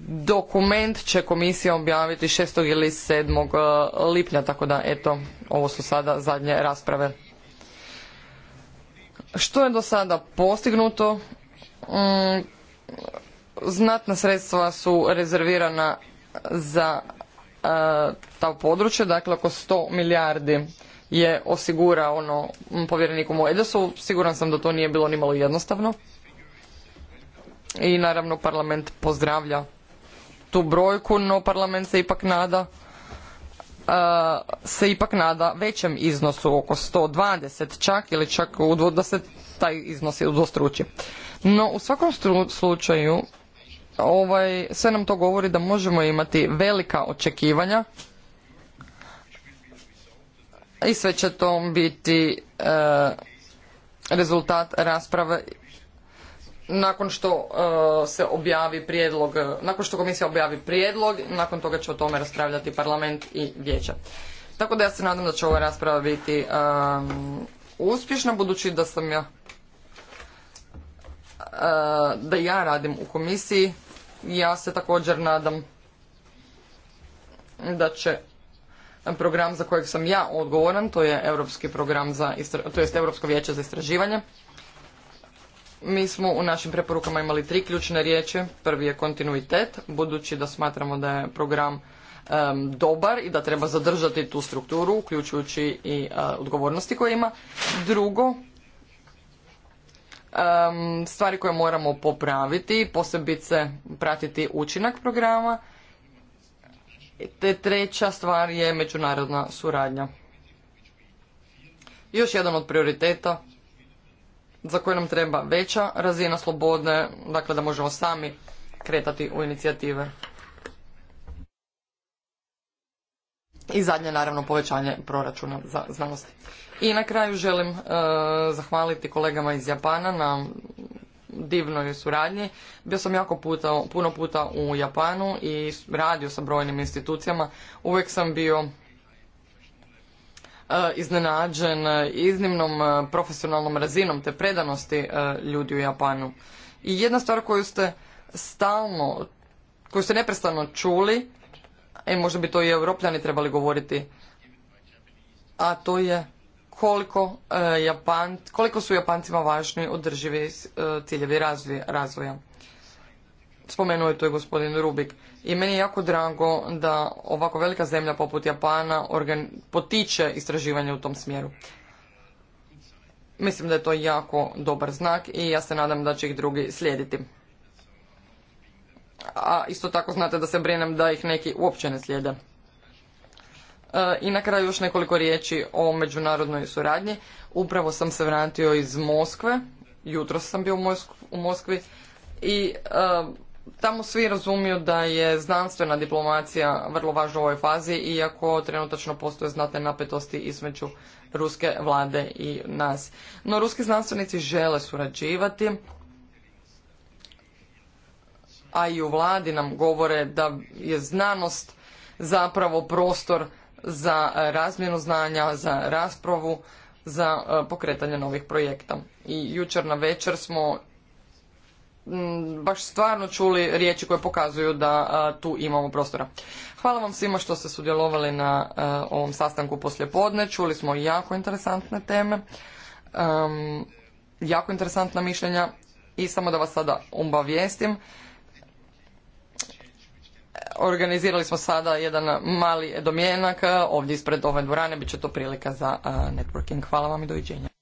Dokument će komisija objaviti 6. ili 7. E, lipnja, tako da eto, ovo su sada zadnje rasprave. Što je do sada postignuto? Mm, znatna sredstva su rezervirana za ta područja, dakle oko 100 milijardi je osigura ono povjereniku Edesu. Siguran sam da to nije bilo ni malo jednostavno. I naravno parlament pozdravlja tu brojku, no parlament se ipak nada se ipak nada većem iznosu oko 120 čak ili čak u da se taj iznos je udvostruči. No u svakom slučaju ovaj, sve nam to govori da možemo imati velika očekivanja i sve će to biti e, rezultat rasprave nakon što e, se objavi prijedlog, nakon što komisija objavi prijedlog, nakon toga će o tome raspravljati parlament i vijeće. Tako da ja se nadam da će ova rasprava biti e, uspješna budući da sam ja da ja radim u komisiji. Ja se također nadam da će program za kojeg sam ja odgovoran, to je Europski program za, to jest Europsko vijeće za istraživanje. Mi smo u našim preporukama imali tri ključne riječi. Prvi je kontinuitet, budući da smatramo da je program dobar i da treba zadržati tu strukturu, uključujući i e, odgovornosti koje ima. Drugo, um, stvari koje moramo popraviti, posebice pratiti učinak programa te treća stvar je međunarodna suradnja. Još jedan od prioriteta za koje nam treba veća razina slobode, dakle da možemo sami kretati u inicijative. I zadnje, naravno, povećanje proračuna za znanost. I na kraju želim e, zahvaliti kolegama iz Japana na divnoj suradnji. Bio sam jako puta, puno puta u Japanu i radio sa brojnim institucijama. Uvijek sam bio e, iznenađen iznimnom e, profesionalnom razinom te predanosti e, ljudi u Japanu. I jedna stvar koju ste stalno, koju ste neprestano čuli, e možda bi to i europljani trebali govoriti, a to je koliko, e, Japan, koliko su Japancima važni održivi e, ciljevi razvoja. Spomenuo je to i gospodin Rubik. I meni je jako drago da ovako velika zemlja poput Japana potiče istraživanje u tom smjeru. Mislim da je to jako dobar znak i ja se nadam da će ih drugi slijediti. A isto tako znate da se brinem da ih neki uopće ne slijede. I na kraju još nekoliko riječi o međunarodnoj suradnji. Upravo sam se vratio iz Moskve, jutro sam bio u Moskvi i e, tamo svi razumiju da je znanstvena diplomacija vrlo važna u ovoj fazi, iako trenutačno postoje znate napetosti između ruske vlade i nas. No, ruski znanstvenici žele surađivati, a i u vladi nam govore da je znanost zapravo prostor za razmjenu znanja, za raspravu, za e, pokretanje novih projekta. I jučer na večer smo mm, baš stvarno čuli riječi koje pokazuju da e, tu imamo prostora. Hvala vam svima što ste sudjelovali na e, ovom sastanku poslje podne. Čuli smo jako interesantne teme, jako interesantna mišljenja i samo da vas sada obavijestim Organizirali smo sada jedan mali domjenak ovdje ispred ove dvorane, bit će to prilika za networking. Hvala vam i doviđenja.